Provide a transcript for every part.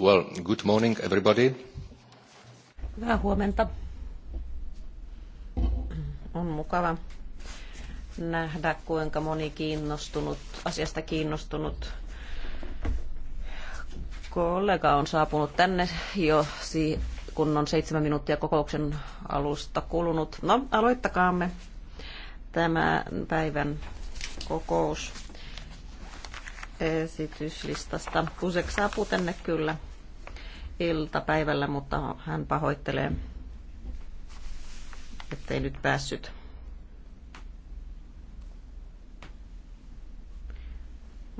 Well, good morning everybody. Hyvää huomenta. On mukava nähdä, kuinka moni kiinnostunut, asiasta kiinnostunut kollega on saapunut tänne jo kun on seitsemän minuuttia kokouksen alusta kulunut. No, aloittakaamme tämän päivän kokous esityslistasta. Kusek saapuu tänne kyllä iltapäivällä, mutta hän pahoittelee, ettei nyt päässyt.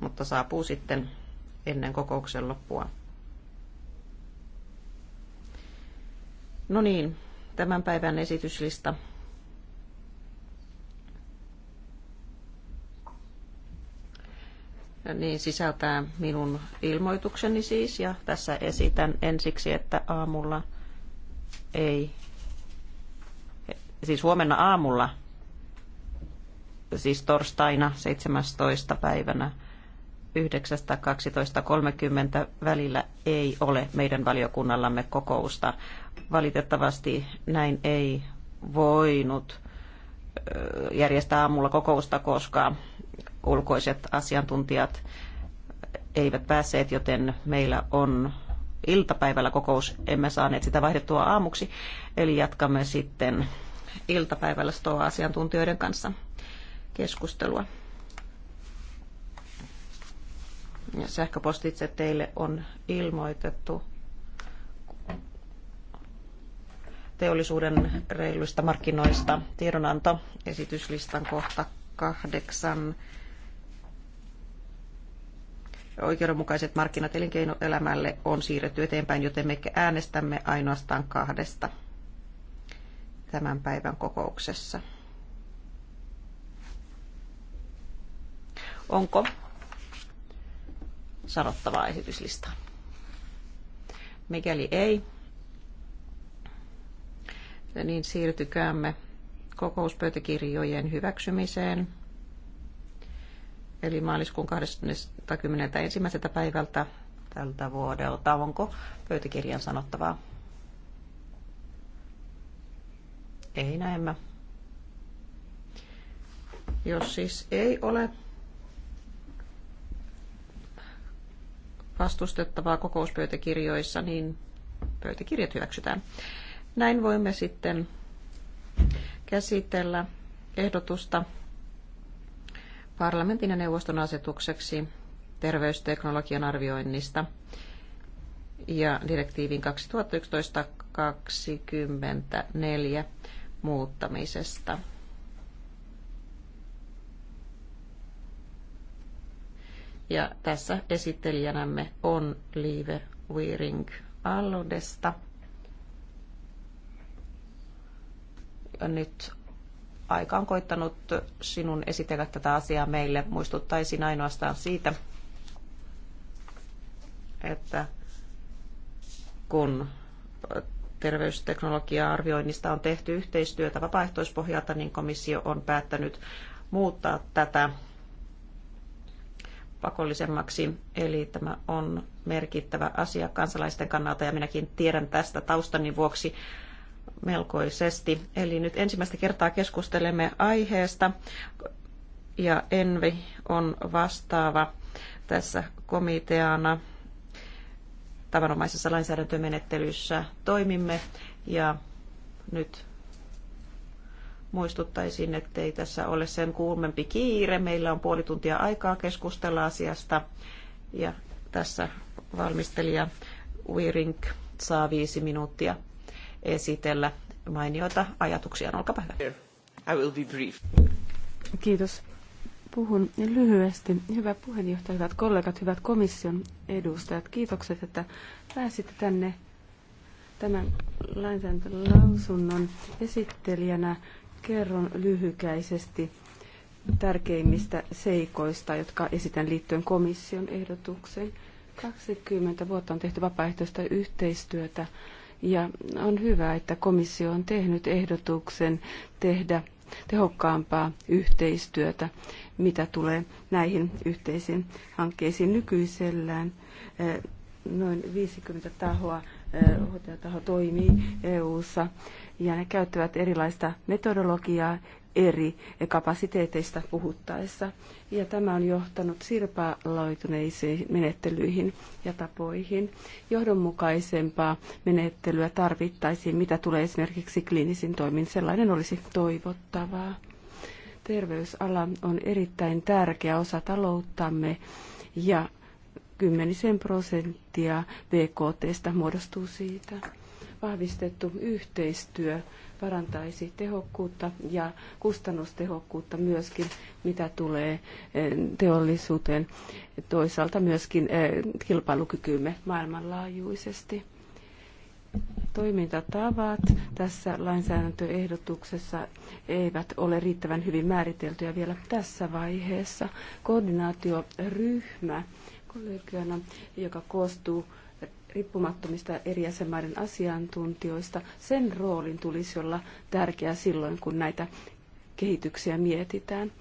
Mutta saapuu sitten ennen kokouksen loppua. No niin, tämän päivän esityslista niin sisältää minun ilmoitukseni siis. Ja tässä esitän ensiksi, että aamulla ei, siis huomenna aamulla, siis torstaina 17. päivänä 9.12.30 välillä ei ole meidän valiokunnallamme kokousta. Valitettavasti näin ei voinut järjestää aamulla kokousta, koska ulkoiset asiantuntijat eivät päässeet, joten meillä on iltapäivällä kokous. Emme saaneet sitä vaihdettua aamuksi, eli jatkamme sitten iltapäivällä STOA-asiantuntijoiden kanssa keskustelua. Ja sähköpostitse teille on ilmoitettu teollisuuden reiluista markkinoista tiedonanto esityslistan kohta kahdeksan oikeudenmukaiset markkinat elinkeinoelämälle on siirretty eteenpäin, joten me äänestämme ainoastaan kahdesta tämän päivän kokouksessa. Onko sanottavaa esityslistaa? Mikäli ei, niin siirtykäämme kokouspöytäkirjojen hyväksymiseen eli maaliskuun 21. päivältä tältä vuodelta. Onko pöytäkirjan sanottavaa? Ei näemmä. Jos siis ei ole vastustettavaa kokouspöytäkirjoissa, niin pöytäkirjat hyväksytään. Näin voimme sitten käsitellä ehdotusta parlamentin ja neuvoston asetukseksi terveysteknologian arvioinnista ja direktiivin 2011-24 muuttamisesta. Ja tässä esittelijänämme on Liive Weering Allodesta. Ja nyt aika on koittanut sinun esitellä tätä asiaa meille. Muistuttaisin ainoastaan siitä, että kun terveysteknologia-arvioinnista on tehty yhteistyötä vapaaehtoispohjalta, niin komissio on päättänyt muuttaa tätä pakollisemmaksi. Eli tämä on merkittävä asia kansalaisten kannalta ja minäkin tiedän tästä taustani vuoksi melkoisesti. Eli nyt ensimmäistä kertaa keskustelemme aiheesta ja Envi on vastaava tässä komiteana tavanomaisessa lainsäädäntömenettelyssä toimimme ja nyt muistuttaisin, että ei tässä ole sen kuumempi kiire. Meillä on puoli tuntia aikaa keskustella asiasta ja tässä valmistelija Weirink saa viisi minuuttia esitellä mainiota ajatuksia. Olkaa hyvä. I will be brief. Kiitos. Puhun lyhyesti. Hyvä puheenjohtaja, hyvät kollegat, hyvät komission edustajat. Kiitokset, että pääsitte tänne tämän lainsäädäntölausunnon esittelijänä. Kerron lyhykäisesti tärkeimmistä seikoista, jotka esitän liittyen komission ehdotukseen. 20 vuotta on tehty vapaaehtoista yhteistyötä ja on hyvä, että komissio on tehnyt ehdotuksen tehdä tehokkaampaa yhteistyötä, mitä tulee näihin yhteisiin hankkeisiin nykyisellään. Eh, noin 50 tahoa eh, hoitajataho toimii EU-ssa ja ne käyttävät erilaista metodologiaa eri kapasiteeteista puhuttaessa. Ja tämä on johtanut sirpaloituneisiin menettelyihin ja tapoihin. Johdonmukaisempaa menettelyä tarvittaisiin, mitä tulee esimerkiksi kliinisin toimin. Sellainen olisi toivottavaa. Terveysala on erittäin tärkeä osa talouttamme ja kymmenisen prosenttia BKTstä muodostuu siitä. Vahvistettu yhteistyö parantaisi tehokkuutta ja kustannustehokkuutta myöskin, mitä tulee eh, teollisuuteen, toisaalta myöskin eh, kilpailukykyymme maailmanlaajuisesti toimintatavat tässä lainsäädäntöehdotuksessa eivät ole riittävän hyvin määriteltyjä vielä tässä vaiheessa. Koordinaatioryhmä joka koostuu riippumattomista eri jäsenmaiden asiantuntijoista, sen roolin tulisi olla tärkeä silloin, kun näitä kehityksiä mietitään.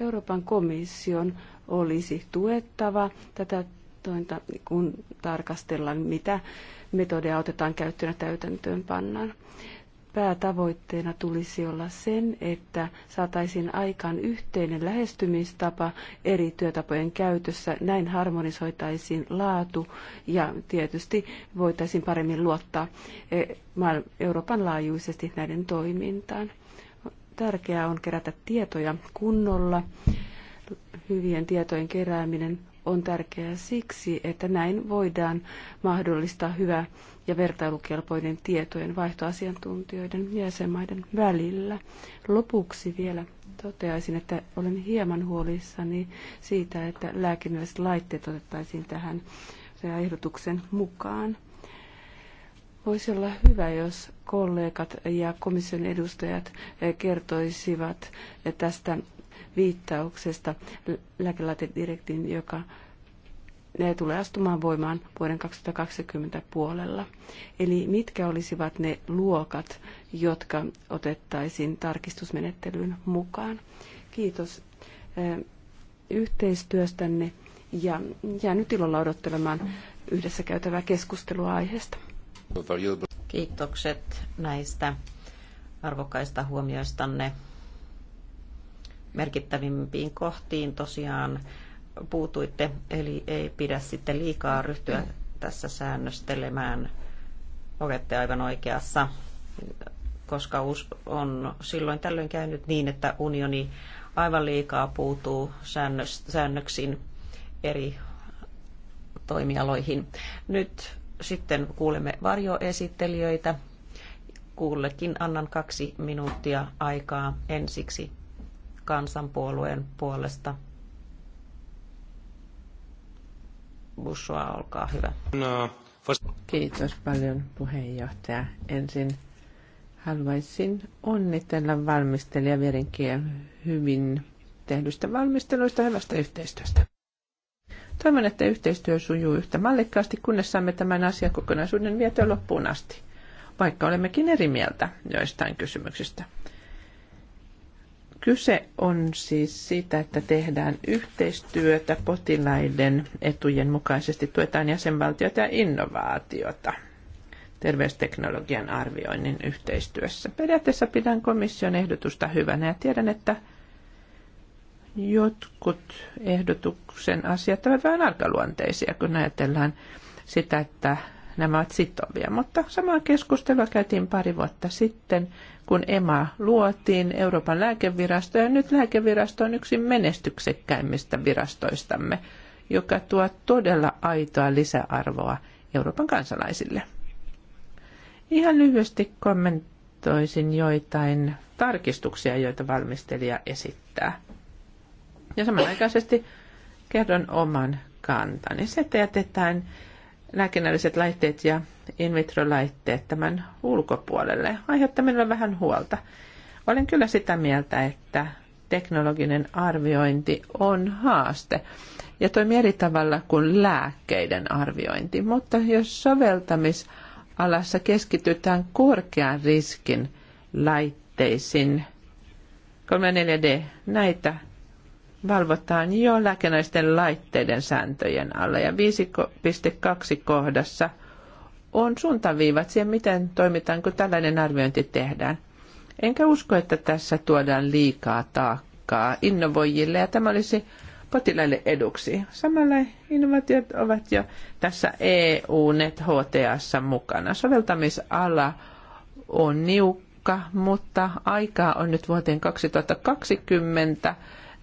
Euroopan komission olisi tuettava tätä tointa, kun tarkastellaan, mitä metodeja otetaan käyttöön ja täytäntöön pannaan päätavoitteena tulisi olla sen, että saataisiin aikaan yhteinen lähestymistapa eri työtapojen käytössä. Näin harmonisoitaisiin laatu ja tietysti voitaisiin paremmin luottaa e, Euroopan laajuisesti näiden toimintaan. Tärkeää on kerätä tietoja kunnolla hyvien tietojen kerääminen on tärkeää siksi, että näin voidaan mahdollistaa hyvä ja vertailukelpoinen tietojen vaihto asiantuntijoiden ja jäsenmaiden välillä. Lopuksi vielä toteaisin, että olen hieman huolissani siitä, että lääkinnälliset laitteet otettaisiin tähän ehdotuksen mukaan. Voisi olla hyvä, jos kollegat ja komission edustajat kertoisivat tästä viittauksesta lääkelaitedirektiin, joka ne tulee astumaan voimaan vuoden 2020 puolella. Eli mitkä olisivat ne luokat, jotka otettaisiin tarkistusmenettelyyn mukaan? Kiitos eh, yhteistyöstänne ja jää nyt ilolla odottelemaan yhdessä käytävää keskustelua aiheesta. Kiitokset näistä arvokkaista huomioistanne merkittävimpiin kohtiin tosiaan puutuitte, eli ei pidä sitten liikaa ryhtyä tässä säännöstelemään. Olette aivan oikeassa, koska on silloin tällöin käynyt niin, että unioni aivan liikaa puutuu säännöksiin eri toimialoihin. Nyt sitten kuulemme varjoesittelijöitä. Kuullekin annan kaksi minuuttia aikaa ensiksi kansanpuolueen puolesta. Bushua, olkaa hyvä. No, Kiitos paljon puheenjohtaja. Ensin haluaisin onnitella valmistelija Verinkiä hyvin tehdystä valmisteluista ja hyvästä yhteistyöstä. Toivon, että yhteistyö sujuu yhtä mallikkaasti, kunnes saamme tämän asiakokonaisuuden vietyä loppuun asti, vaikka olemmekin eri mieltä joistain kysymyksistä. Kyse on siis siitä, että tehdään yhteistyötä potilaiden etujen mukaisesti, tuetaan jäsenvaltiota ja innovaatiota terveysteknologian arvioinnin yhteistyössä. Periaatteessa pidän komission ehdotusta hyvänä ja tiedän, että jotkut ehdotuksen asiat ovat vähän arkaluonteisia, kun ajatellaan sitä, että nämä ovat sitovia. Mutta samaa keskustelua käytiin pari vuotta sitten, kun EMA luotiin Euroopan lääkevirasto, ja nyt lääkevirasto on yksi menestyksekkäimmistä virastoistamme, joka tuo todella aitoa lisäarvoa Euroopan kansalaisille. Ihan lyhyesti kommentoisin joitain tarkistuksia, joita valmistelija esittää. Ja samanaikaisesti kerron oman kantani. Se, että jätetään lääkinnälliset laitteet ja in vitro-laitteet tämän ulkopuolelle aiheuttaa minulle vähän huolta. Olen kyllä sitä mieltä, että teknologinen arviointi on haaste ja toimii eri tavalla kuin lääkkeiden arviointi. Mutta jos soveltamisalassa keskitytään korkean riskin laitteisiin, 3 4D, näitä valvotaan jo lääkenäisten laitteiden sääntöjen alla. Ja 5.2 kohdassa on suuntaviivat siihen, miten toimitaan, kun tällainen arviointi tehdään. Enkä usko, että tässä tuodaan liikaa taakkaa innovoijille ja tämä olisi potilaille eduksi. Samalla innovaatiot ovat jo tässä EU-net HTAssa mukana. Soveltamisala on niukka, mutta aikaa on nyt vuoteen 2020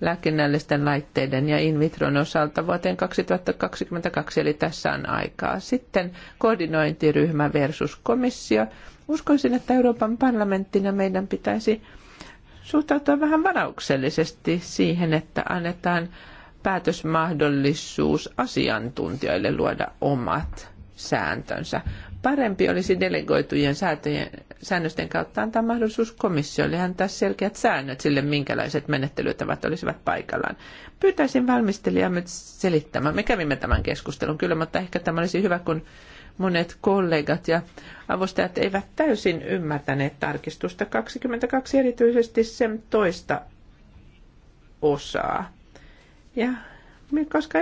lääkinnällisten laitteiden ja in vitron osalta vuoteen 2022, eli tässä on aikaa. Sitten koordinointiryhmä versus komissio. Uskoisin, että Euroopan parlamenttina meidän pitäisi suhtautua vähän varauksellisesti siihen, että annetaan päätösmahdollisuus asiantuntijoille luoda omat sääntönsä. Parempi olisi delegoitujen säätöjen, säännösten kautta antaa mahdollisuus komissiolle antaa selkeät säännöt sille, minkälaiset menettelytavat olisivat paikallaan. Pyytäisin valmistelijaa nyt selittämään. Me kävimme tämän keskustelun kyllä, mutta ehkä tämä olisi hyvä, kun monet kollegat ja avustajat eivät täysin ymmärtäneet tarkistusta 22, erityisesti sen toista osaa. Ja koska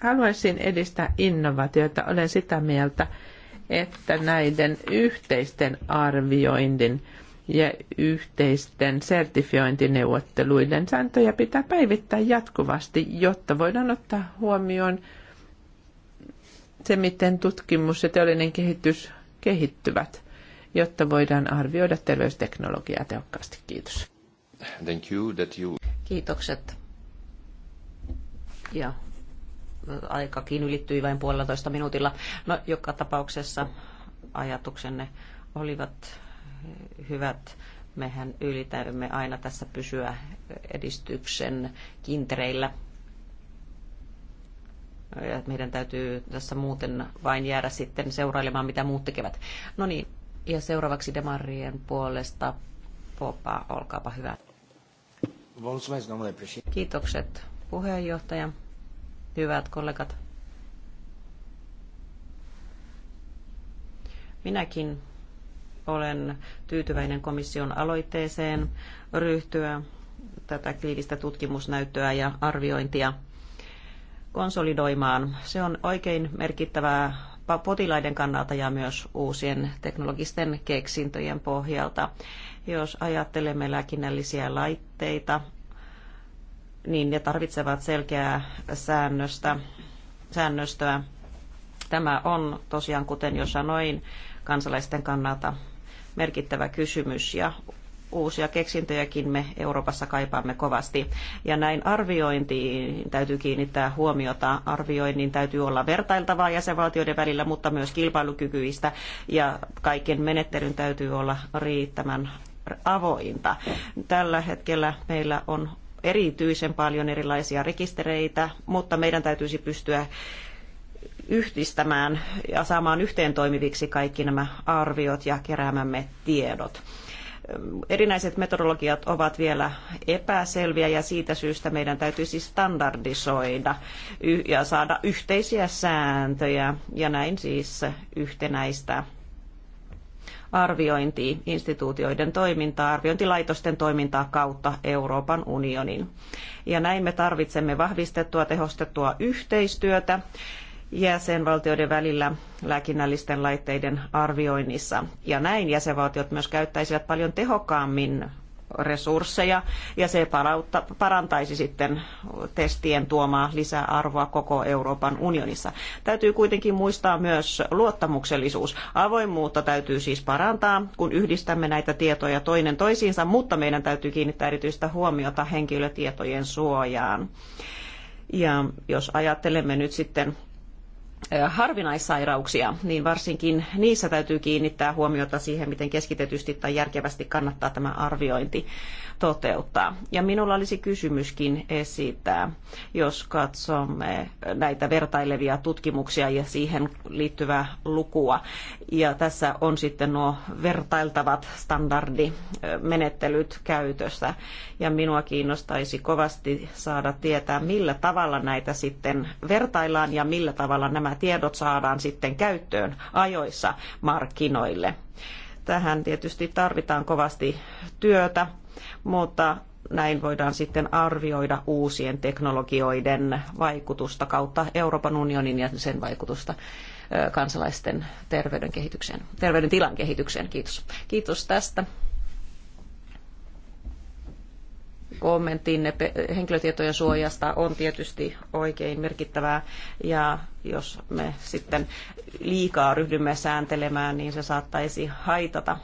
haluaisin edistää innovaatioita, olen sitä mieltä, että näiden yhteisten arvioinnin ja yhteisten sertifiointineuvotteluiden sääntöjä pitää päivittää jatkuvasti, jotta voidaan ottaa huomioon se, miten tutkimus ja teollinen kehitys kehittyvät, jotta voidaan arvioida terveysteknologiaa tehokkaasti. Kiitos. Thank you that you... Kiitokset. Yeah aikakin ylittyi vain puolitoista minuutilla. No, joka tapauksessa ajatuksenne olivat hyvät. Mehän ylitämme aina tässä pysyä edistyksen kintereillä. Ja meidän täytyy tässä muuten vain jäädä sitten seurailemaan, mitä muut tekevät. No niin, ja seuraavaksi Demarien puolesta Popa, olkaapa hyvä. Kiitokset puheenjohtaja. Hyvät kollegat, minäkin olen tyytyväinen komission aloitteeseen ryhtyä tätä kliinistä tutkimusnäyttöä ja arviointia konsolidoimaan. Se on oikein merkittävää potilaiden kannalta ja myös uusien teknologisten keksintöjen pohjalta. Jos ajattelemme lääkinnällisiä laitteita, niin ne tarvitsevat selkeää säännöstä, säännöstöä. Tämä on tosiaan, kuten jo sanoin, kansalaisten kannalta merkittävä kysymys ja uusia keksintöjäkin me Euroopassa kaipaamme kovasti. Ja näin arviointiin täytyy kiinnittää huomiota. Arvioinnin täytyy olla vertailtavaa jäsenvaltioiden välillä, mutta myös kilpailukykyistä ja kaiken menettelyn täytyy olla riittävän avointa. Tällä hetkellä meillä on erityisen paljon erilaisia rekistereitä, mutta meidän täytyisi pystyä yhdistämään ja saamaan yhteen toimiviksi kaikki nämä arviot ja keräämämme tiedot. Erinäiset metodologiat ovat vielä epäselviä ja siitä syystä meidän täytyisi standardisoida ja saada yhteisiä sääntöjä ja näin siis yhtenäistä arviointiin instituutioiden toimintaa, arviointilaitosten toimintaa kautta Euroopan unionin. Ja näin me tarvitsemme vahvistettua, tehostettua yhteistyötä jäsenvaltioiden välillä lääkinnällisten laitteiden arvioinnissa. Ja näin jäsenvaltiot myös käyttäisivät paljon tehokkaammin resursseja ja se palautta, parantaisi sitten testien tuomaa lisäarvoa koko Euroopan unionissa. Täytyy kuitenkin muistaa myös luottamuksellisuus. Avoimuutta täytyy siis parantaa, kun yhdistämme näitä tietoja toinen toisiinsa, mutta meidän täytyy kiinnittää erityistä huomiota henkilötietojen suojaan. Ja jos ajattelemme nyt sitten harvinaissairauksia, niin varsinkin niissä täytyy kiinnittää huomiota siihen, miten keskitetysti tai järkevästi kannattaa tämä arviointi toteuttaa. Ja minulla olisi kysymyskin esittää, jos katsomme näitä vertailevia tutkimuksia ja siihen liittyvää lukua. Ja tässä on sitten nuo vertailtavat standardimenettelyt käytössä. Ja minua kiinnostaisi kovasti saada tietää, millä tavalla näitä sitten vertaillaan ja millä tavalla nämä nämä tiedot saadaan sitten käyttöön ajoissa markkinoille. Tähän tietysti tarvitaan kovasti työtä, mutta näin voidaan sitten arvioida uusien teknologioiden vaikutusta kautta Euroopan unionin ja sen vaikutusta kansalaisten terveyden terveyden terveydentilan kehitykseen. Kiitos. Kiitos tästä. kommenttinne henkilötietojen suojasta on tietysti oikein merkittävää ja jos me sitten liikaa ryhdymme sääntelemään, niin se saattaisi haitata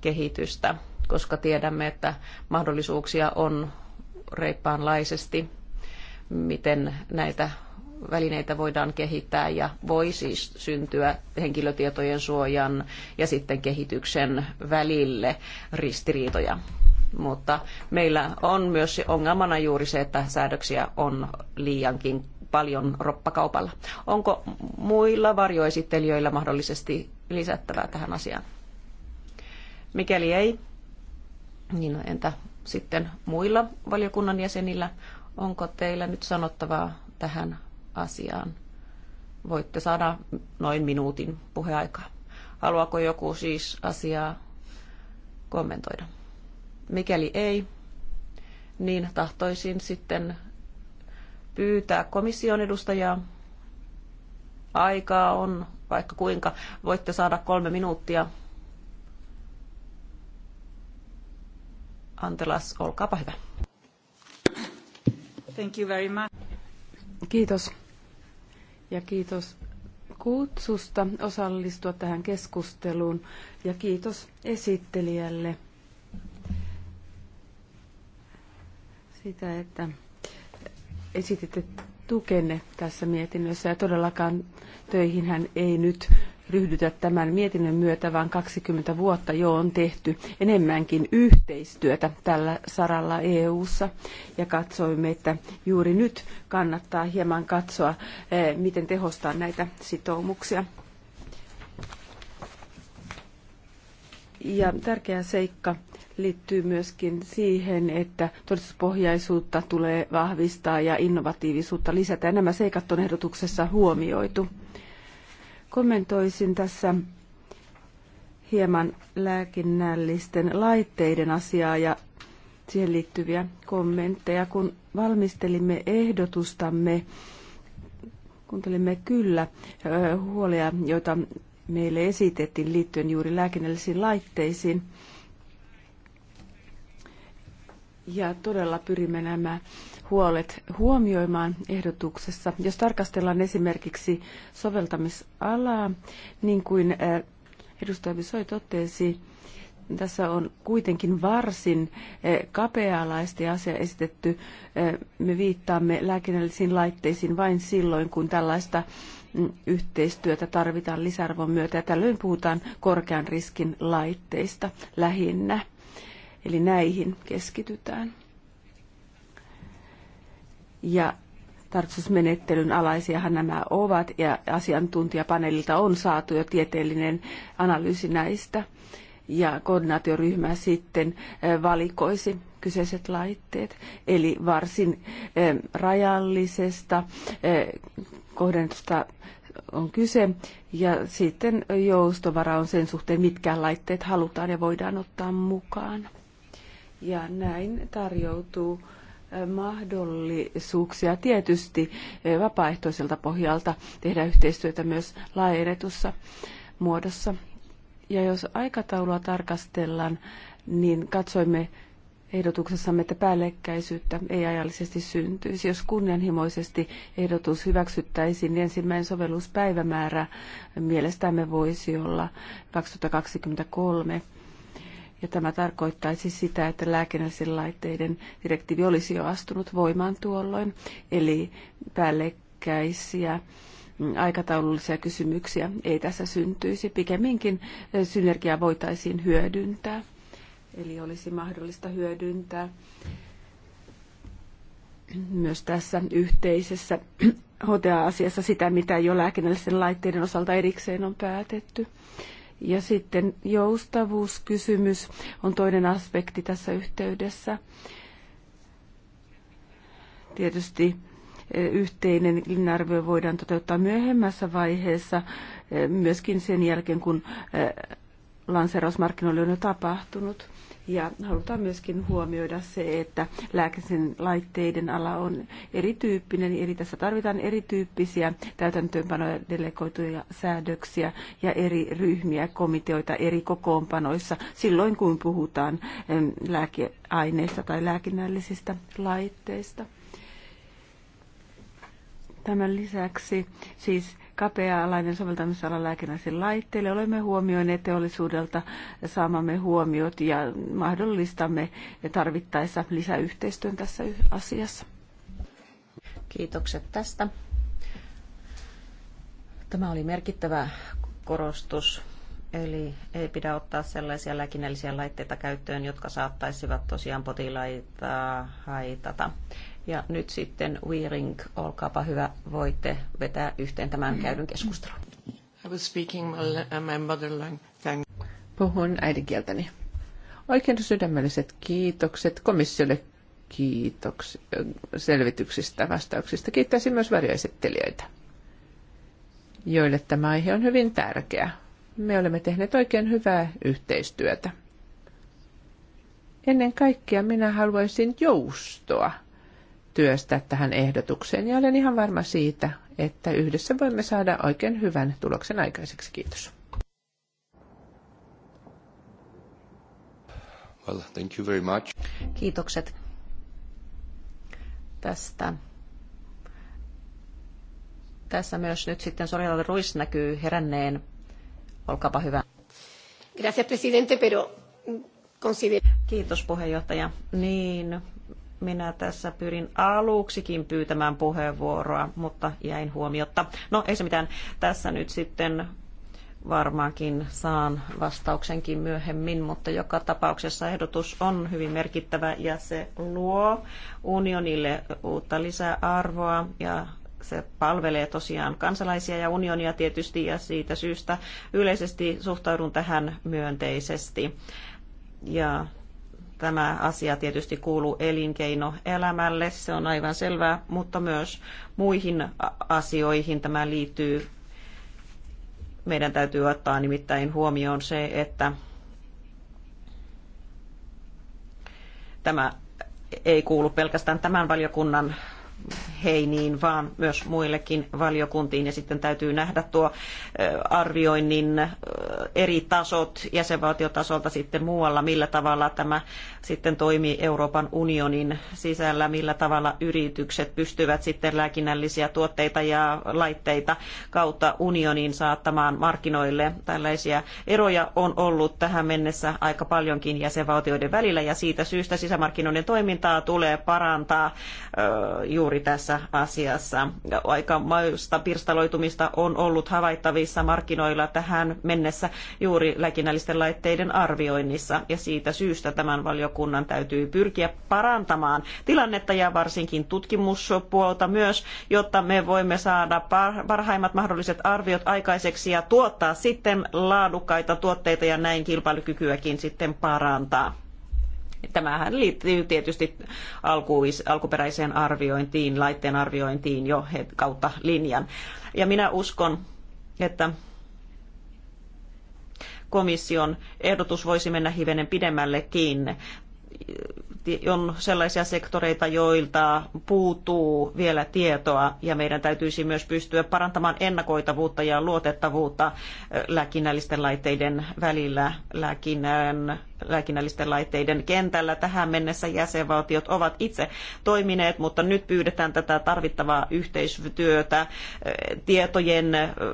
kehitystä, koska tiedämme, että mahdollisuuksia on reippaanlaisesti, miten näitä välineitä voidaan kehittää ja voi siis syntyä henkilötietojen suojan ja sitten kehityksen välille ristiriitoja mutta meillä on myös ongelmana juuri se, että säädöksiä on liiankin paljon roppakaupalla. Onko muilla varjoesittelijöillä mahdollisesti lisättävää tähän asiaan? Mikäli ei, niin no entä sitten muilla valiokunnan jäsenillä? Onko teillä nyt sanottavaa tähän asiaan? Voitte saada noin minuutin puheaikaa. Haluaako joku siis asiaa kommentoida? Mikäli ei, niin tahtoisin sitten pyytää komission edustajaa. Aikaa on vaikka kuinka. Voitte saada kolme minuuttia. Antelas, olkaapa hyvä. Thank you very much. Kiitos. Ja kiitos kutsusta osallistua tähän keskusteluun ja kiitos esittelijälle sitä, että esititte tukenne tässä mietinnössä ja todellakaan töihin hän ei nyt ryhdytä tämän mietinnön myötä, vaan 20 vuotta jo on tehty enemmänkin yhteistyötä tällä saralla EU:ssa ja katsoimme, että juuri nyt kannattaa hieman katsoa, eh, miten tehostaa näitä sitoumuksia. Ja tärkeä seikka liittyy myöskin siihen, että todistuspohjaisuutta tulee vahvistaa ja innovatiivisuutta lisätä. Ja nämä seikat on ehdotuksessa huomioitu. Kommentoisin tässä hieman lääkinnällisten laitteiden asiaa ja siihen liittyviä kommentteja. Kun valmistelimme ehdotustamme, kuuntelimme kyllä huolia, joita meille esitettiin liittyen juuri lääkinnällisiin laitteisiin. Ja todella pyrimme nämä huolet huomioimaan ehdotuksessa. Jos tarkastellaan esimerkiksi soveltamisalaa, niin kuin edustaja Visoi totesi, tässä on kuitenkin varsin kapealaista asia esitetty. Me viittaamme lääkinnällisiin laitteisiin vain silloin, kun tällaista yhteistyötä tarvitaan lisäarvon myötä ja tällöin puhutaan korkean riskin laitteista lähinnä. Eli näihin keskitytään. Ja tarkastusmenettelyn alaisiahan nämä ovat ja asiantuntijapaneelilta on saatu jo tieteellinen analyysi näistä ja koordinaatioryhmä sitten valikoisi kyseiset laitteet, eli varsin eh, rajallisesta eh, kohdennusta on kyse, ja sitten joustovara on sen suhteen, mitkä laitteet halutaan ja voidaan ottaa mukaan. Ja näin tarjoutuu eh, mahdollisuuksia tietysti vapaaehtoiselta pohjalta tehdä yhteistyötä myös laajennetussa muodossa. Ja jos aikataulua tarkastellaan, niin katsoimme ehdotuksessamme, että päällekkäisyyttä ei ajallisesti syntyisi. Jos kunnianhimoisesti ehdotus hyväksyttäisiin, niin ensimmäinen sovelluspäivämäärä mielestämme voisi olla 2023. Ja tämä tarkoittaisi sitä, että lääkinnällisen laitteiden direktiivi olisi jo astunut voimaan tuolloin, eli päällekkäisiä mm, aikataulullisia kysymyksiä ei tässä syntyisi. Pikemminkin synergiaa voitaisiin hyödyntää. Eli olisi mahdollista hyödyntää myös tässä yhteisessä HTA-asiassa sitä, mitä jo lääkinnällisten laitteiden osalta erikseen on päätetty. Ja sitten joustavuuskysymys on toinen aspekti tässä yhteydessä. Tietysti e, yhteinen linnarvio voidaan toteuttaa myöhemmässä vaiheessa, e, myöskin sen jälkeen, kun e, lanseerausmarkkinoille on jo tapahtunut. Ja halutaan myöskin huomioida se, että lääkisen laitteiden ala on erityyppinen, eli tässä tarvitaan erityyppisiä täytäntöönpanoja, delegoituja säädöksiä ja eri ryhmiä, komiteoita eri kokoonpanoissa silloin, kun puhutaan lääkeaineista tai lääkinnällisistä laitteista. Tämän lisäksi siis kapea-alainen soveltamisala lääkinnäisen laitteille. Olemme huomioineet teollisuudelta saamamme huomiot ja mahdollistamme tarvittaessa lisäyhteistyön tässä asiassa. Kiitokset tästä. Tämä oli merkittävä korostus Eli ei pidä ottaa sellaisia lääkinnällisiä laitteita käyttöön, jotka saattaisivat tosiaan potilaita haitata. Ja nyt sitten Weering, olkaapa hyvä, voitte vetää yhteen tämän mm. käydyn keskustelun. I was speaking my mother language. Puhun äidinkieltäni. Oikein sydämelliset kiitokset komissiolle kiitoks, selvityksistä, vastauksista. Kiittäisin myös varjoesittelijöitä, joille tämä aihe on hyvin tärkeä. Me olemme tehneet oikein hyvää yhteistyötä. Ennen kaikkea minä haluaisin joustoa – työstää tähän ehdotukseen ja olen ihan varma siitä, että yhdessä voimme saada oikein hyvän tuloksen aikaiseksi. Kiitos. Well, thank you very much. Kiitokset tästä. Tässä myös nyt sitten Sorjalla Ruis näkyy heränneen. Olkaapa hyvä. Gracias, presidente, pero consider... Kiitos puheenjohtaja. Niin, minä tässä pyrin aluksikin pyytämään puheenvuoroa, mutta jäin huomiotta. No ei se mitään. Tässä nyt sitten varmaankin saan vastauksenkin myöhemmin, mutta joka tapauksessa ehdotus on hyvin merkittävä ja se luo unionille uutta lisäarvoa ja se palvelee tosiaan kansalaisia ja unionia tietysti ja siitä syystä yleisesti suhtaudun tähän myönteisesti. Ja Tämä asia tietysti kuuluu elinkeinoelämälle, se on aivan selvää, mutta myös muihin asioihin tämä liittyy. Meidän täytyy ottaa nimittäin huomioon se, että tämä ei kuulu pelkästään tämän valiokunnan heiniin, vaan myös muillekin valiokuntiin. Ja sitten täytyy nähdä tuo arvioinnin eri tasot jäsenvaltiotasolta sitten muualla, millä tavalla tämä sitten toimii Euroopan unionin sisällä, millä tavalla yritykset pystyvät sitten lääkinnällisiä tuotteita ja laitteita kautta unionin saattamaan markkinoille. Tällaisia eroja on ollut tähän mennessä aika paljonkin jäsenvaltioiden välillä ja siitä syystä sisämarkkinoiden toimintaa tulee parantaa juuri juuri tässä asiassa. Aikamoista pirstaloitumista on ollut havaittavissa markkinoilla tähän mennessä juuri lääkinnällisten laitteiden arvioinnissa ja siitä syystä tämän valiokunnan täytyy pyrkiä parantamaan tilannetta ja varsinkin tutkimuspuolta myös, jotta me voimme saada parhaimmat mahdolliset arviot aikaiseksi ja tuottaa sitten laadukkaita tuotteita ja näin kilpailukykyäkin sitten parantaa. Tämähän liittyy tietysti alkuis, alkuperäiseen arviointiin, laitteen arviointiin jo kautta linjan. Ja minä uskon, että komission ehdotus voisi mennä hivenen pidemmällekin. On sellaisia sektoreita, joilta puutuu vielä tietoa ja meidän täytyisi myös pystyä parantamaan ennakoitavuutta ja luotettavuutta äh, lääkinnällisten laitteiden välillä. Lääkinnän lääkinnällisten laitteiden kentällä. Tähän mennessä jäsenvaltiot ovat itse toimineet, mutta nyt pyydetään tätä tarvittavaa yhteistyötä tietojen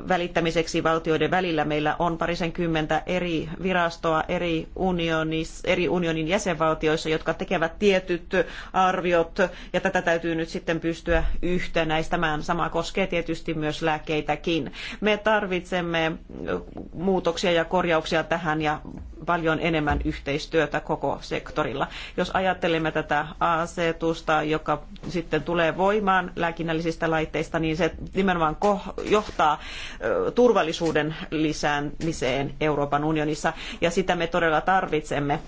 välittämiseksi valtioiden välillä. Meillä on parisenkymmentä eri virastoa eri, unionis, eri unionin jäsenvaltioissa, jotka tekevät tietyt arviot, ja tätä täytyy nyt sitten pystyä yhtenäistämään. Sama koskee tietysti myös lääkkeitäkin. Me tarvitsemme muutoksia ja korjauksia tähän, ja paljon enemmän yhteistyötä koko sektorilla. Jos ajattelemme tätä asetusta, joka sitten tulee voimaan lääkinnällisistä laitteista, niin se nimenomaan johtaa turvallisuuden lisäämiseen Euroopan unionissa ja sitä me todella tarvitsemme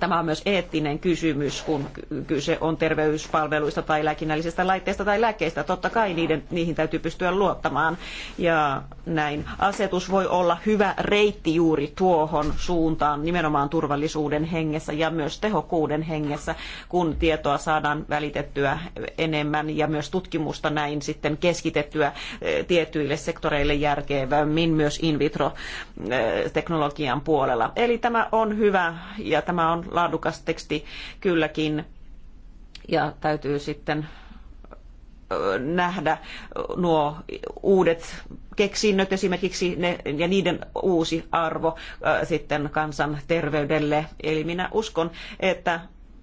Tämä on myös eettinen kysymys, kun kyse on terveyspalveluista tai lääkinnällisistä laitteista tai lääkkeistä. Totta kai niiden, niihin täytyy pystyä luottamaan. Ja näin asetus voi olla hyvä reitti juuri tuohon suuntaan nimenomaan turvallisuuden hengessä ja myös tehokkuuden hengessä, kun tietoa saadaan välitettyä enemmän ja myös tutkimusta näin sitten keskitettyä eh, tietyille sektoreille järkevämmin myös in vitro-teknologian eh, puolella. Eli tämä on hyvä ja tämä on on laadukas teksti kylläkin. Ja täytyy sitten nähdä nuo uudet keksinnöt esimerkiksi ne, ja niiden uusi arvo ää, sitten kansan terveydelle. Eli minä uskon, että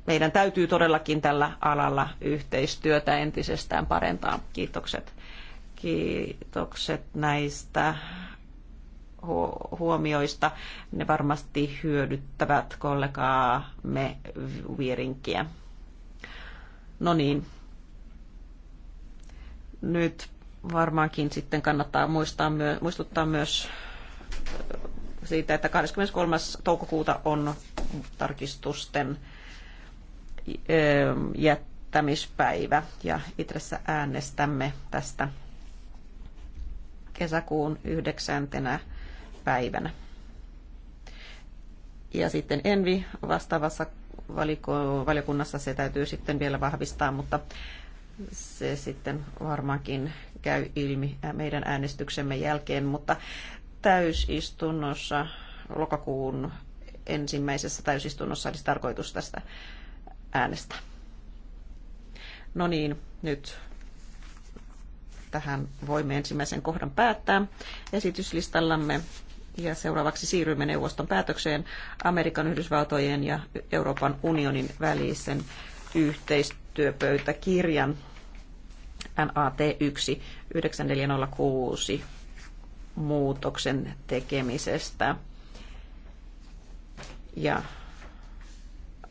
meidän täytyy todellakin tällä alalla yhteistyötä entisestään parentaa. Kiitokset. Kiitokset näistä huomioista. Ne varmasti hyödyttävät kollegaa me vierinkiä. No niin. Nyt varmaankin sitten kannattaa muistaa myö, muistuttaa myös äh, siitä, että 23. toukokuuta on tarkistusten ähm, jättämispäivä ja Itressä äänestämme tästä kesäkuun yhdeksäntenä päivänä. Ja sitten Envi vastaavassa valiko- valiokunnassa se täytyy sitten vielä vahvistaa, mutta se sitten varmaankin käy ilmi meidän äänestyksemme jälkeen, mutta täysistunnossa lokakuun ensimmäisessä täysistunnossa olisi tarkoitus tästä äänestää. No niin, nyt tähän voimme ensimmäisen kohdan päättää esityslistallamme. Ja seuraavaksi siirrymme neuvoston päätökseen Amerikan, Yhdysvaltojen ja Euroopan unionin välisen yhteistyöpöytäkirjan NAT 1 9406 muutoksen tekemisestä. Ja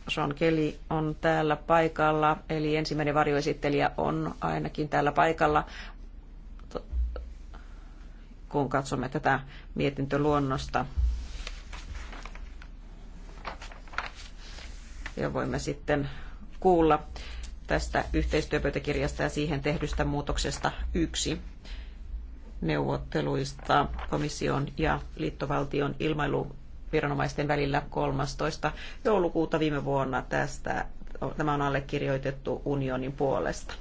Sean Kelly on täällä paikalla, eli ensimmäinen varjoesittelijä on ainakin täällä paikalla, kun katsomme tätä mietintöluonnosta. Ja voimme sitten kuulla tästä yhteistyöpöytäkirjasta ja siihen tehdystä muutoksesta yksi neuvotteluista komission ja liittovaltion ilmailuviranomaisten välillä 13. joulukuuta viime vuonna tästä. Tämä on allekirjoitettu unionin puolesta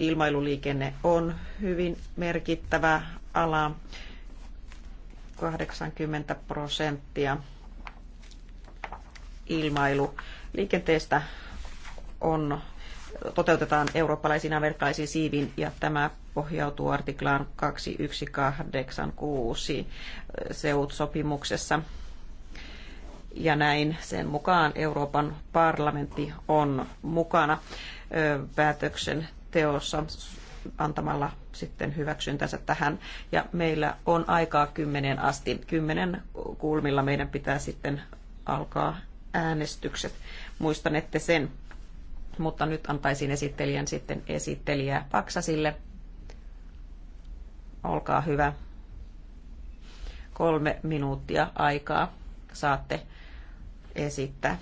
ilmailuliikenne on hyvin merkittävä ala, 80 prosenttia ilmailuliikenteestä on, toteutetaan eurooppalaisina verkkaisiin siivin ja tämä pohjautuu artiklaan 2186 SEUT-sopimuksessa. Ja näin sen mukaan Euroopan parlamentti on mukana päätöksen teossa antamalla sitten hyväksyntänsä tähän. Ja meillä on aikaa kymmenen asti. Kymmenen kulmilla meidän pitää sitten alkaa äänestykset. Muistan, että sen. Mutta nyt antaisin esittelijän sitten esittelijää Paksasille. Olkaa hyvä. Kolme minuuttia aikaa saatte esittää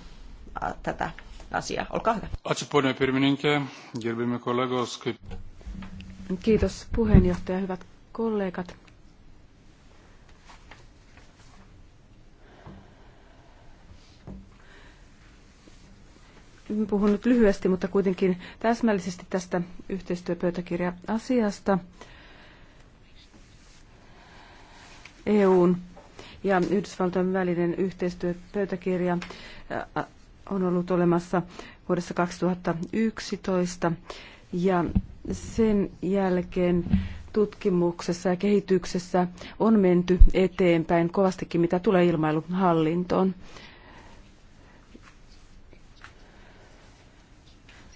tätä asia. Olkaa hyvä. Kiitos puheenjohtaja, hyvät kollegat. puhun nyt lyhyesti, mutta kuitenkin täsmällisesti tästä yhteistyöpöytäkirja-asiasta. EUn ja Yhdysvaltojen välinen yhteistyöpöytäkirja on ollut olemassa vuodessa 2011 ja sen jälkeen tutkimuksessa ja kehityksessä on menty eteenpäin kovastikin, mitä tulee ilmailuhallintoon.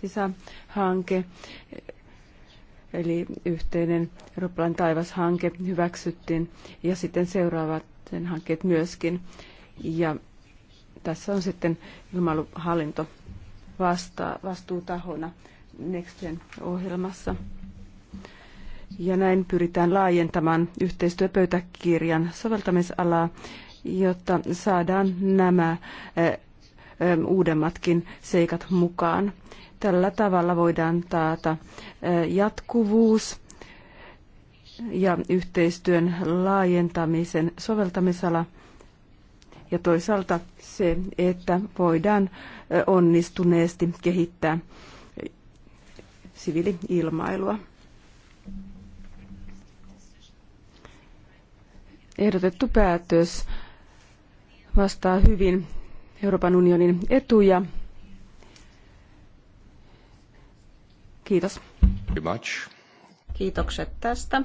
Sisähanke, eli yhteinen Eurooppalainen taivashanke hyväksyttiin ja sitten seuraavat sen hankkeet myöskin. Ja tässä on sitten ilmailuhallinto vastaa, vastuutahona Nexten ohjelmassa. Ja näin pyritään laajentamaan yhteistyöpöytäkirjan soveltamisalaa, jotta saadaan nämä eh, eh, uudemmatkin seikat mukaan. Tällä tavalla voidaan taata eh, jatkuvuus ja yhteistyön laajentamisen soveltamisala – ja toisaalta se, että voidaan onnistuneesti kehittää siviiliilmailua. Ehdotettu päätös vastaa hyvin Euroopan unionin etuja. Kiitos. Kiitokset tästä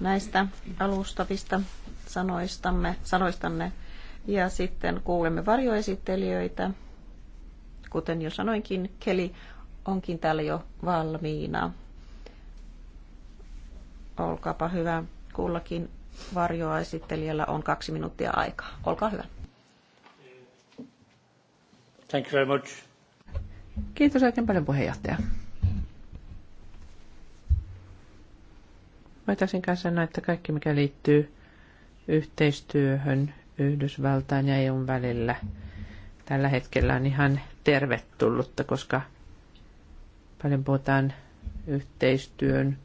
näistä alustavista sanoistamme, sanoistanne. Ja sitten kuulemme varjoesittelijöitä. Kuten jo sanoinkin, Keli onkin täällä jo valmiina. Olkaapa hyvä. Kullakin varjoesittelijällä on kaksi minuuttia aikaa. Olkaa hyvä. Thank you very much. Kiitos oikein paljon puheenjohtaja. Voitaisin sanoa, että kaikki mikä liittyy yhteistyöhön Yhdysvaltain ja EUn välillä tällä hetkellä on ihan tervetullutta, koska paljon puhutaan yhteistyön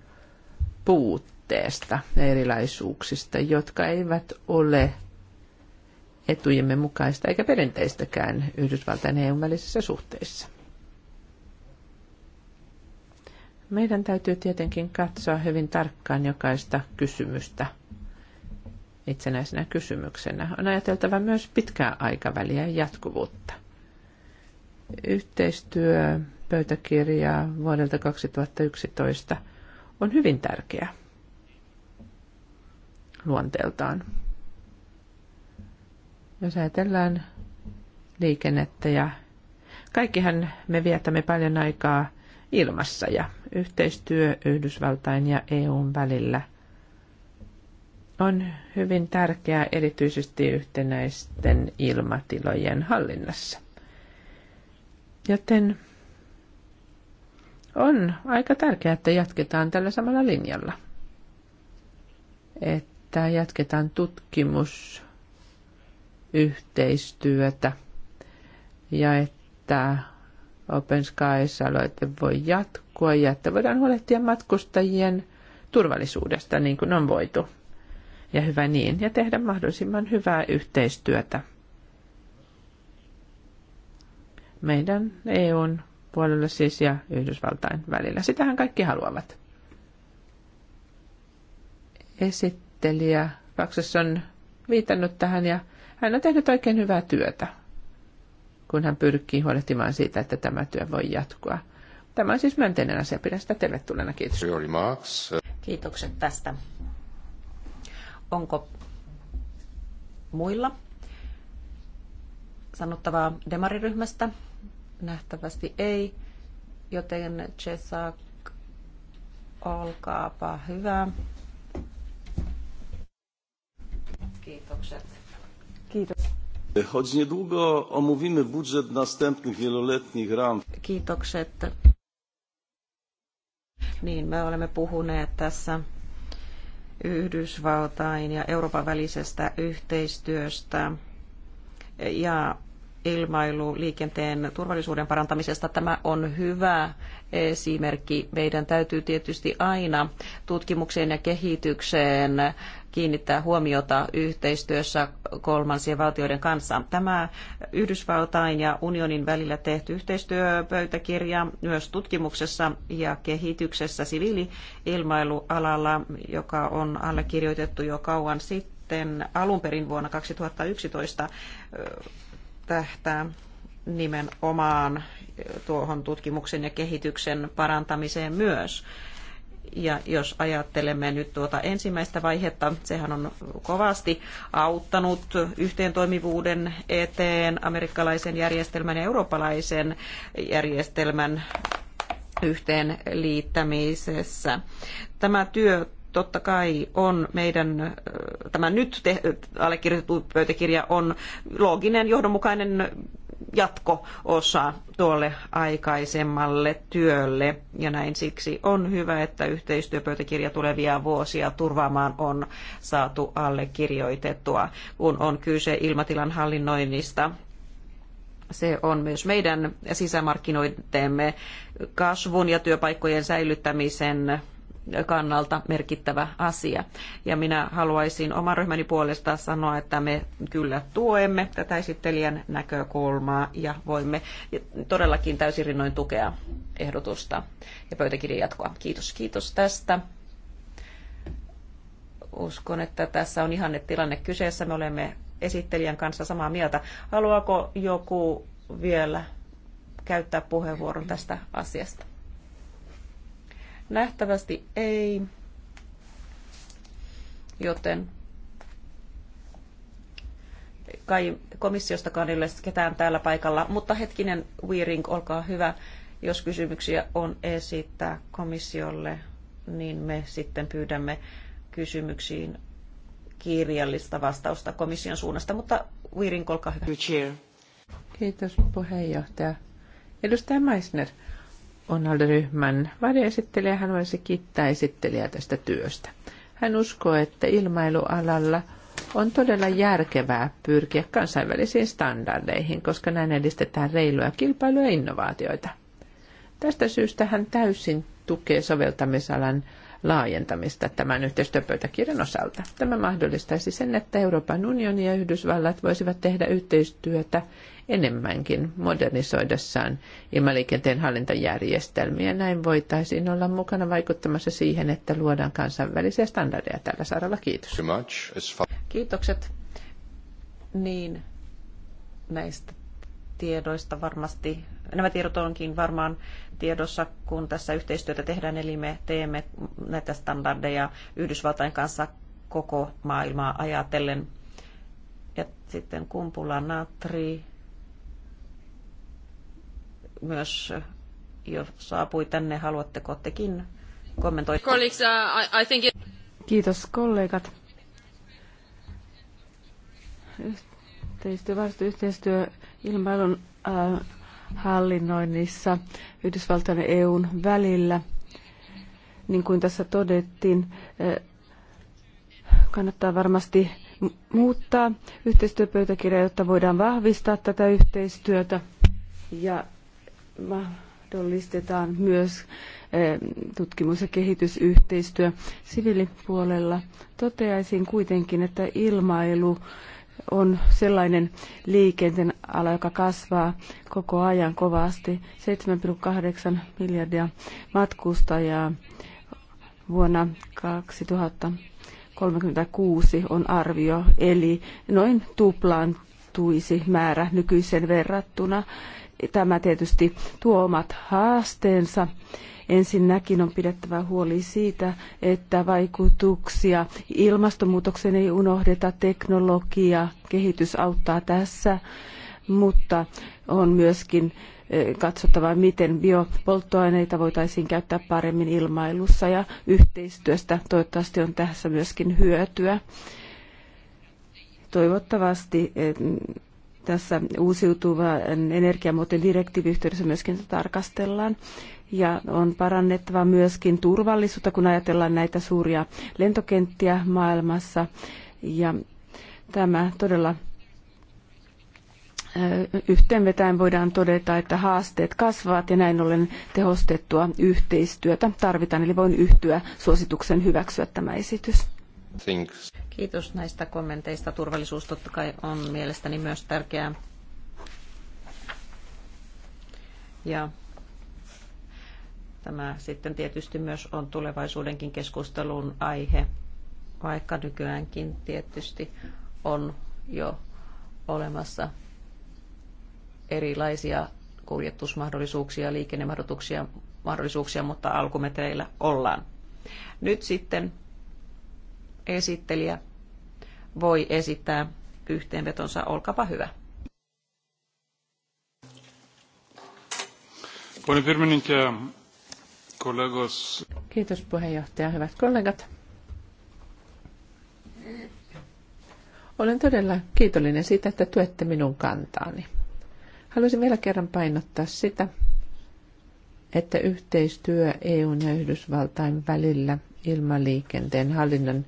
puutteesta ja erilaisuuksista, jotka eivät ole etujemme mukaista eikä perinteistäkään Yhdysvaltain ja EUn välisissä suhteissa. Meidän täytyy tietenkin katsoa hyvin tarkkaan jokaista kysymystä – itsenäisenä kysymyksenä. On ajateltava myös pitkää aikaväliä jatkuvuutta. Yhteistyö pöytäkirjaa vuodelta 2011 on hyvin tärkeä luonteeltaan. Jos ajatellaan liikennettä ja kaikkihan me vietämme paljon aikaa ilmassa ja yhteistyö Yhdysvaltain ja EUn välillä on hyvin tärkeää erityisesti yhtenäisten ilmatilojen hallinnassa. Joten on aika tärkeää, että jatketaan tällä samalla linjalla. Että jatketaan tutkimusyhteistyötä ja että Open Skies-aloite voi jatkua ja että voidaan huolehtia matkustajien turvallisuudesta niin kuin on voitu ja hyvä niin, ja tehdä mahdollisimman hyvää yhteistyötä meidän EUn puolella siis ja Yhdysvaltain välillä. Sitähän kaikki haluavat. Esittelijä Paksas on viitannut tähän ja hän on tehnyt oikein hyvää työtä, kun hän pyrkii huolehtimaan siitä, että tämä työ voi jatkua. Tämä on siis myönteinen asia. Pidän sitä tervetulleena. Kiitos. Uh, Kiitokset tästä Onko muilla sanottavaa demariryhmästä? Nähtävästi ei, joten Chesak, olkaapa hyvä. Kiitokset. Kiitos. Choć niedługo omówimy budżet następnych wieloletnich ram. Kiitokset. Niin, me olemme puhuneet tässä Yhdysvaltain ja Euroopan välisestä yhteistyöstä ja ilmailuliikenteen turvallisuuden parantamisesta. Tämä on hyvä esimerkki. Meidän täytyy tietysti aina tutkimukseen ja kehitykseen kiinnittää huomiota yhteistyössä kolmansien valtioiden kanssa. Tämä Yhdysvaltain ja unionin välillä tehty yhteistyöpöytäkirja myös tutkimuksessa ja kehityksessä siviili-ilmailualalla, joka on allekirjoitettu jo kauan sitten alun perin vuonna 2011 tähtää nimenomaan tuohon tutkimuksen ja kehityksen parantamiseen myös. Ja jos ajattelemme nyt tuota ensimmäistä vaihetta, sehän on kovasti auttanut yhteentoimivuuden eteen amerikkalaisen järjestelmän ja eurooppalaisen järjestelmän yhteenliittämisessä. Tämä työ totta kai on meidän, tämä nyt te, allekirjoitettu pöytäkirja on looginen, johdonmukainen jatko-osa tuolle aikaisemmalle työlle. Ja näin siksi on hyvä, että yhteistyöpöytäkirja tulevia vuosia turvaamaan on saatu allekirjoitettua, kun on kyse ilmatilan hallinnoinnista se on myös meidän sisämarkkinoidemme kasvun ja työpaikkojen säilyttämisen kannalta merkittävä asia. Ja minä haluaisin oman ryhmäni puolesta sanoa, että me kyllä tuemme tätä esittelijän näkökulmaa ja voimme todellakin täysin rinnoin tukea ehdotusta ja pöytäkirjan jatkoa. Kiitos, kiitos tästä. Uskon, että tässä on ihanne tilanne kyseessä. Me olemme esittelijän kanssa samaa mieltä. Haluaako joku vielä käyttää puheenvuoron tästä asiasta? Nähtävästi ei, joten kai komissiostakaan ei ole ketään täällä paikalla, mutta hetkinen Weering, olkaa hyvä, jos kysymyksiä on esittää komissiolle, niin me sitten pyydämme kysymyksiin kirjallista vastausta komission suunnasta, mutta Weering, olkaa hyvä. Kiitos puheenjohtaja. Edustaja Meissner, Onald ryhmän varjoesittelijä. Hän voisi kiittää esittelijää tästä työstä. Hän uskoo, että ilmailualalla on todella järkevää pyrkiä kansainvälisiin standardeihin, koska näin edistetään reilua kilpailua ja innovaatioita. Tästä syystä hän täysin tukee soveltamisalan laajentamista tämän yhteistyöpöytäkirjan osalta. Tämä mahdollistaisi sen, että Euroopan unioni ja Yhdysvallat voisivat tehdä yhteistyötä enemmänkin modernisoidessaan ilmaliikenteen hallintajärjestelmiä. Näin voitaisiin olla mukana vaikuttamassa siihen, että luodaan kansainvälisiä standardeja tällä saralla. Kiitos. Kiitokset. Niin, näistä tiedoista varmasti, nämä tiedot onkin varmaan tiedossa, kun tässä yhteistyötä tehdään, eli me teemme näitä standardeja Yhdysvaltain kanssa koko maailmaa ajatellen. Ja sitten kumpula natri myös jo saapui tänne. Haluatteko tekin kommentoida? Uh, Kiitos kollegat. Yhteistyö, yhteistyö ilmailun äh, hallinnoinnissa Yhdysvaltain ja EUn välillä. Niin kuin tässä todettiin, äh, kannattaa varmasti muuttaa yhteistyöpöytäkirjaa, jotta voidaan vahvistaa tätä yhteistyötä. Ja mahdollistetaan myös eh, tutkimus- ja kehitysyhteistyö siviilipuolella. Toteaisin kuitenkin, että ilmailu on sellainen liikenteen ala, joka kasvaa koko ajan kovasti. 7,8 miljardia matkustajaa vuonna 2036 on arvio, eli noin tuplaantuisi määrä nykyisen verrattuna. Tämä tietysti tuo omat haasteensa. Ensinnäkin on pidettävä huoli siitä, että vaikutuksia ilmastonmuutokseen ei unohdeta. Teknologia, kehitys auttaa tässä, mutta on myöskin eh, katsottava, miten biopolttoaineita voitaisiin käyttää paremmin ilmailussa ja yhteistyöstä toivottavasti on tässä myöskin hyötyä. Toivottavasti eh, tässä uusiutuvan energiamuotojen direktiiviyhteydessä myöskin tarkastellaan. Ja on parannettava myöskin turvallisuutta, kun ajatellaan näitä suuria lentokenttiä maailmassa. Ja tämä todella yhteenvetäen voidaan todeta, että haasteet kasvavat ja näin ollen tehostettua yhteistyötä tarvitaan. Eli voin yhtyä suosituksen hyväksyä tämä esitys. Kiitos näistä kommenteista. Turvallisuus totta kai on mielestäni myös tärkeää. Ja tämä sitten tietysti myös on tulevaisuudenkin keskustelun aihe, vaikka nykyäänkin tietysti on jo olemassa erilaisia kuljetusmahdollisuuksia, liikennemahdollisuuksia, mahdollisuuksia, mutta alkumetreillä ollaan. Nyt sitten esittelijä voi esittää yhteenvetonsa. Olkapa hyvä. Kiitos puheenjohtaja, hyvät kollegat. Olen todella kiitollinen siitä, että tuette minun kantaani. Haluaisin vielä kerran painottaa sitä, että yhteistyö EUn ja Yhdysvaltain välillä ilmaliikenteen hallinnon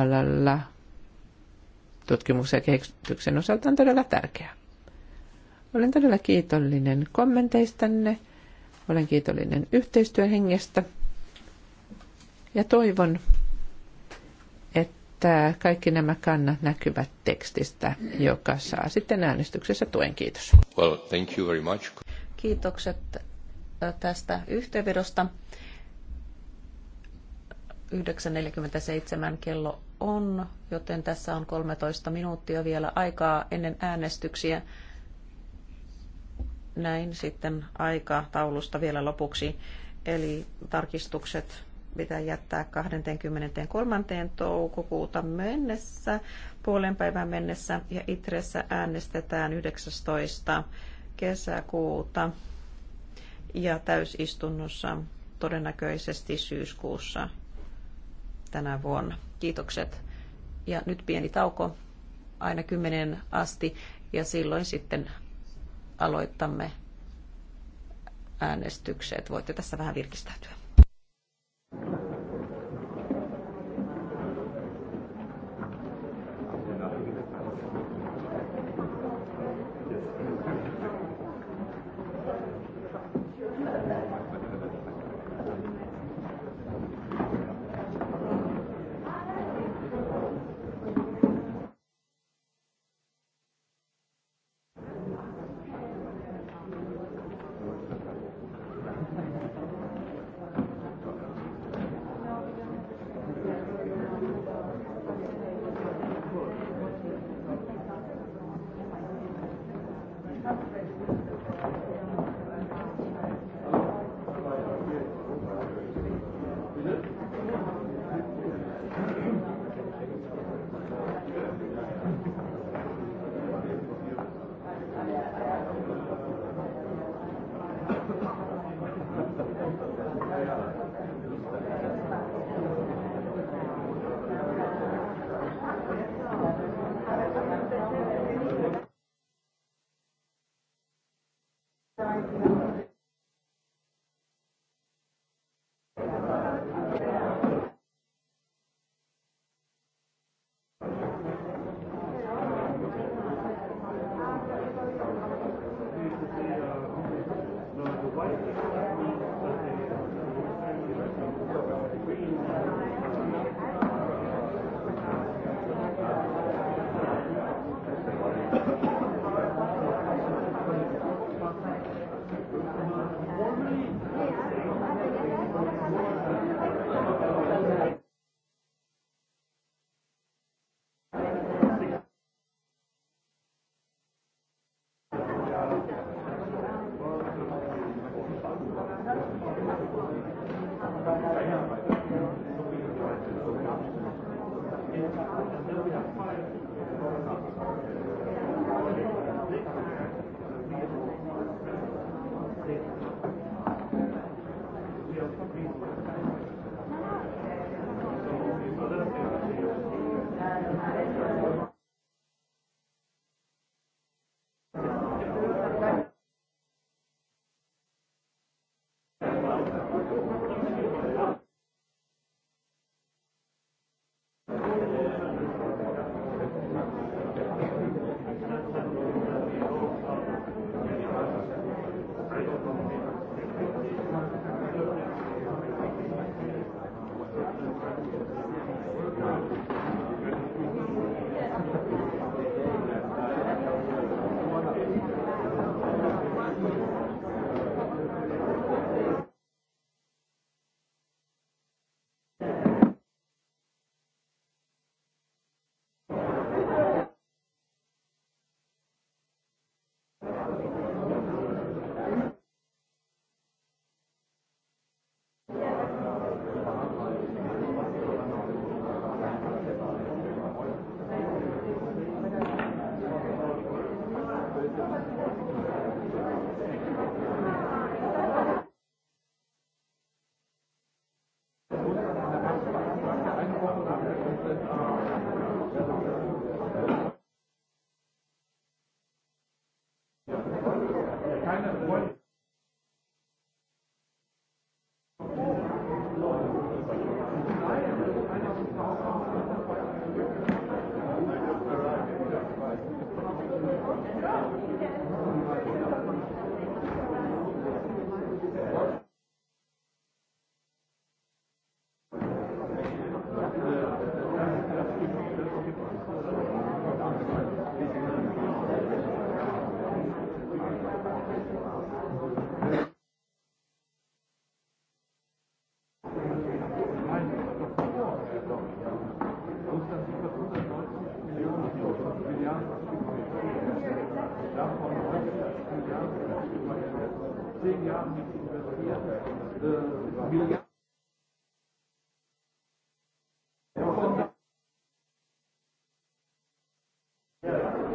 alalla tutkimuksen ja kehityksen osalta on todella tärkeää. Olen todella kiitollinen kommenteistanne, olen kiitollinen yhteistyöhengestä ja toivon, että kaikki nämä kannat näkyvät tekstistä, joka saa sitten äänestyksessä tuen. Kiitos. Well, thank you very much. Kiitokset tästä yhteenvedosta. 9.47 kello on, joten tässä on 13 minuuttia vielä aikaa ennen äänestyksiä. Näin sitten aika taulusta vielä lopuksi. Eli tarkistukset pitää jättää 23. toukokuuta mennessä, puolen päivän mennessä, ja Itressä äänestetään 19. kesäkuuta ja täysistunnossa todennäköisesti syyskuussa tänä vuonna. Kiitokset. Ja nyt pieni tauko aina kymmenen asti ja silloin sitten aloittamme äänestykset. Voitte tässä vähän virkistäytyä.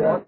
Yeah.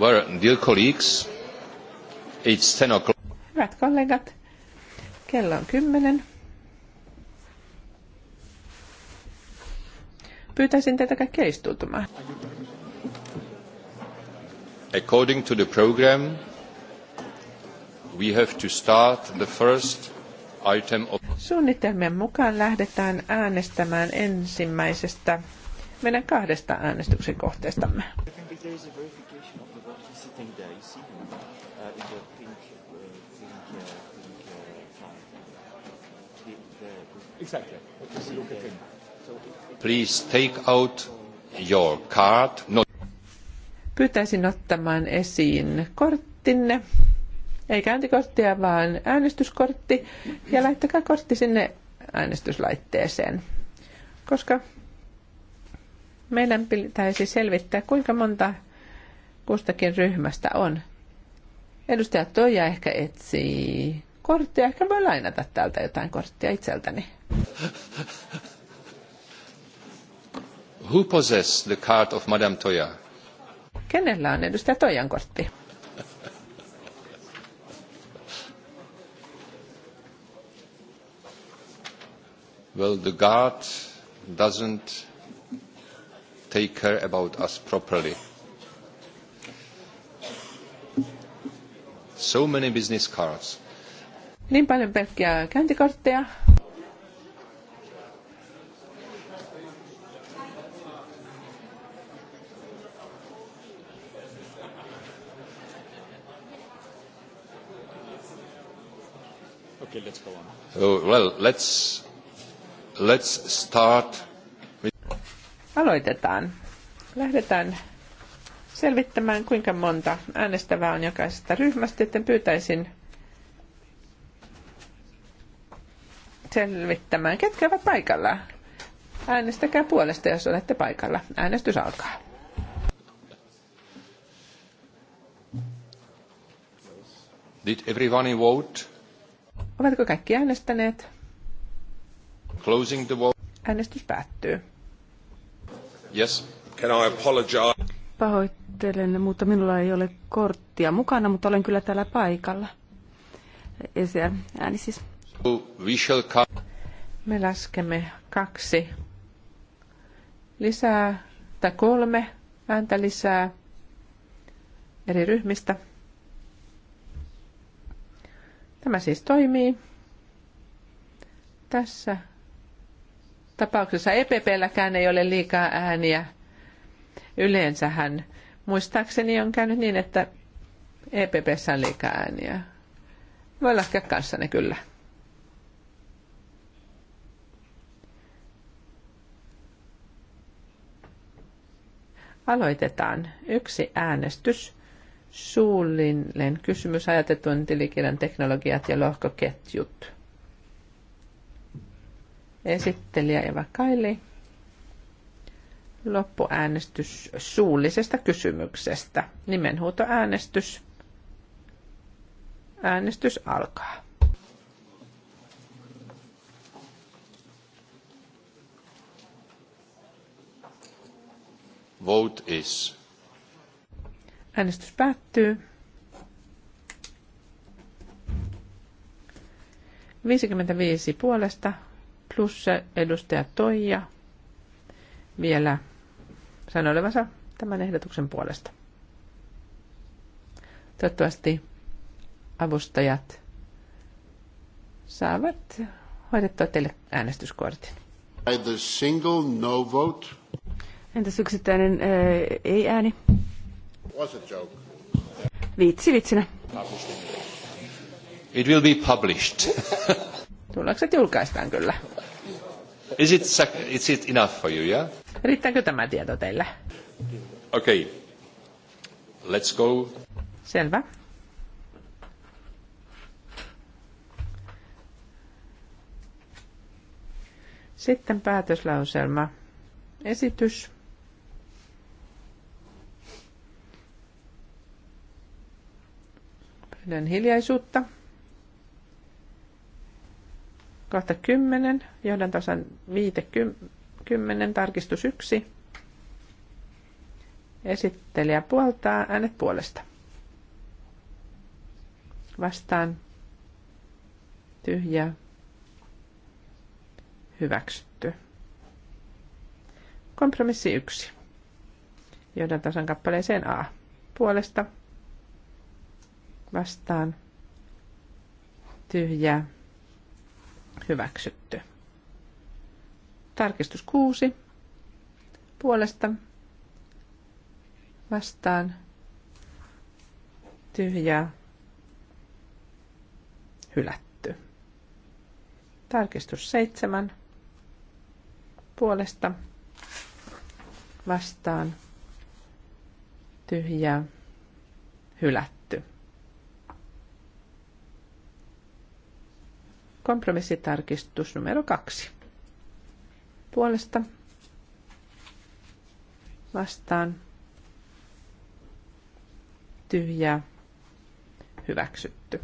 Well, dear colleagues, it's Hyvät kollegat, kello on kymmenen. Pyytäisin teitä kaikkia istuutumaan. According to the program, we have to start the first item of... Suunnitelmien mukaan lähdetään äänestämään ensimmäisestä meidän kahdesta äänestyksen kohteestamme think they're ici, uh, in the pink, uh, pink, uh, pink uh, flag. The, the, exactly. What we look at him. Please take out your card. No. Pyytäisin ottamaan esiin korttinne. Ei käyntikorttia, vaan äänestyskortti. Ja laittakaa kortti sinne äänestyslaitteeseen. Koska meidän pitäisi selvittää, kuinka monta kustakin ryhmästä on. Edustaja Toija ehkä etsii korttia. Ehkä voi lainata täältä jotain korttia itseltäni. Who possess the card of Madame Toya? Kenellä on edustaja Tojan kortti? well, the guard doesn't take care about us properly. So many business cards. Niin paljon pelkkiä käyntikortteja. Okay, let's go on. Oh, well, let's, let's start with... Aloitetaan. Lähdetään selvittämään, kuinka monta äänestävää on jokaisesta ryhmästä, joten pyytäisin selvittämään, ketkä ovat paikalla. Äänestäkää puolesta, jos olette paikalla. Äänestys alkaa. Did everyone vote? Ovatko kaikki äänestäneet? Closing the vote. Äänestys päättyy. Yes. Can I apologize? pahoittelen, mutta minulla ei ole korttia mukana, mutta olen kyllä täällä paikalla. Esiä ääni siis. Me laskemme kaksi lisää tai kolme ääntä lisää eri ryhmistä. Tämä siis toimii. Tässä tapauksessa EPPlläkään ei ole liikaa ääniä yleensähän muistaakseni on käynyt niin, että EPPssä on liikaa ääniä. Voi laskea kanssanne kyllä. Aloitetaan yksi äänestys. Suullinen kysymys ajatetun tilikirjan teknologiat ja lohkoketjut. Esittelijä Eva Kaili loppuäänestys suullisesta kysymyksestä. Nimenhuutoäänestys. Äänestys alkaa. Vote is. Äänestys päättyy. 55 puolesta plus edustaja Toija vielä sanoi olevansa tämän ehdotuksen puolesta. Toivottavasti avustajat saavat hoidettua teille äänestyskortin. The single no vote. Entäs yksittäinen äh, ei-ääni? Was a joke. Vitsi vitsinä. It will be published. Tulokset julkaistaan kyllä. Is it, is it enough for you, yeah? Riittääkö tämä tieto teille? Okei. Okay. Let's go. Selvä. Sitten päätöslauselma. Esitys. Pyydän hiljaisuutta. Kohta 10, johdantosan 50, 10 tarkistus 1. Esittelijä puoltaa äänet puolesta. Vastaan tyhjä hyväksytty. Kompromissi 1. Johdan tasan kappaleeseen A. Puolesta vastaan tyhjä hyväksytty. Tarkistus 6 puolesta vastaan tyhjää hylätty. Tarkistus 7 puolesta vastaan tyhjää hylätty. Kompromissitarkistus numero 2 puolesta vastaan tyhjää hyväksytty.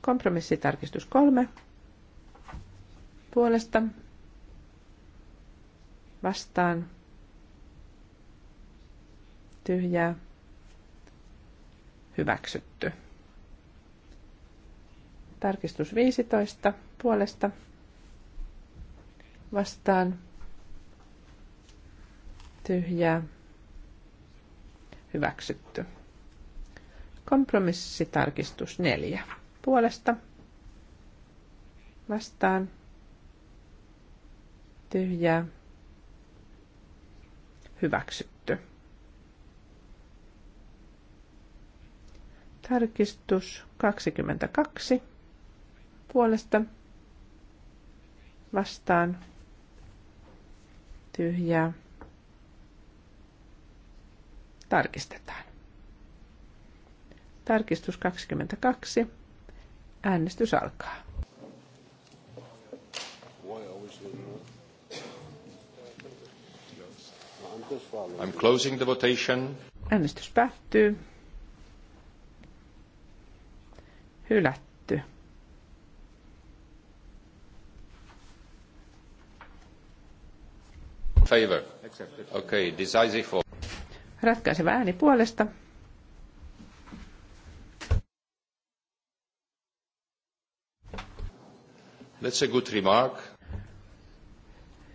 Kompromissitarkistus kolme puolesta vastaan tyhjää hyväksytty. Tarkistus 15 puolesta vastaan tyhjää hyväksytty. Kompromissitarkistus neljä puolesta vastaan tyhjää hyväksytty. Tarkistus 22 puolesta vastaan tyhjää. Tarkistetaan. Tarkistus 22. Äänestys alkaa. I'm closing the votation. Äänestys päättyy. Hylätty. favor? Okay, decisive for. Ratkaiseva ääni puolesta. That's a good remark.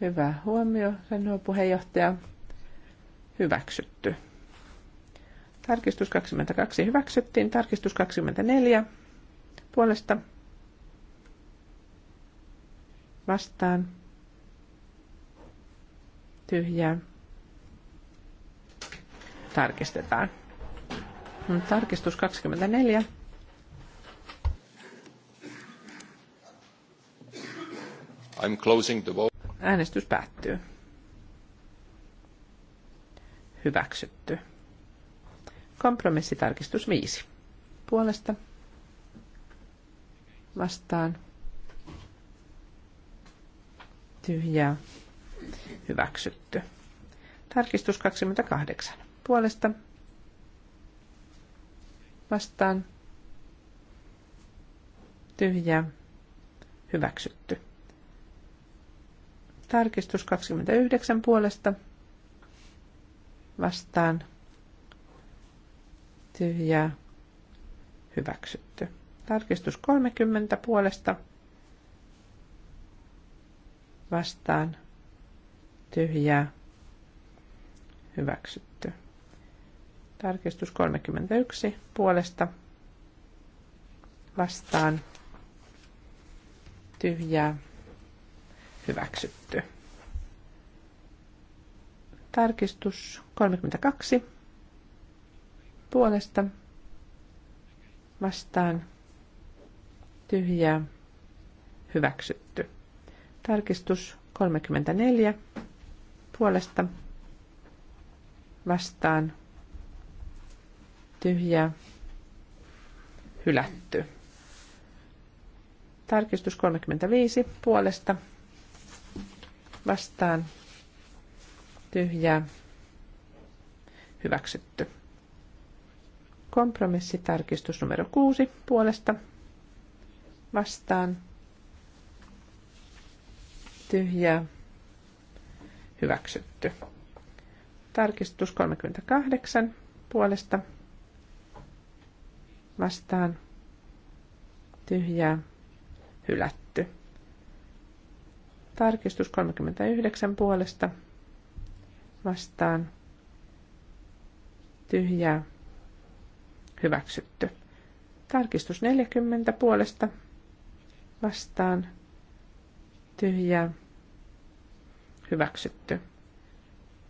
Hyvä huomio, sanoo puheenjohtaja. Hyväksytty. Tarkistus 22 hyväksyttiin. Tarkistus 24 puolesta vastaan tyhjää. Tarkistetaan. No, tarkistus 24. I'm closing the vote. Äänestys päättyy. Hyväksytty. Kompromissitarkistus 5. Puolesta. Vastaan. Tyhjää hyväksytty. Tarkistus 28. Puolesta vastaan tyhjä hyväksytty. Tarkistus 29 puolesta vastaan tyhjä hyväksytty. Tarkistus 30 puolesta vastaan tyhjää, hyväksytty. Tarkistus 31 puolesta vastaan tyhjää, hyväksytty. Tarkistus 32 puolesta vastaan tyhjää, hyväksytty. Tarkistus 34 puolesta vastaan tyhjä hylätty. Tarkistus 35 puolesta vastaan tyhjä hyväksytty. Kompromissitarkistus numero 6 puolesta vastaan tyhjä hyväksytty. Tarkistus 38 puolesta vastaan tyhjää hylätty. Tarkistus 39 puolesta vastaan tyhjää hyväksytty. Tarkistus 40 puolesta vastaan tyhjää hyväksytty.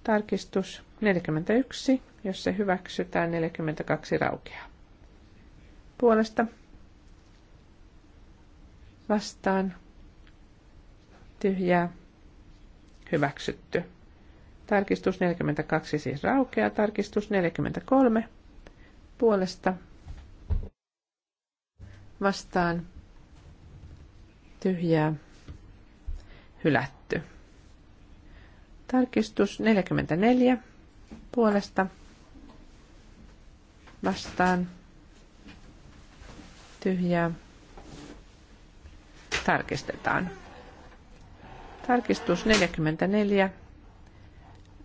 Tarkistus 41, jos se hyväksytään, 42 raukeaa. Puolesta vastaan tyhjää hyväksytty. Tarkistus 42 siis raukeaa. Tarkistus 43 puolesta vastaan tyhjää hylätty. Tarkistus 44 puolesta vastaan tyhjää. Tarkistetaan. Tarkistus 44.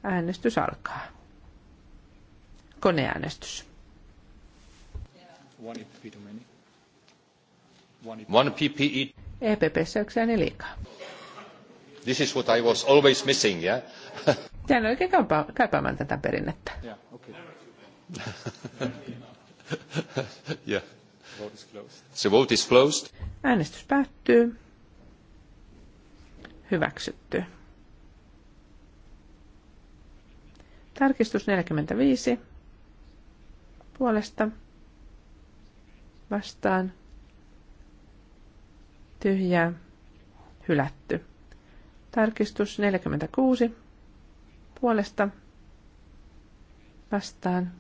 Äänestys alkaa. Koneäänestys. One PPE one PPE EPP. EPPssä yksi liikaa. This is what I was always missing, yeah? oikein kaipaamaan tätä perinnettä. Yeah, okay. yeah. Vote is closed. The vote is closed. Äänestys päättyy. Hyväksytty. Tarkistus 45. Puolesta. Vastaan. Tyhjää. Hylätty. Tarkistus 46 puolesta vastaan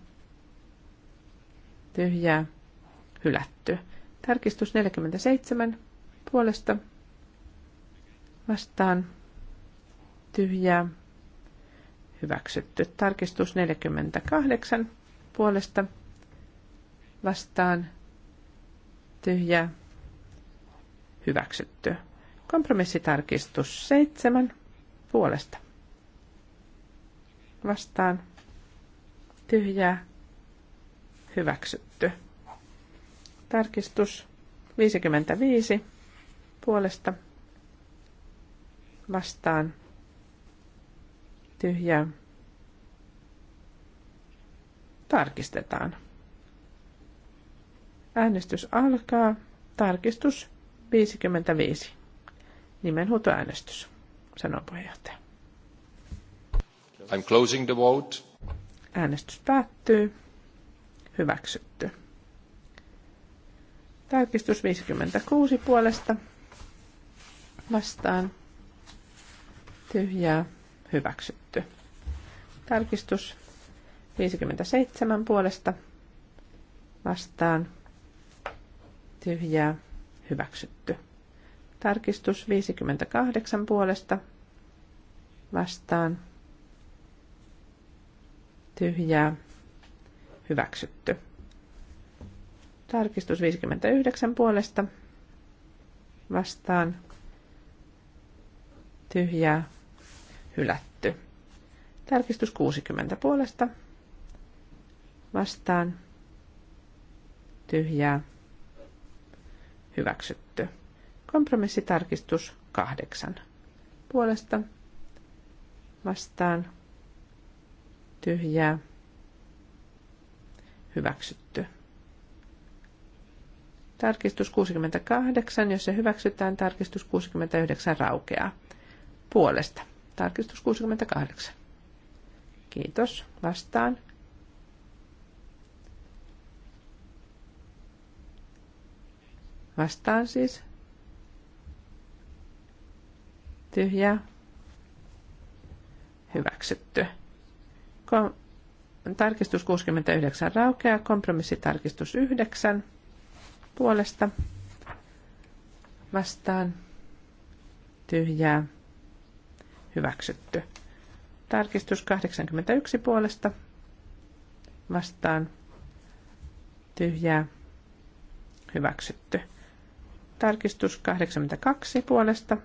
tyhjää hylätty. Tarkistus 47 puolesta vastaan tyhjää hyväksytty. Tarkistus 48 puolesta vastaan tyhjää hyväksytty. Kompromissitarkistus seitsemän puolesta. Vastaan tyhjää hyväksytty. Tarkistus 55 puolesta vastaan tyhjää tarkistetaan. Äänestys alkaa. Tarkistus 55. Nimenhuutoäänestys, sanoo puheenjohtaja. I'm closing the vote. Äänestys päättyy. Hyväksytty. Tarkistus 56 puolesta. Vastaan. Tyhjää. Hyväksytty. Tarkistus 57 puolesta. Vastaan. Tyhjää. Hyväksytty. Tarkistus 58 puolesta vastaan. Tyhjää. Hyväksytty. Tarkistus 59 puolesta vastaan. Tyhjää. Hylätty. Tarkistus 60 puolesta vastaan. Tyhjää. Hyväksytty. Kompromissitarkistus kahdeksan. Puolesta vastaan tyhjää hyväksytty. Tarkistus 68, jos se hyväksytään, tarkistus 69 raukeaa. Puolesta. Tarkistus 68. Kiitos. Vastaan. Vastaan siis Tyhjää. Hyväksytty. Kom- tarkistus 69 raukeaa. Kompromissitarkistus 9 puolesta vastaan. Tyhjää. Hyväksytty. Tarkistus 81 puolesta vastaan. Tyhjää. Hyväksytty. Tarkistus 82 puolesta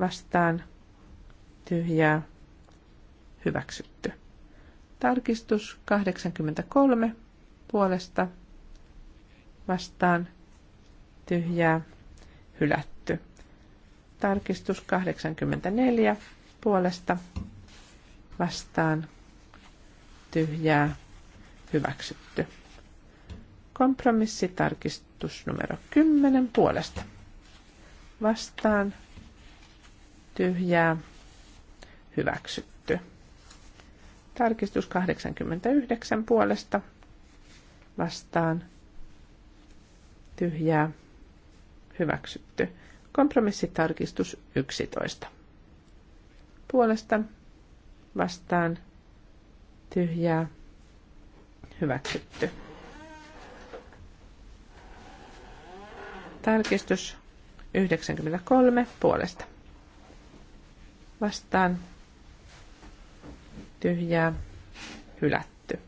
vastaan tyhjää hyväksytty. Tarkistus 83 puolesta vastaan tyhjää hylätty. Tarkistus 84 puolesta vastaan tyhjää hyväksytty. Kompromissitarkistus numero 10 puolesta vastaan tyhjää hyväksytty. Tarkistus 89 puolesta vastaan tyhjää hyväksytty. Kompromissitarkistus 11 puolesta vastaan tyhjää hyväksytty. Tarkistus 93 puolesta vastaan tyhjää hylätty.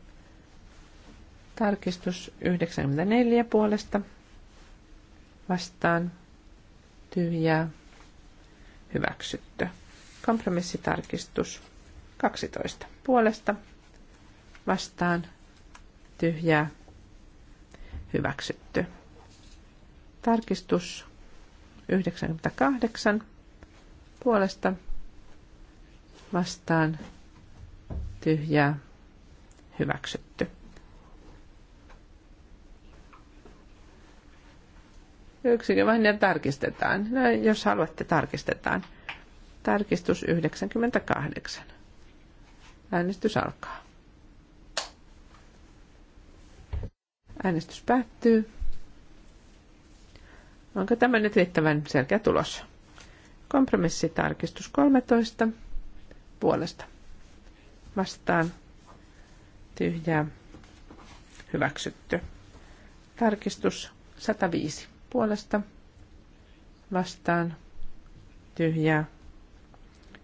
Tarkistus 94 puolesta vastaan tyhjää hyväksytty. Kompromissitarkistus 12 puolesta vastaan tyhjää hyväksytty. Tarkistus 98 puolesta vastaan tyhjää hyväksytty. Yksikö vain tarkistetaan. No, jos haluatte, tarkistetaan. Tarkistus 98. Äänestys alkaa. Äänestys päättyy. Onko tämä nyt riittävän selkeä tulos? Kompromissitarkistus 13 puolesta vastaan tyhjää hyväksytty. Tarkistus 105 puolesta vastaan tyhjää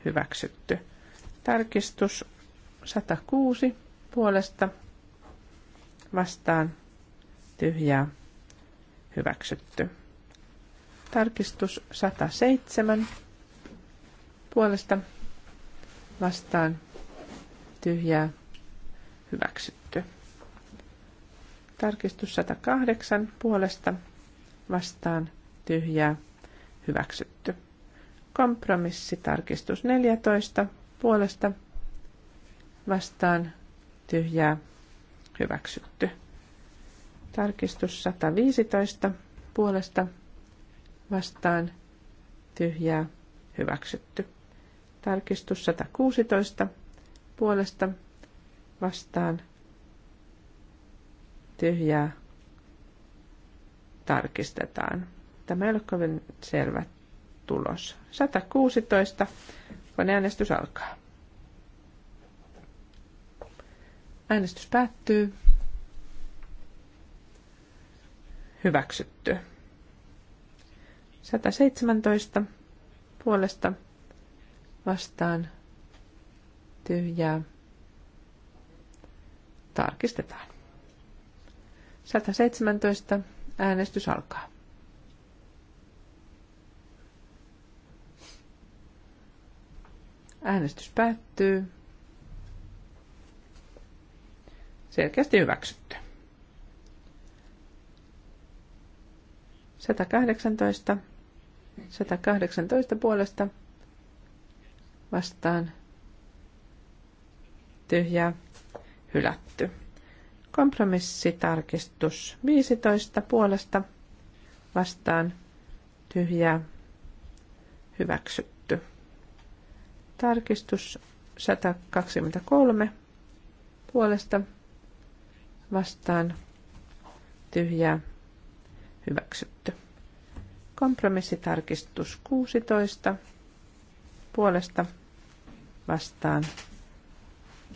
hyväksytty. Tarkistus 106 puolesta vastaan tyhjää hyväksytty. Tarkistus 107 puolesta vastaan tyhjää hyväksytty. Tarkistus 108 puolesta vastaan tyhjää hyväksytty. tarkistus 14 puolesta vastaan tyhjää hyväksytty. Tarkistus 115 puolesta vastaan tyhjää hyväksytty. Tarkistus 116 puolesta vastaan tyhjää tarkistetaan. Tämä ei ole kovin selvä tulos. 116. Koneäänestys alkaa. Äänestys päättyy. Hyväksytty. 117 puolesta vastaan tyhjää. Tarkistetaan. 117. Äänestys alkaa. Äänestys päättyy. Selkeästi hyväksytty. 118. 118 puolesta vastaan tyhjä hylätty. Kompromissitarkistus 15 puolesta vastaan tyhjä hyväksytty. Tarkistus 123 puolesta vastaan tyhjä hyväksytty. Kompromissitarkistus 16 puolesta vastaan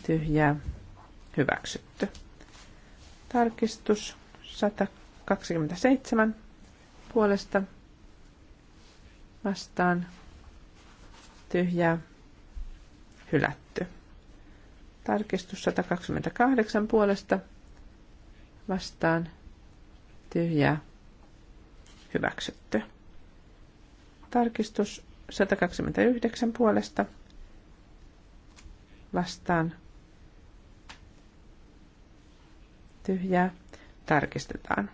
tyhjää hyväksytty. Tarkistus 127 puolesta vastaan tyhjää hylätty. Tarkistus 128 puolesta vastaan tyhjää hyväksytty. Tarkistus 129 puolesta vastaan tyhjää tarkistetaan.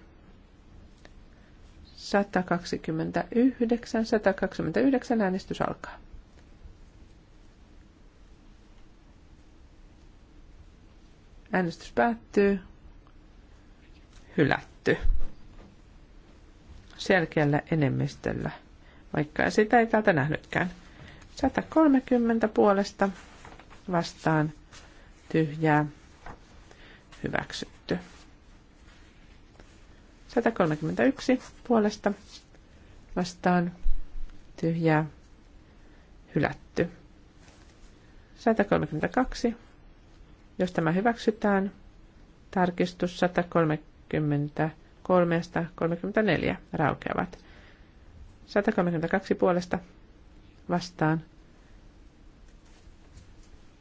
129, 129 äänestys alkaa. Äänestys päättyy. Hylätty. Selkeällä enemmistöllä vaikka sitä ei täältä nähnytkään. 130 puolesta vastaan tyhjää hyväksytty. 131 puolesta vastaan tyhjää hylätty. 132. Jos tämä hyväksytään, tarkistus 133 ja 134 raukeavat. 132 puolesta vastaan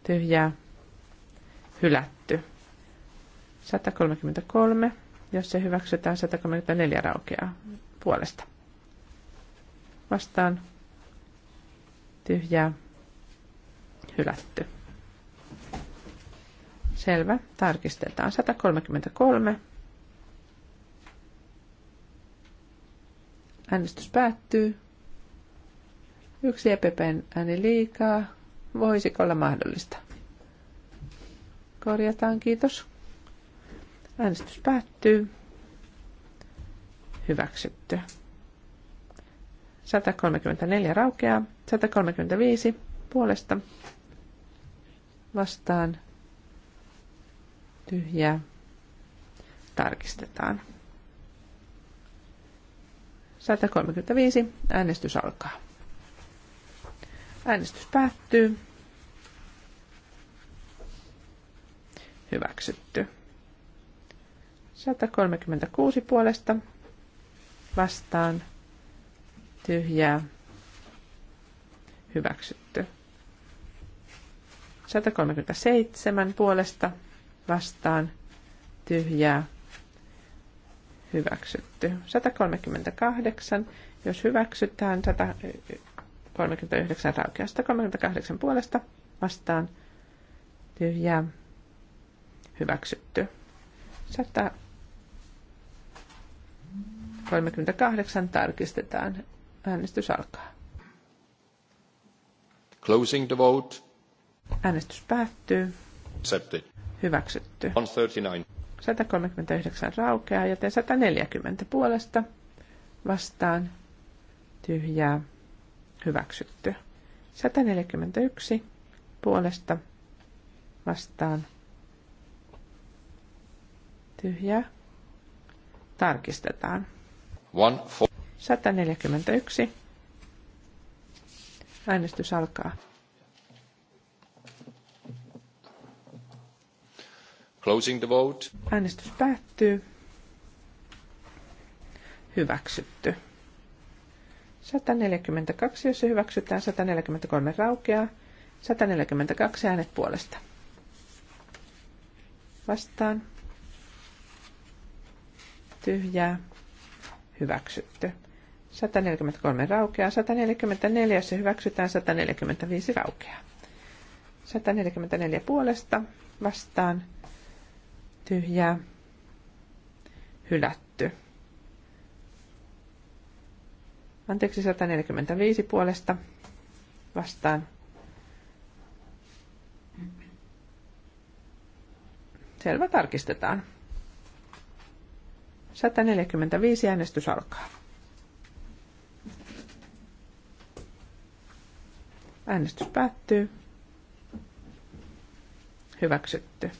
tyhjää hylätty. 133, jos se hyväksytään 134 raukeaa puolesta. Vastaan tyhjää hylätty. Selvä, tarkistetaan 133. Äänestys päättyy. Yksi EPPn ääni liikaa. Voisiko olla mahdollista? Korjataan, kiitos. Äänestys päättyy. Hyväksytty. 134 raukeaa. 135 puolesta vastaan tyhjää tarkistetaan. 135. Äänestys alkaa. Äänestys päättyy. Hyväksytty. 136 puolesta vastaan tyhjää hyväksytty. 137 puolesta vastaan tyhjää hyväksytty. 138, jos hyväksytään, 139 raukeasta, 38 puolesta vastaan tyhjää hyväksytty. 138 tarkistetaan. Äänestys alkaa. Closing the vote. Äänestys päättyy. Accepted. Hyväksytty. 139. 139 raukeaa, joten 140 puolesta vastaan tyhjää hyväksytty. 141 puolesta vastaan tyhjää tarkistetaan. 141. Äänestys alkaa. Closing the vote. Äänestys päättyy. Hyväksytty. 142, jos se hyväksytään, 143 raukeaa, 142 äänet puolesta. Vastaan. Tyhjää. Hyväksytty. 143 raukeaa, 144, jos se hyväksytään, 145 raukeaa. 144 puolesta vastaan tyhjää hylätty. Anteeksi 145 puolesta vastaan. Selvä, tarkistetaan. 145 äänestys alkaa. Äänestys päättyy. Hyväksytty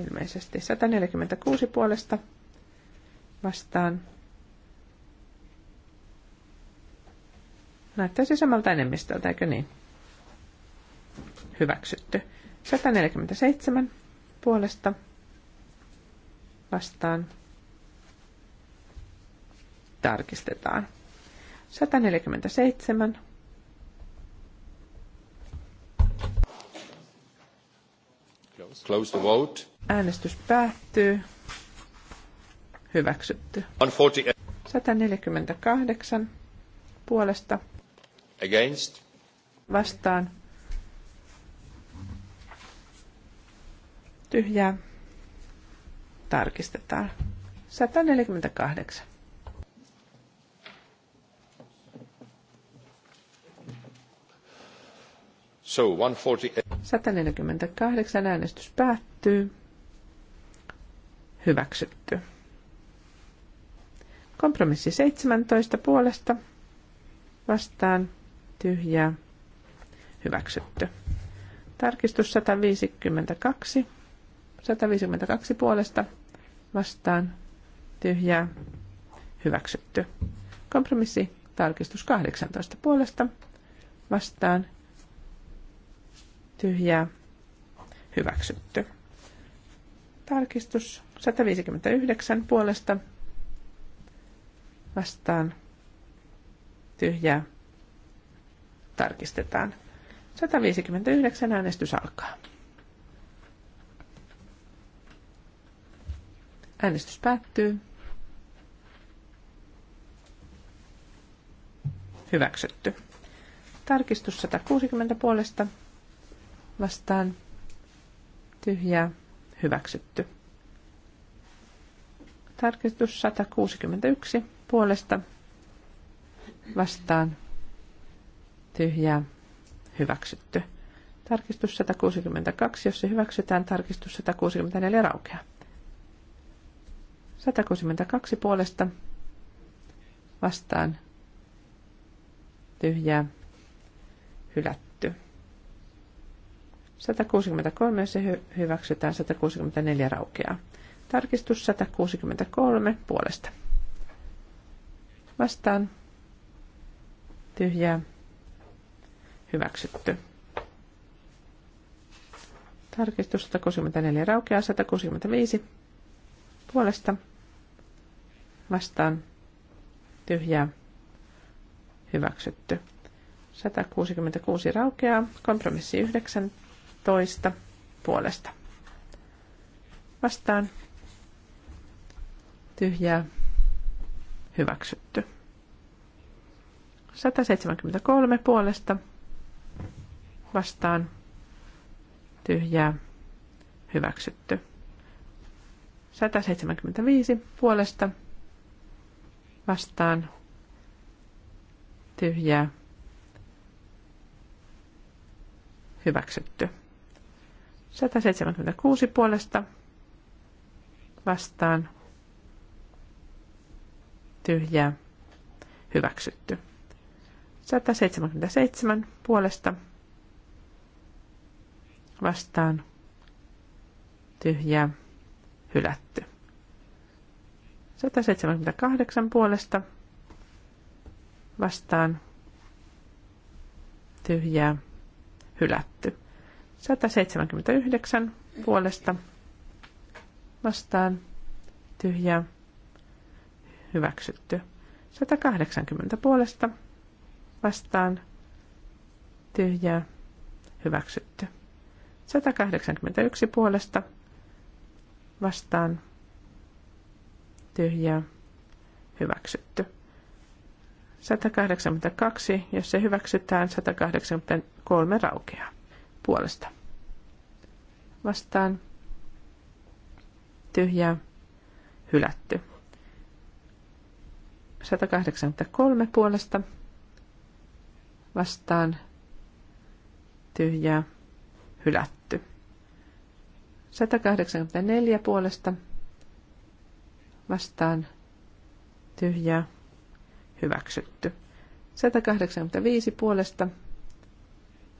ilmeisesti. 146 puolesta vastaan. Näyttäisi samalta enemmistöltä, eikö niin? Hyväksytty. 147 puolesta vastaan. Tarkistetaan. 147. Close the vote. Äänestys päättyy. Hyväksytty. 148 puolesta. Against. Vastaan. Tyhjää. Tarkistetaan. 148. So 148. 148 äänestys päättyy. Hyväksytty. Kompromissi 17 puolesta vastaan tyhjää. Hyväksytty. Tarkistus 152. 152 puolesta vastaan tyhjää. Hyväksytty. Kompromissi tarkistus 18 puolesta vastaan tyhjää hyväksytty. Tarkistus 159 puolesta vastaan tyhjää tarkistetaan. 159 äänestys alkaa. Äänestys päättyy. Hyväksytty. Tarkistus 160 puolesta vastaan tyhjää hyväksytty. Tarkistus 161 puolesta vastaan tyhjää hyväksytty. Tarkistus 162, jos se hyväksytään, tarkistus 164 raukeaa. 162 puolesta vastaan tyhjää hylätty. 163 se hy- hyväksytään, 164 raukeaa. Tarkistus 163 puolesta. Vastaan. Tyhjää. Hyväksytty. Tarkistus 164 raukeaa, 165 puolesta. Vastaan. Tyhjää. Hyväksytty. 166 raukeaa, kompromissi 9 toista puolesta. Vastaan tyhjää hyväksytty. 173 puolesta vastaan tyhjää hyväksytty. 175 puolesta vastaan tyhjää hyväksytty. 176 puolesta vastaan tyhjää hyväksytty. 177 puolesta vastaan tyhjää hylätty. 178 puolesta vastaan tyhjää hylätty. 179 puolesta vastaan tyhjää hyväksytty. 180 puolesta vastaan tyhjää hyväksytty. 181 puolesta vastaan tyhjää hyväksytty. 182, jos se hyväksytään, 183 raukeaa puolesta. Vastaan tyhjää hylätty. 183 puolesta vastaan tyhjää hylätty. 184 puolesta vastaan tyhjää hyväksytty. 185 puolesta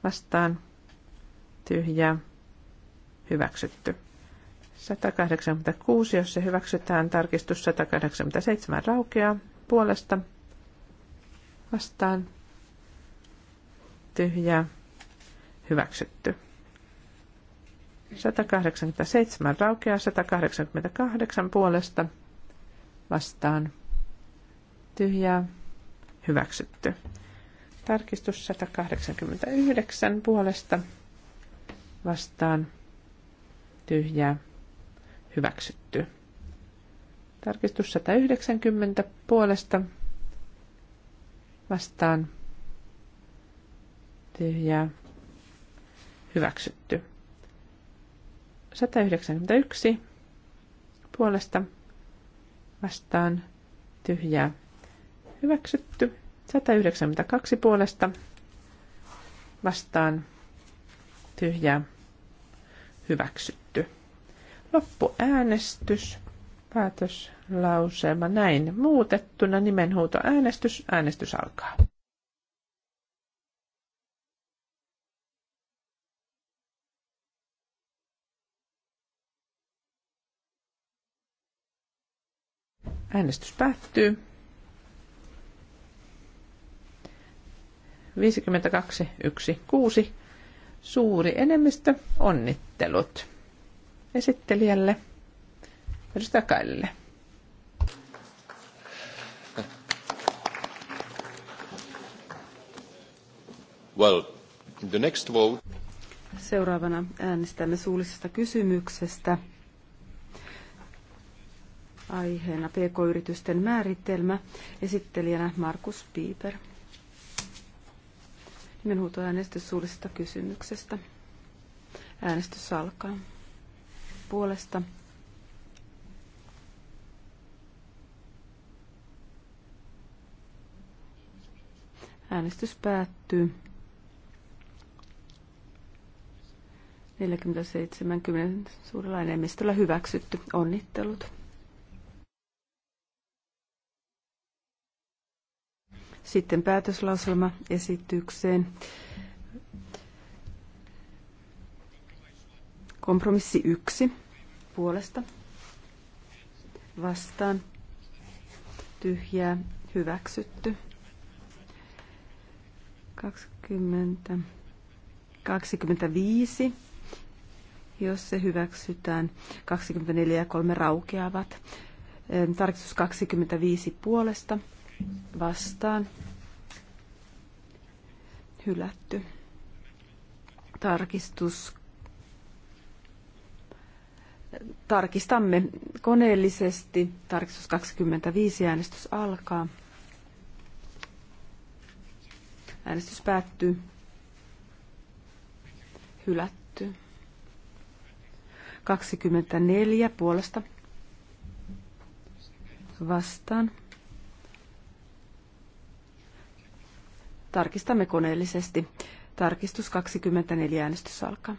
vastaan tyhjä hyväksytty. 186, jos se hyväksytään, tarkistus 187 raukeaa puolesta vastaan, tyhjä hyväksytty. 187 raukeaa 188 puolesta vastaan tyhjä hyväksytty. Tarkistus 189 puolesta vastaan tyhjää hyväksytty. Tarkistus 190 puolesta vastaan tyhjää hyväksytty. 191 puolesta vastaan tyhjää hyväksytty. 192 puolesta vastaan tyhjää hyväksytty. Loppuäänestys, päätöslauselma näin muutettuna, nimenhuuto äänestys, äänestys alkaa. Äänestys päättyy. 52, 1, 6 suuri enemmistö. Onnittelut esittelijälle, edustaja Kaille. Well, the next vote. Seuraavana äänestämme suullisesta kysymyksestä. Aiheena PK-yritysten määritelmä. Esittelijänä Markus Piiper äänestys suullisesta kysymyksestä. Äänestys alkaa. Puolesta. Äänestys päättyy. 47 suurella enemmistöllä hyväksytty. Onnittelut. Sitten päätöslauselma esitykseen. Kompromissi yksi puolesta vastaan tyhjää hyväksytty. 20, 25, jos se hyväksytään, 24 ja 3 raukeavat. Tarkistus 25 puolesta vastaan hylätty. Tarkistus. Tarkistamme koneellisesti. Tarkistus 25 äänestys alkaa. Äänestys päättyy. Hylätty. 24 puolesta vastaan. Tarkistamme koneellisesti. Tarkistus 24 äänestys alkaa.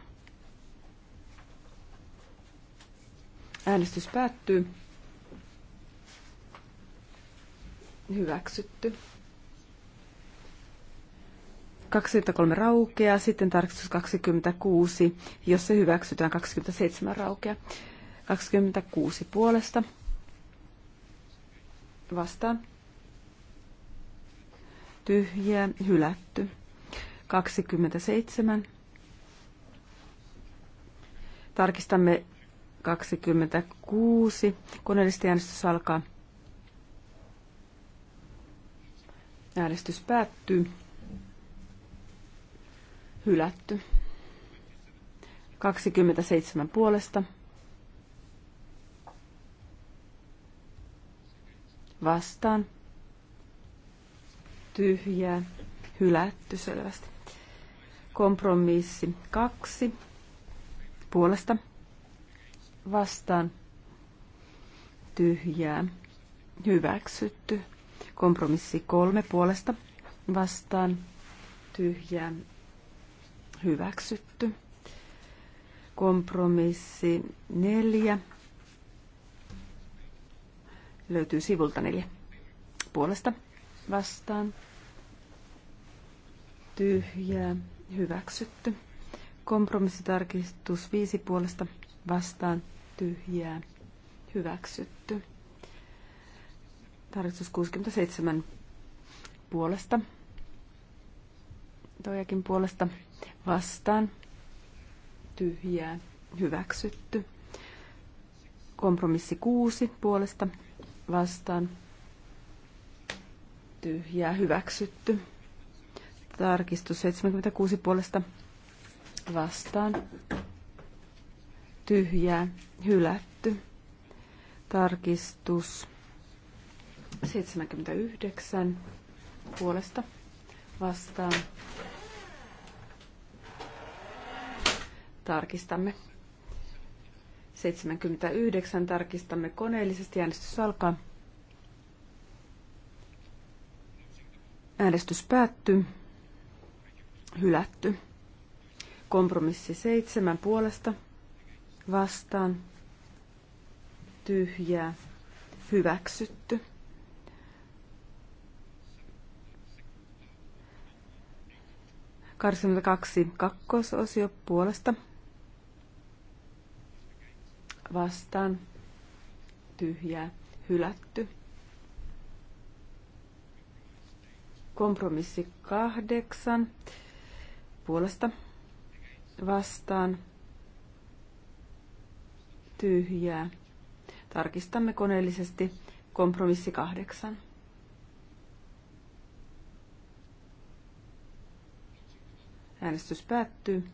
Äänestys päättyy. Hyväksytty. 23 raukeaa, sitten tarkistus 26, jos se hyväksytään 27 raukeaa. 26 puolesta vastaan tyhjää hylätty. 27. Tarkistamme 26. Koneellisesti äänestys alkaa. Äänestys päättyy. Hylätty. 27 puolesta. Vastaan tyhjää, hylätty selvästi. Kompromissi kaksi puolesta vastaan tyhjää, hyväksytty. Kompromissi kolme puolesta vastaan tyhjää, hyväksytty. Kompromissi neljä löytyy sivulta neljä puolesta vastaan tyhjää hyväksytty. Kompromissitarkistus viisi puolesta vastaan tyhjää hyväksytty. Tarkistus 67 puolesta. Toijakin puolesta vastaan tyhjää hyväksytty. Kompromissi 6 puolesta vastaan tyhjää hyväksytty. Tarkistus 76 puolesta vastaan. Tyhjää, hylätty. Tarkistus 79 puolesta vastaan. Tarkistamme. 79 tarkistamme koneellisesti. Äänestys alkaa. Äänestys päättyy hylätty. Kompromissi seitsemän puolesta vastaan tyhjää hyväksytty. kaksi kakkososio puolesta vastaan tyhjää hylätty. Kompromissi kahdeksan puolesta vastaan tyhjää. Tarkistamme koneellisesti kompromissi kahdeksan. Äänestys päättyy.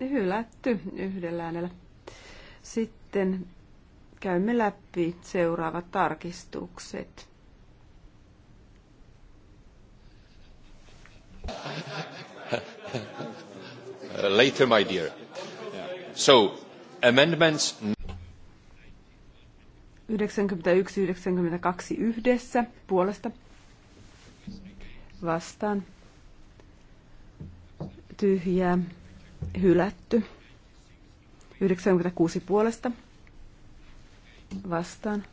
Hylätty yhdellä äänellä. Sitten käymme läpi seuraavat tarkistukset. Later, my dear. So, amendments... 91-92 yhdessä puolesta vastaan tyhjää hylätty. 96 puolesta vastaan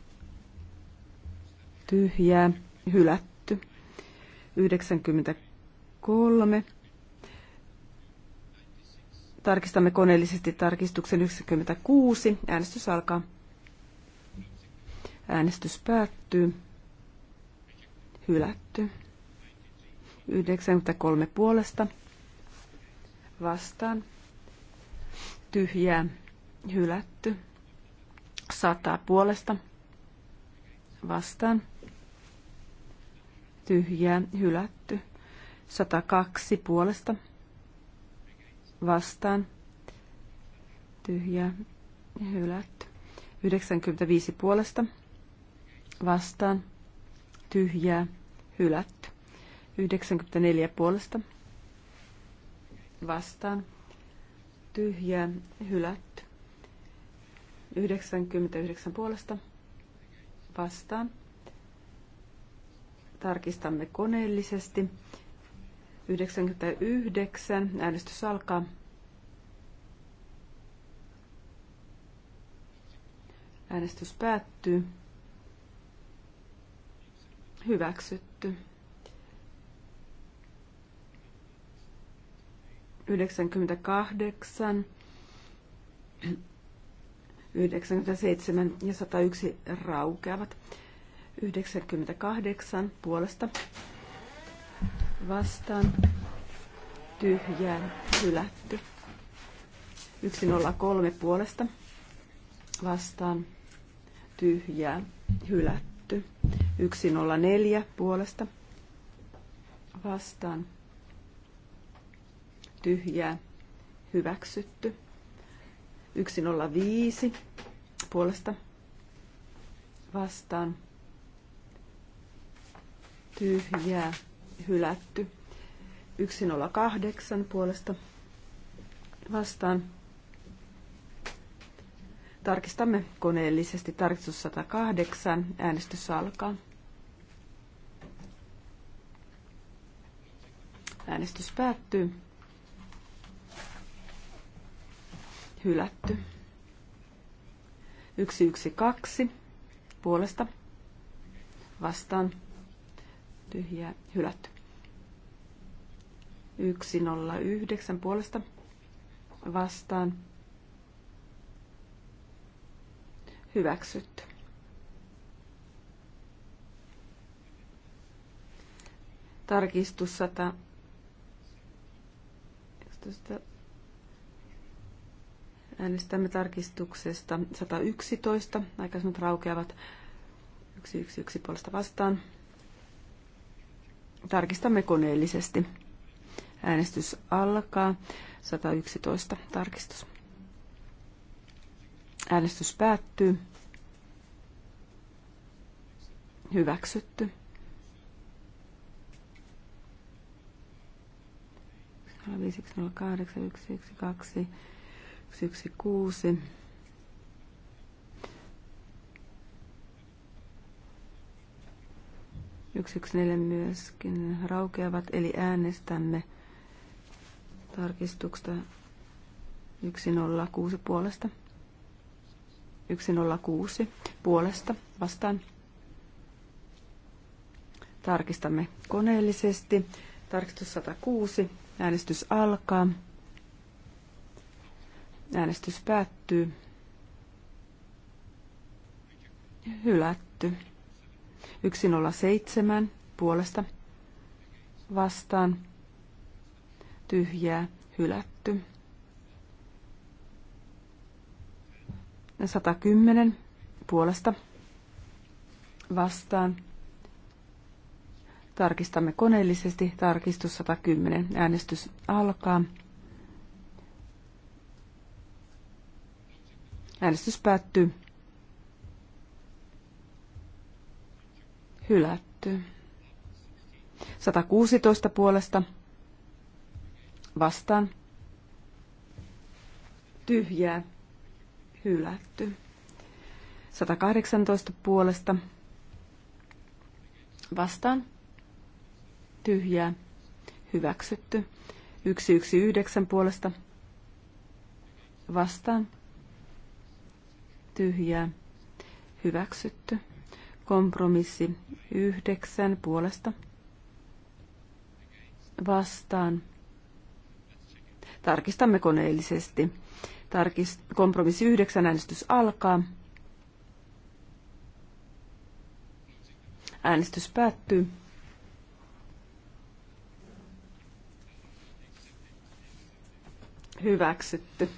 tyhjää hylätty. 90 kolme. Tarkistamme koneellisesti tarkistuksen 96. Äänestys alkaa. Äänestys päättyy. Hylätty. 93 puolesta. Vastaan. Tyhjää. Hylätty. 100 puolesta. Vastaan. Tyhjää. Hylätty. 102 puolesta vastaan Tyhjä. hylätty. 95 puolesta vastaan tyhjää hylätty. 94 puolesta vastaan tyhjää hylätty. 99 puolesta vastaan. Tarkistamme koneellisesti. 99. Äänestys alkaa. Äänestys päättyy. Hyväksytty. 98, 97 ja 101 raukeavat. 98 puolesta vastaan Tyhjään hylätty. 103 puolesta vastaan Tyhjään hylätty. 104 puolesta vastaan tyhjää hyväksytty. 105 puolesta vastaan tyhjää hylätty. 108 puolesta vastaan. Tarkistamme koneellisesti tarkistus 108. Äänestys alkaa. Äänestys päättyy. Hylätty. 112 puolesta vastaan tyhjää hylätty. 109 puolesta vastaan hyväksytty. Tarkistus 100. 11. Äänestämme tarkistuksesta 111. Aikaisemmat raukeavat 111 puolesta vastaan. Tarkistamme koneellisesti. Äänestys alkaa. 111 tarkistus. Äänestys päättyy. Hyväksytty. kahdeksan yksi yksi kaksi yksi kuusi 114 myöskin raukeavat, eli äänestämme tarkistuksesta 106 puolesta. 106 puolesta vastaan. Tarkistamme koneellisesti. Tarkistus 106. Äänestys alkaa. Äänestys päättyy. Hylätty. 107 puolesta vastaan tyhjää hylätty. 110 puolesta vastaan. Tarkistamme koneellisesti. Tarkistus 110. Äänestys alkaa. Äänestys päättyy. Hylätty. 116 puolesta vastaan. Tyhjää. Hylätty. 118 puolesta vastaan. Tyhjää. Hyväksytty. 119 puolesta vastaan. Tyhjää. Hyväksytty. Kompromissi yhdeksän puolesta vastaan. Tarkistamme koneellisesti. Tarkist- kompromissi yhdeksän äänestys alkaa. Äänestys päättyy. Hyväksytty.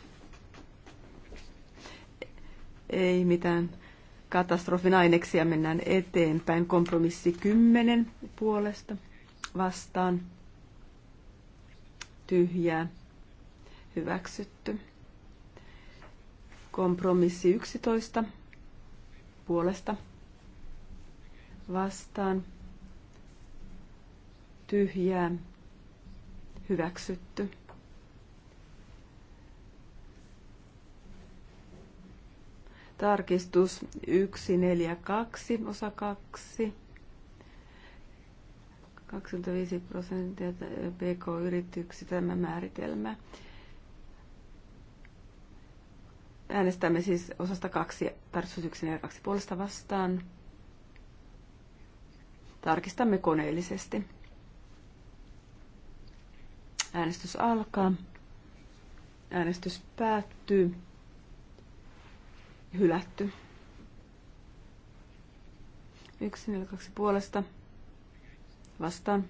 Ei mitään katastrofin aineksia mennään eteenpäin. Kompromissi 10 puolesta vastaan. Tyhjää. Hyväksytty. Kompromissi 11 puolesta vastaan. Tyhjää. Hyväksytty. Tarkistus 142, osa 2. 25 prosenttia pk yrityksi tämä määritelmä. Äänestämme siis osasta 2 tarkistus 142 puolesta vastaan. Tarkistamme koneellisesti. Äänestys alkaa. Äänestys päättyy hylätty. 142 puolesta vastaan.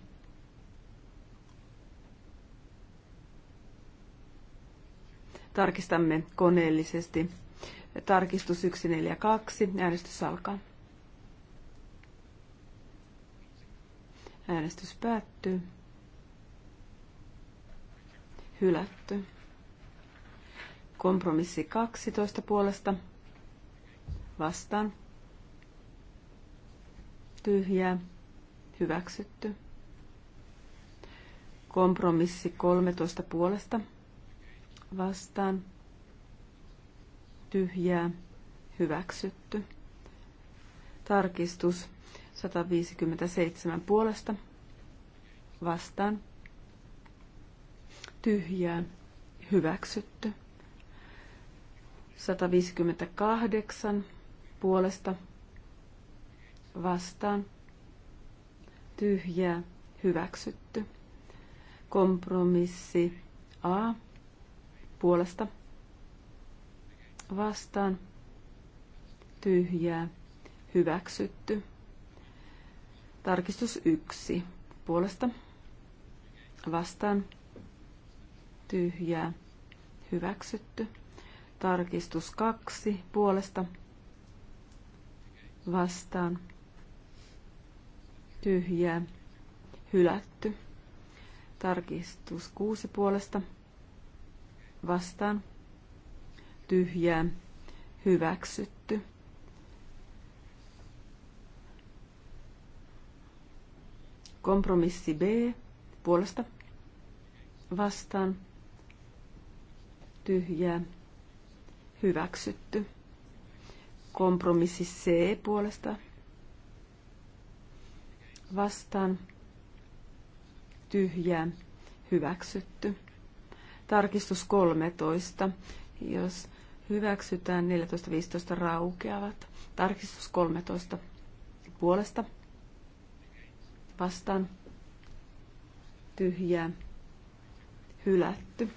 Tarkistamme koneellisesti. Tarkistus 142. Äänestys alkaa. Äänestys päättyy. Hylätty. Kompromissi 12 puolesta vastaan. Tyhjää. Hyväksytty. Kompromissi 13 puolesta vastaan. Tyhjää. Hyväksytty. Tarkistus 157 puolesta vastaan. Tyhjää. Hyväksytty. 158 puolesta vastaan tyhjää hyväksytty. Kompromissi A puolesta vastaan tyhjää hyväksytty. Tarkistus 1 puolesta vastaan tyhjää hyväksytty. Tarkistus 2 puolesta vastaan vastaan tyhjää hylätty. Tarkistus kuusi puolesta vastaan tyhjää hyväksytty. Kompromissi B puolesta vastaan tyhjää hyväksytty. Kompromissi C puolesta vastaan tyhjää hyväksytty. Tarkistus 13. Jos hyväksytään 14-15 raukeavat. Tarkistus 13 puolesta vastaan tyhjää hylätty.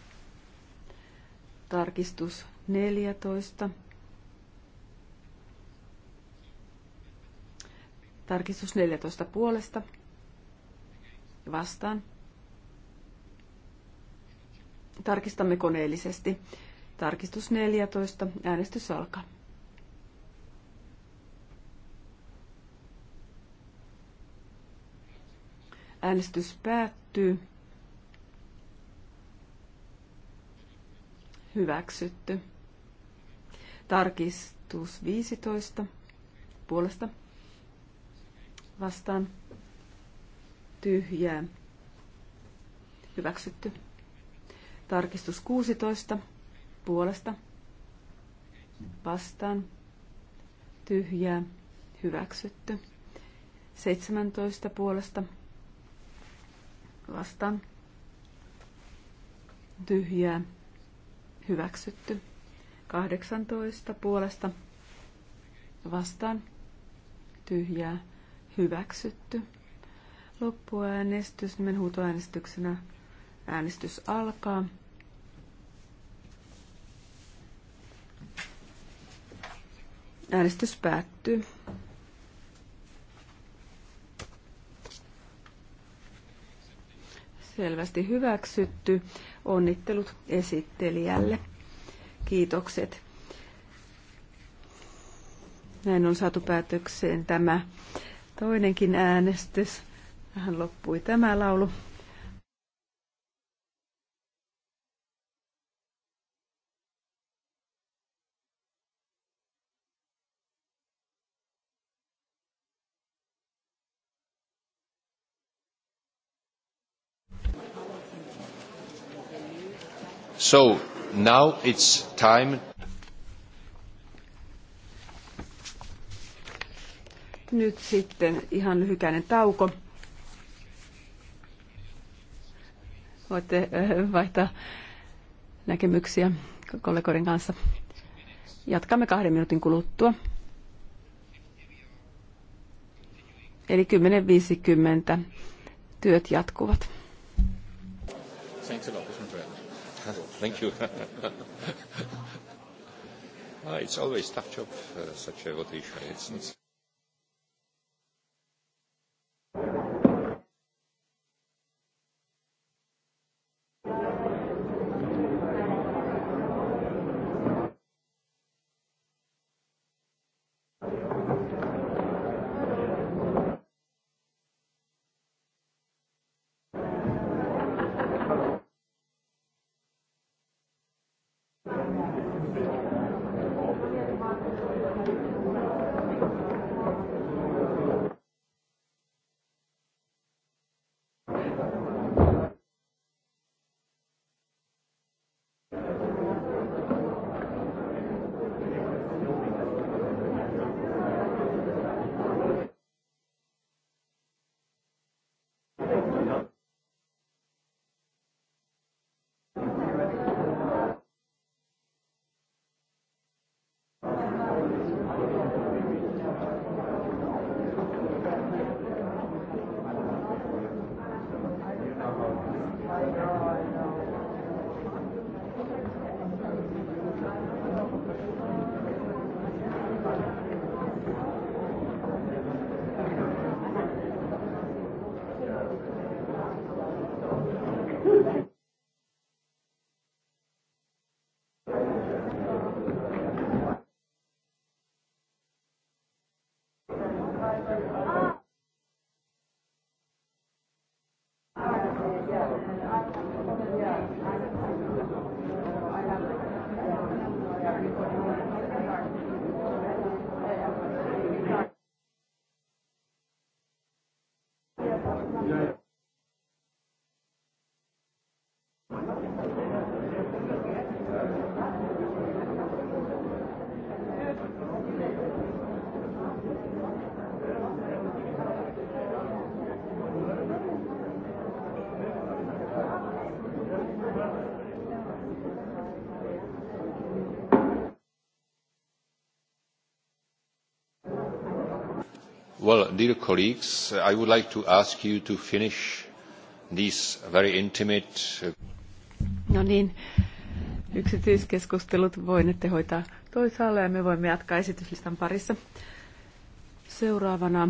Tarkistus 14 Tarkistus 14 puolesta. Vastaan. Tarkistamme koneellisesti. Tarkistus 14. Äänestys alkaa. Äänestys päättyy. Hyväksytty. Tarkistus 15. Puolesta vastaan tyhjää. Hyväksytty. Tarkistus 16 puolesta vastaan tyhjää. Hyväksytty. 17 puolesta vastaan tyhjää. Hyväksytty. 18 puolesta vastaan tyhjää Hyväksytty. Loppuäänestys huutoäänestyksenä Äänestys alkaa. Äänestys päättyy. Selvästi hyväksytty. Onnittelut esittelijälle. Kiitokset. Näin on saatu päätökseen tämä toinenkin äänestys. Tähän loppui tämä laulu. So now it's time Nyt sitten ihan lyhykäinen tauko. Voitte äh, vaihtaa näkemyksiä kollegoiden kanssa. Jatkamme kahden minuutin kuluttua. Eli 10.50 työt jatkuvat. Thank you. Ah, it's always tough job, uh, such a rotation. It's, it's Well, dear colleagues, uh, I would like to ask you to finish this very intimate... Uh, no niin, yksityiskeskustelut voinette hoitaa toisaalla ja me voimme jatkaa esityslistan parissa. Seuraavana,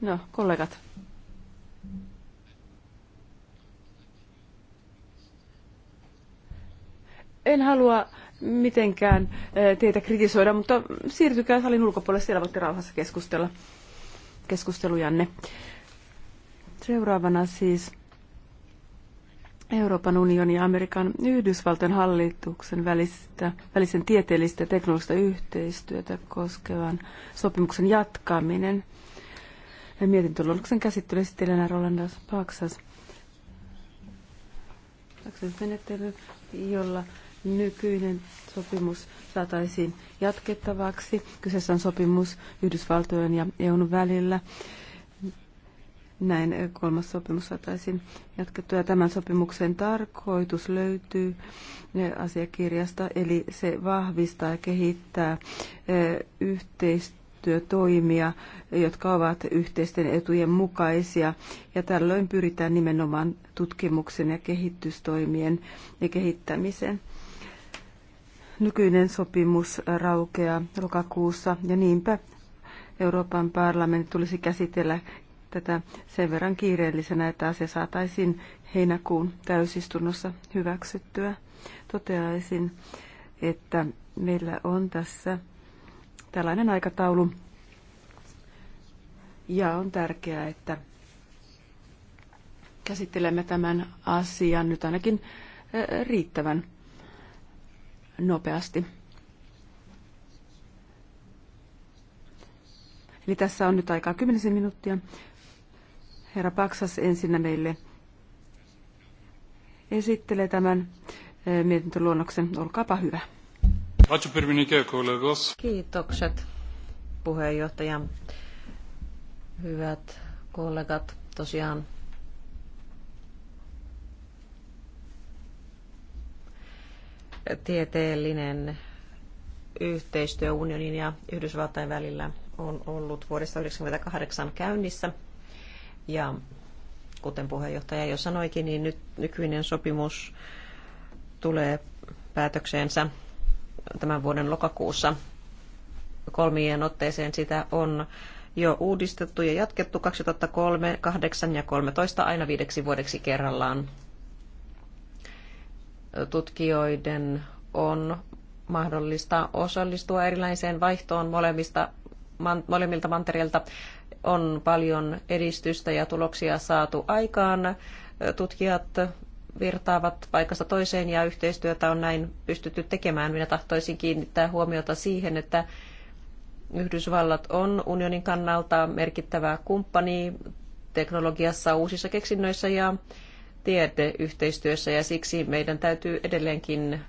no kollegat, En halua mitenkään eh, teitä kritisoida, mutta siirtykää salin ulkopuolelle, siellä voitte rauhassa keskustella keskustelujanne. Seuraavana siis Euroopan unionin ja Amerikan yhdysvaltojen hallituksen välistä, välisen tieteellistä ja teknologista yhteistyötä koskevan sopimuksen jatkaminen. Ja mietintöluonnoksen käsittely esittelenä Rolandas Paksas. Paksas menettely, jolla nykyinen sopimus saataisiin jatkettavaksi. Kyseessä on sopimus Yhdysvaltojen ja EUn välillä. Näin eh, kolmas sopimus saataisiin jatkettua. Ja tämän sopimuksen tarkoitus löytyy eh, asiakirjasta, eli se vahvistaa ja kehittää eh, yhteistyötoimia, jotka ovat yhteisten etujen mukaisia. Ja tällöin pyritään nimenomaan tutkimuksen ja kehitystoimien ja kehittämiseen. Nykyinen sopimus raukeaa lokakuussa ja niinpä Euroopan parlamentti tulisi käsitellä tätä sen verran kiireellisenä, että asia saataisiin heinäkuun täysistunnossa hyväksyttyä. Toteaisin, että meillä on tässä tällainen aikataulu ja on tärkeää, että käsittelemme tämän asian nyt ainakin eh, riittävän nopeasti. Eli tässä on nyt aikaa 10 minuuttia. Herra Paksas ensinnä meille esittelee tämän eh, mietintöluonnoksen. Olkaapa hyvä. Kiitokset puheenjohtaja. Hyvät kollegat, tosiaan tieteellinen yhteistyö unionin ja Yhdysvaltain välillä on ollut vuodesta 1998 käynnissä. Ja kuten puheenjohtaja jo sanoikin, niin nyt nykyinen sopimus tulee päätökseensä tämän vuoden lokakuussa. Kolmien otteeseen sitä on jo uudistettu ja jatkettu 2003, 2008 ja 2013 aina viideksi vuodeksi kerrallaan tutkijoiden on mahdollista osallistua erilaiseen vaihtoon molemmista, man, molemmilta mantereilta. On paljon edistystä ja tuloksia saatu aikaan. Tutkijat virtaavat paikasta toiseen ja yhteistyötä on näin pystytty tekemään. Minä tahtoisin kiinnittää huomiota siihen, että Yhdysvallat on unionin kannalta merkittävä kumppani teknologiassa, uusissa keksinnöissä ja tiedeyhteistyössä ja siksi meidän täytyy edelleenkin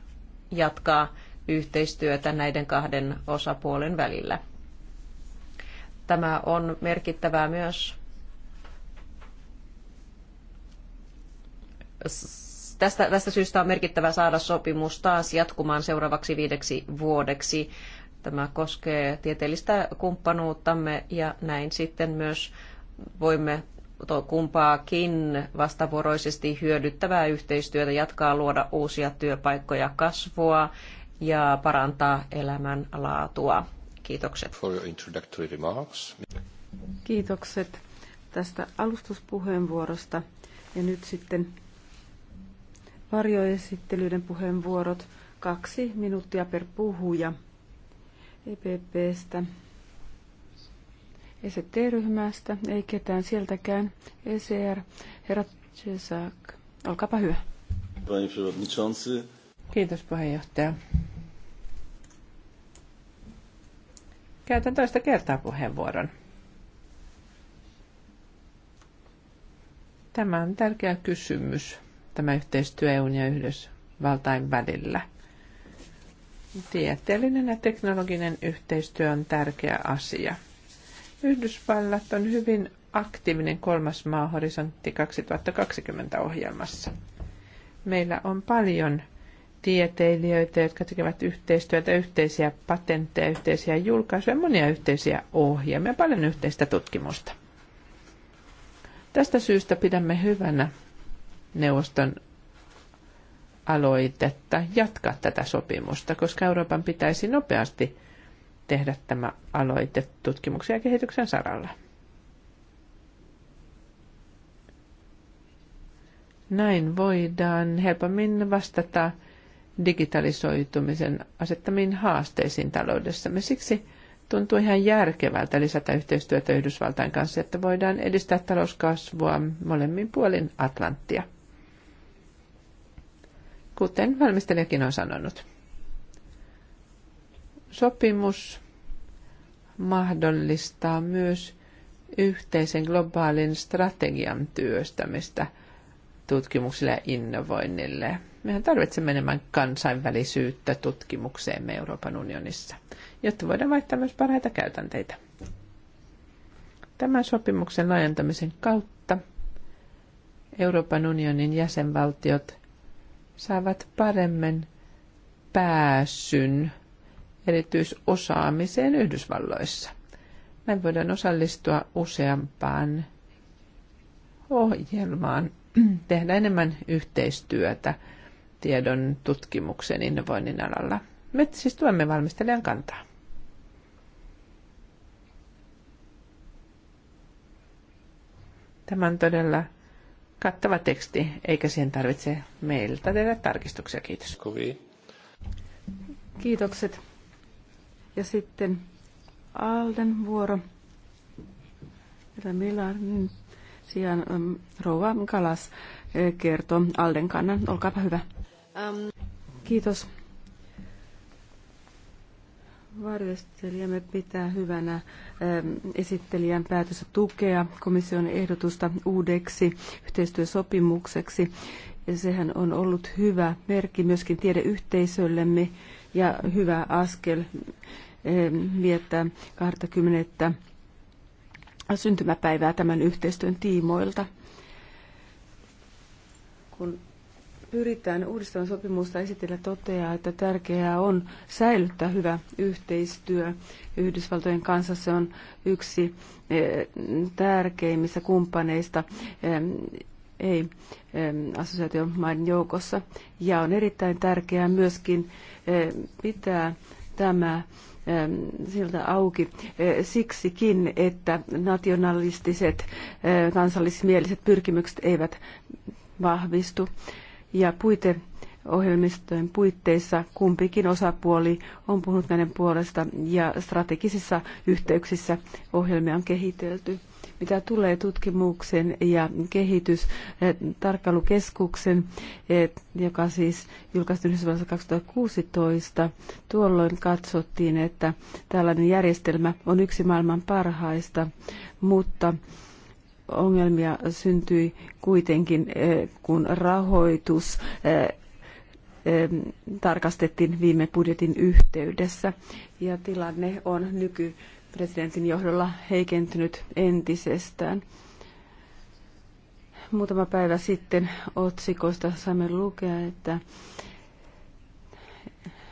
jatkaa yhteistyötä näiden kahden osapuolen välillä. Tämä on merkittävää myös tästä, tästä syystä on merkittävä saada sopimus taas jatkumaan seuraavaksi viideksi vuodeksi. Tämä koskee tieteellistä kumppanuuttamme ja näin sitten myös voimme kumpaakin vastavuoroisesti hyödyttävää yhteistyötä, jatkaa luoda uusia työpaikkoja, kasvua ja parantaa elämänlaatua. Kiitokset. For your introductory remarks. Kiitokset tästä alustuspuheenvuorosta. Ja nyt sitten varjoesittelyiden puheenvuorot. Kaksi minuuttia per puhuja EPPstä. ST-ryhmästä, ei ketään sieltäkään. ECR, herra Cesak, olkaapa hyvä. Kiitos puheenjohtaja. Käytän toista kertaa puheenvuoron. Tämä on tärkeä kysymys, tämä yhteistyö EUn ja Yhdysvaltain välillä. Tieteellinen ja teknologinen yhteistyö on tärkeä asia – Yhdysvallat on hyvin aktiivinen kolmas maa Horisontti 2020 ohjelmassa. Meillä on paljon tieteilijöitä, jotka tekevät yhteistyötä, yhteisiä patentteja, yhteisiä julkaisuja, monia yhteisiä ohjelmia, paljon yhteistä tutkimusta. Tästä syystä pidämme hyvänä neuvoston aloitetta jatkaa tätä sopimusta, koska Euroopan pitäisi nopeasti – tehdä tämä aloite tutkimuksen ja kehityksen saralla. Näin voidaan helpommin vastata digitalisoitumisen asettamiin haasteisiin taloudessamme. Siksi tuntuu ihan järkevältä lisätä yhteistyötä Yhdysvaltain kanssa, että voidaan edistää talouskasvua molemmin puolin Atlanttia. Kuten valmistelijakin on sanonut. Sopimus mahdollistaa myös yhteisen globaalin strategian työstämistä tutkimukselle ja innovoinnille. Mehän tarvitsemme enemmän kansainvälisyyttä tutkimukseemme Euroopan unionissa, jotta voidaan vaihtaa myös parhaita käytänteitä. Tämän sopimuksen laajentamisen kautta Euroopan unionin jäsenvaltiot saavat paremmin pääsyn erityisosaamiseen Yhdysvalloissa. Näin voidaan osallistua useampaan ohjelmaan, tehdä enemmän yhteistyötä tiedon tutkimuksen innovoinnin alalla. Me siis tuemme valmistelijan kantaa. Tämä on todella kattava teksti, eikä siihen tarvitse meiltä tehdä tarkistuksia. Kiitos. Kiitokset. Ja sitten Alden vuoro. Milarin niin sijaan um, Rouva Kalas äh, kertoo Alden kannan. Olkaapa hyvä. Um. Kiitos. Varjostelijamme pitää hyvänä ähm, esittelijän päätössä tukea komission ehdotusta uudeksi yhteistyösopimukseksi. Ja sehän on ollut hyvä merkki myöskin tiedeyhteisöllemme ja hyvä askel eh, viettää 20 syntymäpäivää tämän yhteistyön tiimoilta. Kun pyritään uudistamaan sopimusta, esitellä toteaa, että tärkeää on säilyttää hyvä yhteistyö Yhdysvaltojen kanssa. Se on yksi eh, tärkeimmistä kumppaneista eh, ei assosiaatiomaiden joukossa. Ja on erittäin tärkeää myöskin pitää tämä siltä auki eh, siksikin, että nationalistiset, eh, kansallismieliset pyrkimykset eivät vahvistu. Ja puite ohjelmistojen puitteissa kumpikin osapuoli on puhunut näiden puolesta ja strategisissa yhteyksissä ohjelmia on kehitelty. Mitä tulee tutkimuksen ja kehitystarkkailukeskuksen, joka siis julkaistiin vuonna 2016, tuolloin katsottiin, että tällainen järjestelmä on yksi maailman parhaista, mutta ongelmia syntyi kuitenkin, e, kun rahoitus e, e, tarkastettiin viime budjetin yhteydessä ja tilanne on nyky presidentin johdolla heikentynyt entisestään. Muutama päivä sitten otsikosta saimme lukea, että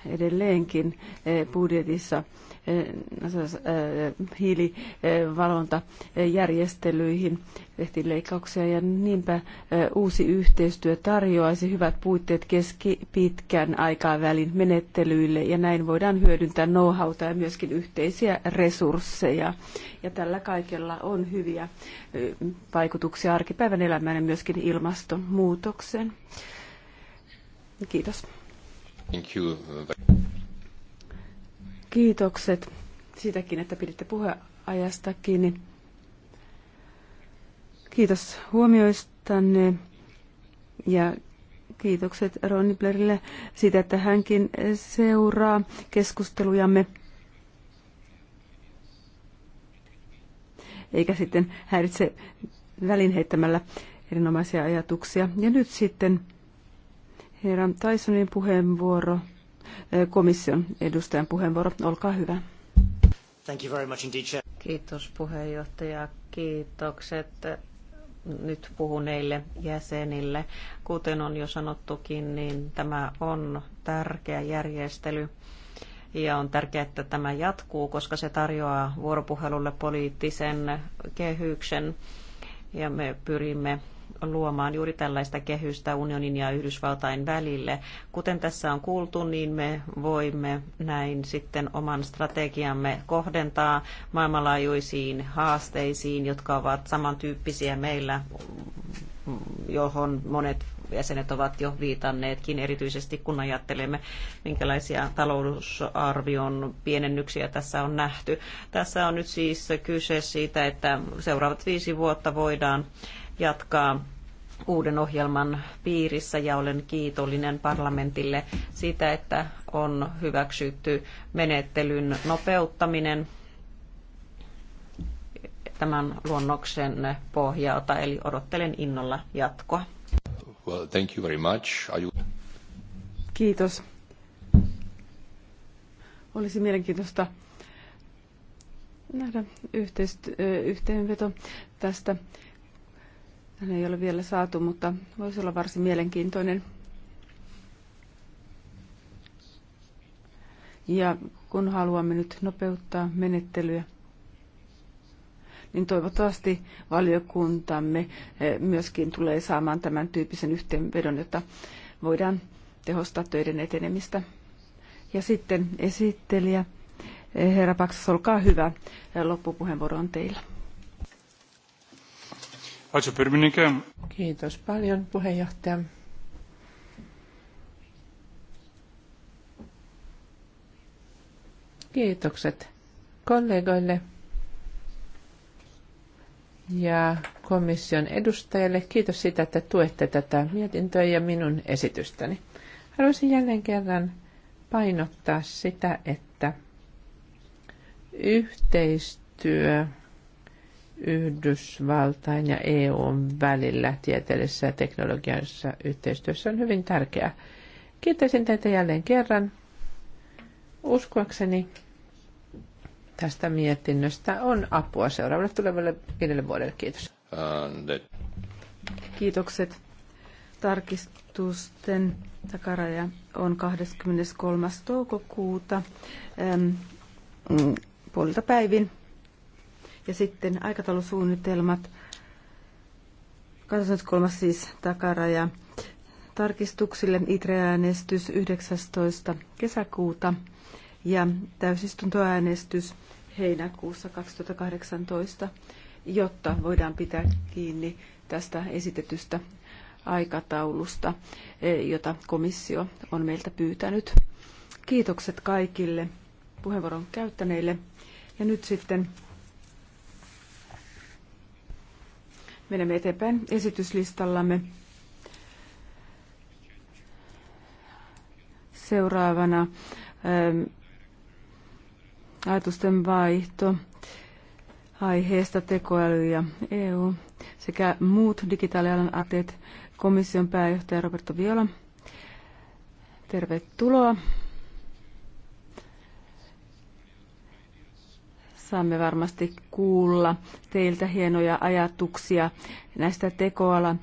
edelleenkin eh, budjetissa No hiilivalvontajärjestelyihin tehtiin leikkauksia ja niinpä uusi yhteistyö tarjoaisi hyvät puitteet keskipitkän aikavälin menettelyille ja näin voidaan hyödyntää know-howta ja myöskin yhteisiä resursseja. Ja tällä kaikella on hyviä vaikutuksia arkipäivän elämään ja myöskin ilmastonmuutokseen. Kiitos. Thank you. Kiitokset siitäkin, että piditte puheajasta kiinni. Kiitos huomioistanne ja kiitokset Ronny Blairille siitä, että hänkin seuraa keskustelujamme. Eikä sitten häiritse välin heittämällä erinomaisia ajatuksia. Ja nyt sitten herran Tysonin puheenvuoro komission edustajan puheenvuoro. Olkaa hyvä. Thank you very much indeed, Chair. Kiitos puheenjohtaja. Kiitokset nyt puhuneille jäsenille. Kuten on jo sanottukin, niin tämä on tärkeä järjestely ja on tärkeää, että tämä jatkuu, koska se tarjoaa vuoropuhelulle poliittisen kehyksen ja me pyrimme luomaan juuri tällaista kehystä unionin ja Yhdysvaltain välille. Kuten tässä on kuultu, niin me voimme näin sitten oman strategiamme kohdentaa maailmanlaajuisiin haasteisiin, jotka ovat samantyyppisiä meillä, johon monet jäsenet ovat jo viitanneetkin, erityisesti kun ajattelemme, minkälaisia talousarvion pienennyksiä tässä on nähty. Tässä on nyt siis kyse siitä, että seuraavat viisi vuotta voidaan jatkaa uuden ohjelman piirissä ja olen kiitollinen parlamentille siitä, että on hyväksytty menettelyn nopeuttaminen tämän luonnoksen pohjalta, eli odottelen innolla jatkoa. Well, thank you very much. You... Kiitos. Olisi mielenkiintoista nähdä yhteist- yhteenveto tästä Tänne ei ole vielä saatu, mutta voisi olla varsin mielenkiintoinen. Ja kun haluamme nyt nopeuttaa menettelyä, niin toivottavasti valiokuntamme eh, myöskin tulee saamaan tämän tyyppisen yhteenvedon, jota voidaan tehostaa töiden etenemistä. Ja sitten esittelijä, eh, herra Paksas, olkaa hyvä, loppupuheenvuoro on teillä. Kiitos paljon puheenjohtaja. Kiitokset kollegoille ja komission edustajille. Kiitos siitä, että tuette tätä mietintöä ja minun esitystäni. Haluaisin jälleen kerran painottaa sitä, että yhteistyö Yhdysvaltain ja EUn välillä tieteellisessä ja teknologiassa yhteistyössä on hyvin tärkeää. Kiittäisin teitä jälleen kerran. Uskoakseni tästä mietinnöstä on apua seuraavalle tulevalle viidelle vuodelle. Kiitos. Kiitokset. Tarkistusten takaraja on 23. toukokuuta puolilta päivin ja sitten aikataulusuunnitelmat. 23. siis takaraja. Tarkistuksille ITRE-äänestys 19. kesäkuuta ja täysistuntoäänestys heinäkuussa 2018, jotta voidaan pitää kiinni tästä esitetystä aikataulusta, e, jota komissio on meiltä pyytänyt. Kiitokset kaikille puheenvuoron käyttäneille. Ja nyt sitten Menemme eteenpäin esityslistallamme. Seuraavana ähm, ajatusten vaihto aiheesta tekoäly ja EU sekä muut digitaalialan ateet komission pääjohtaja Roberto Viola. Tervetuloa. Saamme varmasti kuulla teiltä hienoja ajatuksia näistä tekoalan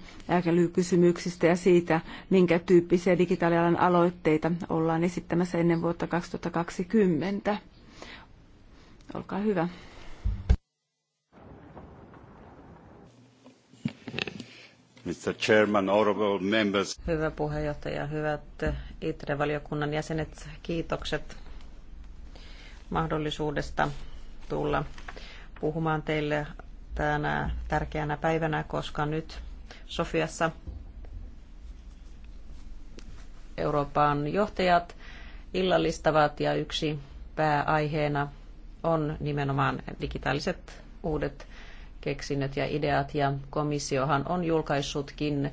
kysymyksistä ja siitä, minkä tyyppisiä digitaalialan aloitteita ollaan esittämässä ennen vuotta 2020. Olkaa hyvä. Mr. Chairman, honorable members. Hyvä puheenjohtaja, hyvät ITRE-valiokunnan jäsenet, kiitokset mahdollisuudesta tulla puhumaan teille tänä tärkeänä päivänä, koska nyt Sofiassa Euroopan johtajat illallistavat ja yksi pääaiheena on nimenomaan digitaaliset uudet keksinnöt ja ideat ja komissiohan on julkaissutkin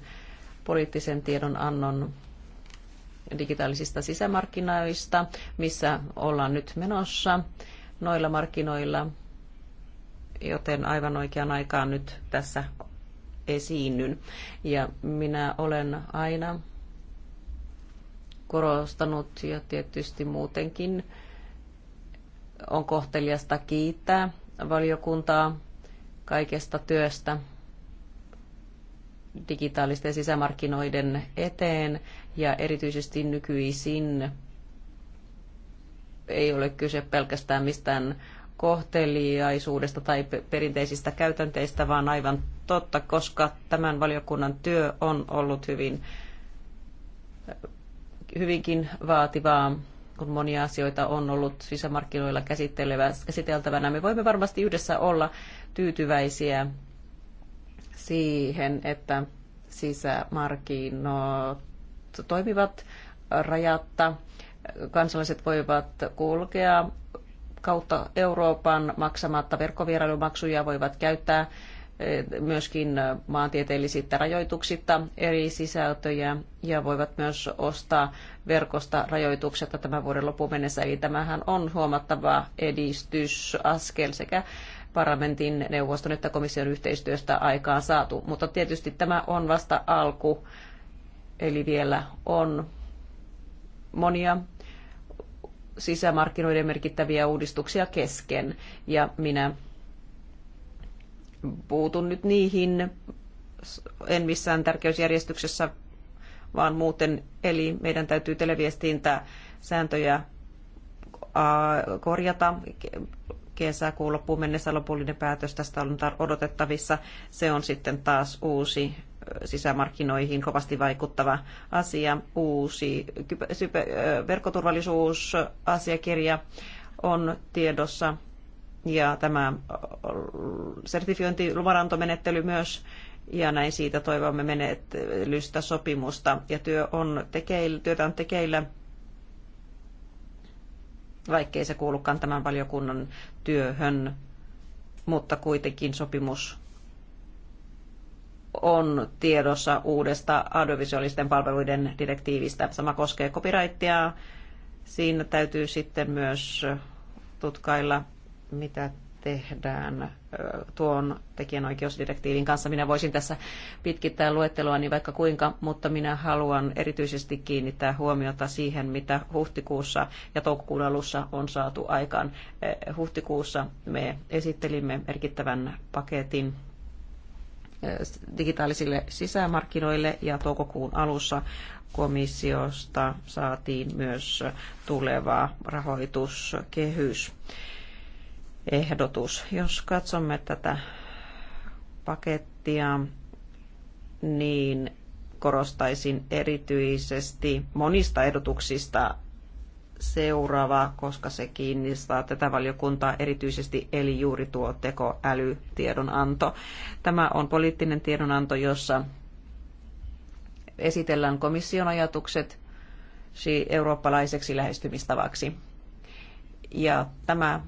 poliittisen tiedon annon digitaalisista sisämarkkinoista, missä ollaan nyt menossa noilla markkinoilla, joten aivan oikeaan aikaan nyt tässä esiinnyn. Ja minä olen aina korostanut ja tietysti muutenkin on kohteliasta kiittää valiokuntaa kaikesta työstä digitaalisten sisämarkkinoiden eteen ja erityisesti nykyisin ei ole kyse pelkästään mistään kohteliaisuudesta tai perinteisistä käytänteistä, vaan aivan totta, koska tämän valiokunnan työ on ollut hyvin, hyvinkin vaativaa, kun monia asioita on ollut sisämarkkinoilla käsiteltävänä. Me voimme varmasti yhdessä olla tyytyväisiä siihen, että sisämarkkinot toimivat rajatta kansalaiset voivat kulkea kautta Euroopan maksamatta verkkovierailumaksuja, voivat käyttää eh, myöskin maantieteellisistä rajoituksista eri sisältöjä ja voivat myös ostaa verkosta rajoituksetta tämän vuoden lopun mennessä. Eli tämähän on huomattava edistysaskel sekä parlamentin, neuvoston että komission yhteistyöstä aikaan saatu. Mutta tietysti tämä on vasta alku, eli vielä on monia sisämarkkinoiden merkittäviä uudistuksia kesken. Ja minä puutun nyt niihin, en missään tärkeysjärjestyksessä, vaan muuten. Eli meidän täytyy televiestintä sääntöjä korjata, kesäkuun loppuun mennessä lopullinen päätös tästä on odotettavissa. Se on sitten taas uusi sisämarkkinoihin kovasti vaikuttava asia, uusi verkkoturvallisuusasiakirja on tiedossa ja tämä sertifiointiluvanantomenettely myös ja näin siitä toivomme menettelystä sopimusta. Ja työ on tekeillä, työtä on tekeillä, vaikkei se kuulukaan tämän valiokunnan työhön, mutta kuitenkin sopimus on tiedossa uudesta audiovisuaalisten palveluiden direktiivistä. Sama koskee copyrightia. Siinä täytyy sitten myös tutkailla, mitä tehdään tuon tekijänoikeusdirektiivin kanssa. Minä voisin tässä pitkittää luetteloa niin vaikka kuinka, mutta minä haluan erityisesti kiinnittää huomiota siihen, mitä huhtikuussa ja toukokuun alussa on saatu aikaan. Huhtikuussa me esittelimme merkittävän paketin digitaalisille sisämarkkinoille ja toukokuun alussa komissiosta saatiin myös tuleva rahoituskehys ehdotus. Jos katsomme tätä pakettia, niin korostaisin erityisesti monista ehdotuksista seuraava, koska se kiinnistää tätä valiokuntaa erityisesti, eli juuri tuo tekoälytiedonanto. Tämä on poliittinen tiedonanto, jossa esitellään komission ajatukset eurooppalaiseksi lähestymistavaksi. Ja tämä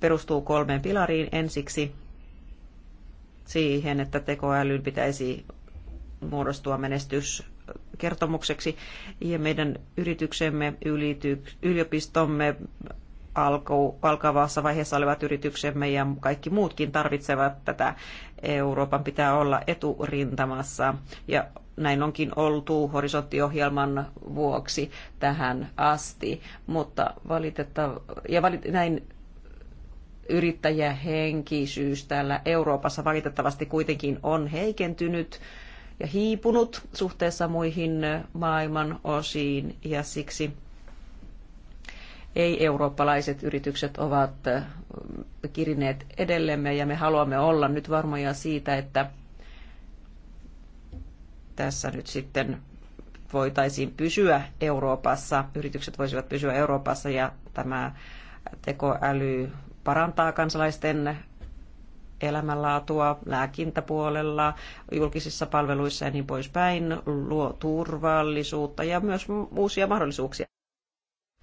perustuu kolmeen pilariin ensiksi siihen, että tekoälyn pitäisi muodostua menestys kertomukseksi ja meidän yrityksemme, yliopistomme, alkavassa vaiheessa olevat yrityksemme ja kaikki muutkin tarvitsevat tätä. Euroopan pitää olla eturintamassa ja näin onkin oltu horisonttiohjelman vuoksi tähän asti, mutta valitettavasti ja valit- näin yrittäjähenkisyys täällä Euroopassa valitettavasti kuitenkin on heikentynyt ja hiipunut suhteessa muihin maailman osiin ja siksi ei-eurooppalaiset yritykset ovat kirineet edellemme ja me haluamme olla nyt varmoja siitä, että tässä nyt sitten voitaisiin pysyä Euroopassa, yritykset voisivat pysyä Euroopassa ja tämä tekoäly parantaa kansalaisten elämänlaatua lääkintäpuolella, julkisissa palveluissa ja niin poispäin, luo turvallisuutta ja myös uusia mahdollisuuksia.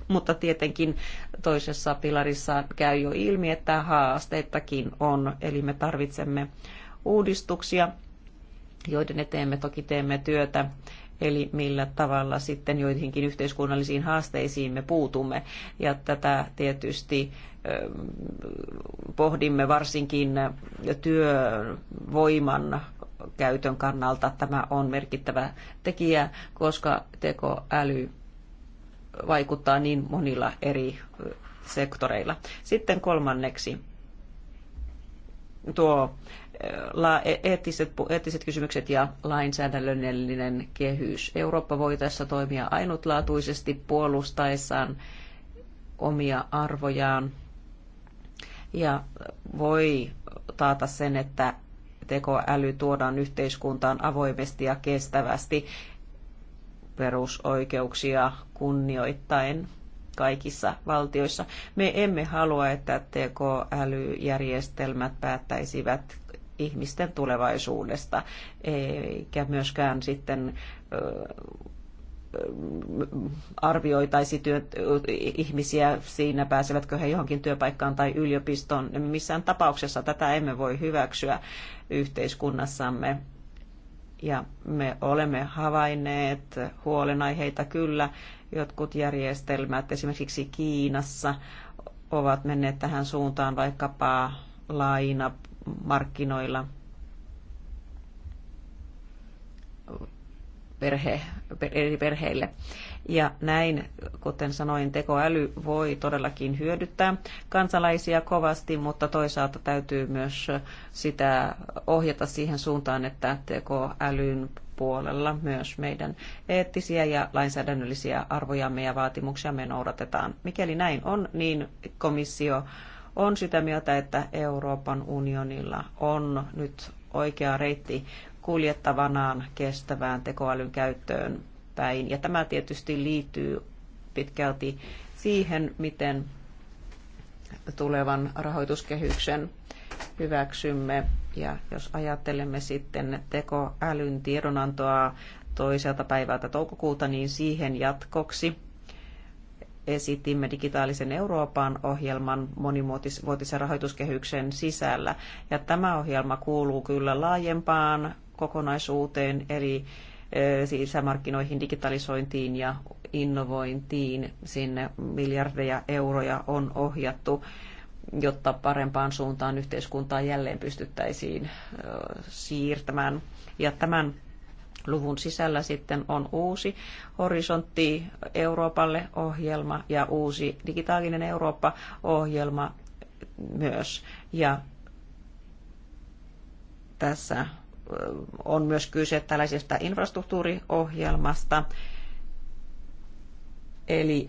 Mutta tietenkin toisessa pilarissa käy jo ilmi, että haasteittakin on, eli me tarvitsemme uudistuksia, joiden eteen me toki teemme työtä eli millä tavalla sitten joihinkin yhteiskunnallisiin haasteisiin me puutumme. Ja tätä tietysti ähm, pohdimme varsinkin työvoiman käytön kannalta. Tämä on merkittävä tekijä, koska tekoäly vaikuttaa niin monilla eri äh, sektoreilla. Sitten kolmanneksi tuo E-, eettiset, eettiset kysymykset ja lainsäädännöllinen kehys. Eurooppa voi tässä toimia ainutlaatuisesti puolustaessaan omia arvojaan ja voi taata sen, että tekoäly tuodaan yhteiskuntaan avoimesti ja kestävästi perusoikeuksia kunnioittaen kaikissa valtioissa. Me emme halua, että tekoälyjärjestelmät päättäisivät ihmisten tulevaisuudesta, eikä myöskään sitten arvioitaisi työ, ihmisiä siinä, pääsevätkö he johonkin työpaikkaan tai yliopistoon. Missään tapauksessa tätä emme voi hyväksyä yhteiskunnassamme. Ja me olemme havainneet huolenaiheita kyllä. Jotkut järjestelmät esimerkiksi Kiinassa ovat menneet tähän suuntaan vaikkapa laina markkinoilla perhe, eri perheille. Ja näin, kuten sanoin, tekoäly voi todellakin hyödyttää kansalaisia kovasti, mutta toisaalta täytyy myös sitä ohjata siihen suuntaan, että tekoälyn puolella myös meidän eettisiä ja lainsäädännöllisiä arvojamme ja me noudatetaan. Mikäli näin on, niin komissio on sitä mieltä, että Euroopan unionilla on nyt oikea reitti kuljettavanaan kestävään tekoälyn käyttöön päin. Ja tämä tietysti liittyy pitkälti siihen, miten tulevan rahoituskehyksen hyväksymme. Ja jos ajattelemme sitten tekoälyn tiedonantoa toiselta päivältä toukokuuta, niin siihen jatkoksi esitimme digitaalisen Euroopan ohjelman monimuotisen rahoituskehyksen sisällä. Ja tämä ohjelma kuuluu kyllä laajempaan kokonaisuuteen, eli eh, sisämarkkinoihin, digitalisointiin ja innovointiin. Sinne miljardeja euroja on ohjattu, jotta parempaan suuntaan yhteiskuntaa jälleen pystyttäisiin eh, siirtämään. Ja tämän luvun sisällä sitten on uusi horisontti Euroopalle ohjelma ja uusi digitaalinen Eurooppa-ohjelma myös. Ja tässä on myös kyse tällaisesta infrastruktuuriohjelmasta, eli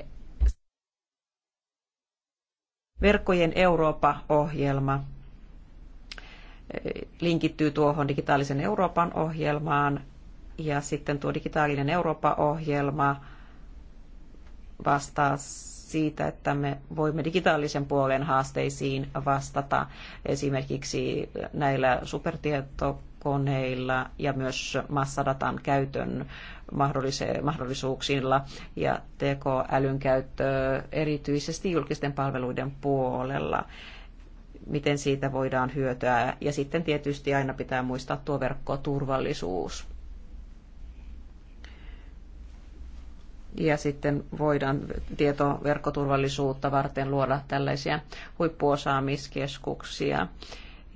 verkkojen Eurooppa-ohjelma linkittyy tuohon digitaalisen Euroopan ohjelmaan ja sitten tuo digitaalinen Eurooppa-ohjelma vastaa siitä, että me voimme digitaalisen puolen haasteisiin vastata esimerkiksi näillä supertietokoneilla ja myös massadatan käytön mahdollisuuksilla ja tekoälyn käyttö erityisesti julkisten palveluiden puolella miten siitä voidaan hyötyä. Ja sitten tietysti aina pitää muistaa tuo verkkoturvallisuus. ja sitten voidaan tietoverkkoturvallisuutta varten luoda tällaisia huippuosaamiskeskuksia.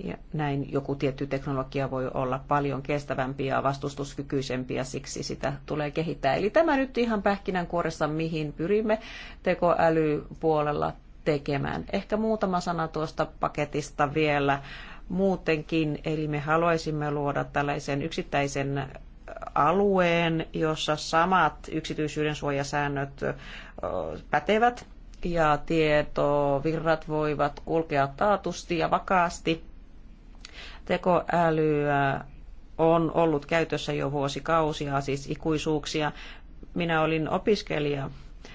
Ja näin joku tietty teknologia voi olla paljon kestävämpi ja vastustuskykyisempi ja siksi sitä tulee kehittää. Eli tämä nyt ihan pähkinänkuoressa, mihin pyrimme tekoälypuolella tekemään. Ehkä muutama sana tuosta paketista vielä muutenkin. Eli me haluaisimme luoda tällaisen yksittäisen alueen, jossa samat yksityisyyden suojasäännöt pätevät ja tietovirrat voivat kulkea taatusti ja vakaasti. Tekoäly on ollut käytössä jo vuosikausia, siis ikuisuuksia. Minä olin opiskelija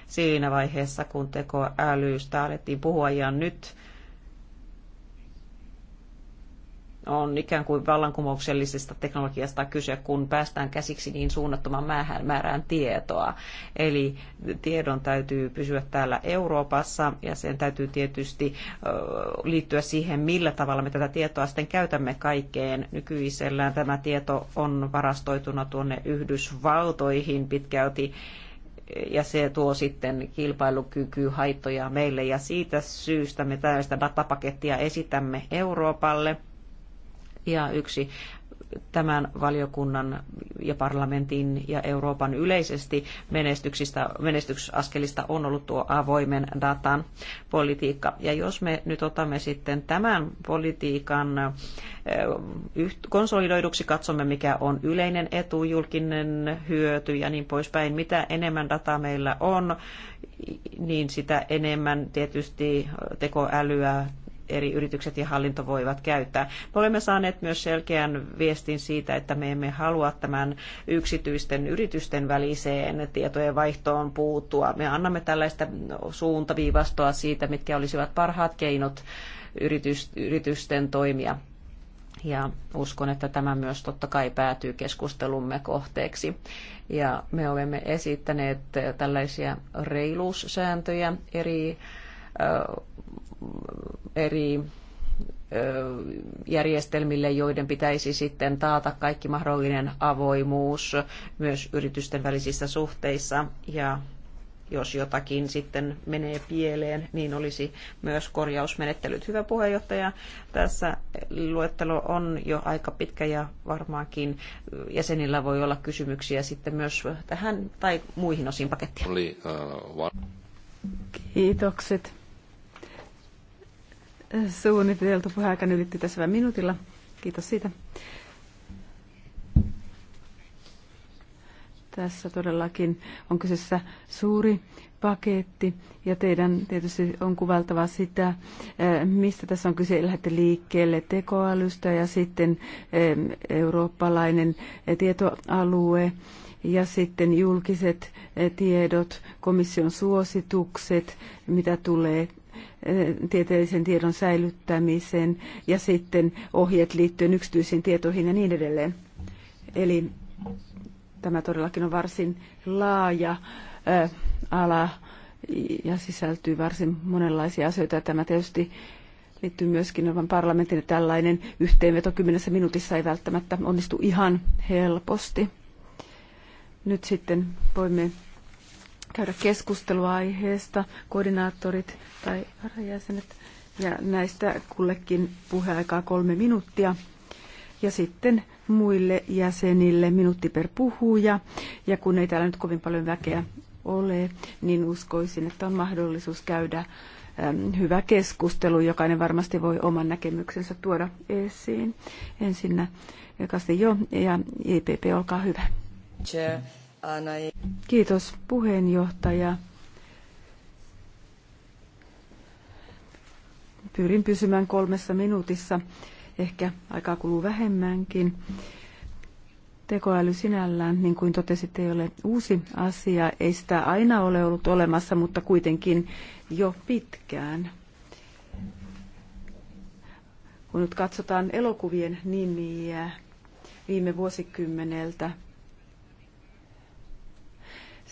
siinä vaiheessa, kun tekoälystä alettiin puhua ja nyt on ikään kuin vallankumouksellisesta teknologiasta kyse, kun päästään käsiksi niin suunnattoman määrään, määrään tietoa. Eli tiedon täytyy pysyä täällä Euroopassa ja sen täytyy tietysti liittyä siihen, millä tavalla me tätä tietoa sitten käytämme kaikkeen. Nykyisellään tämä tieto on varastoituna tuonne Yhdysvaltoihin pitkälti ja se tuo sitten haittoja meille ja siitä syystä me tällaista datapakettia esitämme Euroopalle – ja yksi tämän valiokunnan ja parlamentin ja Euroopan yleisesti menestyksistä, menestysaskelista on ollut tuo avoimen datan politiikka. Ja jos me nyt otamme sitten tämän politiikan konsolidoiduksi, katsomme mikä on yleinen etu, julkinen hyöty ja niin poispäin, mitä enemmän dataa meillä on, niin sitä enemmän tietysti tekoälyä eri yritykset ja hallinto voivat käyttää. Me olemme saaneet myös selkeän viestin siitä, että me emme halua tämän yksityisten yritysten väliseen tietojen vaihtoon puuttua. Me annamme tällaista suuntaviivastoa siitä, mitkä olisivat parhaat keinot yritysten toimia ja uskon, että tämä myös totta kai päätyy keskustelumme kohteeksi. Ja me olemme esittäneet tällaisia reiluussääntöjä eri eri järjestelmille, joiden pitäisi sitten taata kaikki mahdollinen avoimuus myös yritysten välisissä suhteissa ja jos jotakin sitten menee pieleen, niin olisi myös korjausmenettelyt. Hyvä puheenjohtaja, tässä luettelo on jo aika pitkä ja varmaankin jäsenillä voi olla kysymyksiä sitten myös tähän tai muihin osiin pakettia. Kiitokset suunniteltu puheaikan ylitti tässä vähän minuutilla. Kiitos siitä. Tässä todellakin on kyseessä suuri paketti ja teidän tietysti on kuvaltava sitä, eh, mistä tässä on kyse. Lähdette liikkeelle tekoälystä ja sitten eh, eurooppalainen eh, tietoalue ja sitten julkiset tiedot, komission suositukset, mitä tulee tieteellisen tiedon säilyttämisen ja sitten ohjeet liittyen yksityisiin tietoihin ja niin edelleen. Eli tämä todellakin on varsin laaja ala ja sisältyy varsin monenlaisia asioita. Tämä tietysti liittyy myöskin Euroopan parlamentin ja tällainen yhteenveto kymmenessä minuutissa ei välttämättä onnistu ihan helposti. Nyt sitten voimme käydä keskustelua aiheesta, koordinaattorit tai varajäsenet, ja näistä kullekin puheaikaa kolme minuuttia. Ja sitten muille jäsenille minuutti per puhuja. Ja kun ei täällä nyt kovin paljon väkeä ole, niin uskoisin, että on mahdollisuus käydä hyvä keskustelu. Jokainen varmasti voi oman näkemyksensä tuoda esiin. Ensinnä Kasti Jo ja EPP, olkaa hyvä. Chair. Kiitos puheenjohtaja. Pyrin pysymään kolmessa minuutissa. Ehkä aikaa kuluu vähemmänkin. Tekoäly sinällään, niin kuin totesit, ei ole uusi asia. Ei sitä aina ole ollut olemassa, mutta kuitenkin jo pitkään. Kun nyt katsotaan elokuvien nimiä viime vuosikymmeneltä,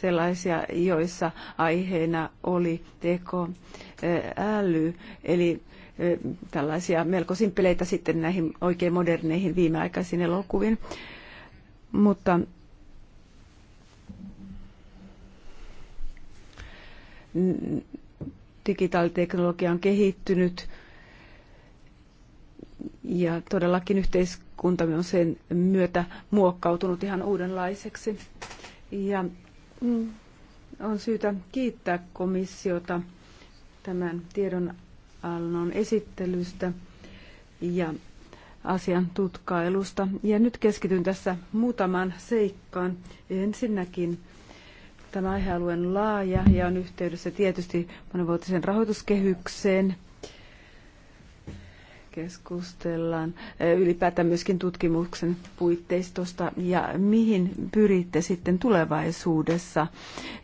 sellaisia, joissa aiheena oli tekoäly, eli tällaisia melko simppeleitä sitten näihin oikein moderneihin viimeaikaisiin elokuviin. Mutta digitaaliteknologia on kehittynyt ja todellakin yhteiskuntamme on sen myötä muokkautunut ihan uudenlaiseksi. Ja Mm. On syytä kiittää komissiota tämän tiedonannon esittelystä ja asian tutkailusta. Ja nyt keskityn tässä muutamaan seikkaan. Ensinnäkin tämä aihealue on laaja ja on yhteydessä tietysti monivuotisen rahoituskehykseen – keskustellaan eh, ylipäätään myöskin tutkimuksen puitteistosta ja mihin pyritte sitten tulevaisuudessa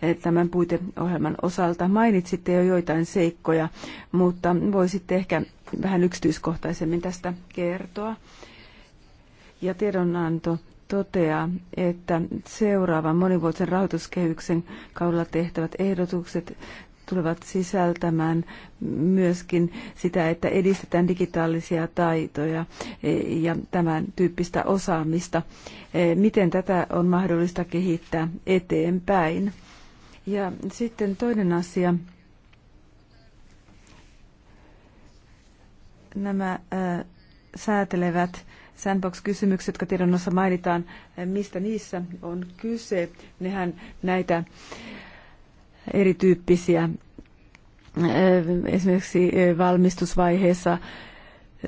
eh, tämän puiteohjelman osalta. Mainitsitte jo joitain seikkoja, mutta voisitte ehkä vähän yksityiskohtaisemmin tästä kertoa. Ja tiedonanto toteaa, että seuraavan monivuotisen rahoituskehyksen kaudella tehtävät ehdotukset tulevat sisältämään myöskin sitä, että edistetään digitaalisia taitoja e, ja tämän tyyppistä osaamista. E, miten tätä on mahdollista kehittää eteenpäin? Ja sitten toinen asia. Nämä ää, e, säätelevät sandbox-kysymykset, jotka tiedonnossa mainitaan, mistä niissä on kyse. Nehän näitä erityyppisiä. Esimerkiksi valmistusvaiheessa,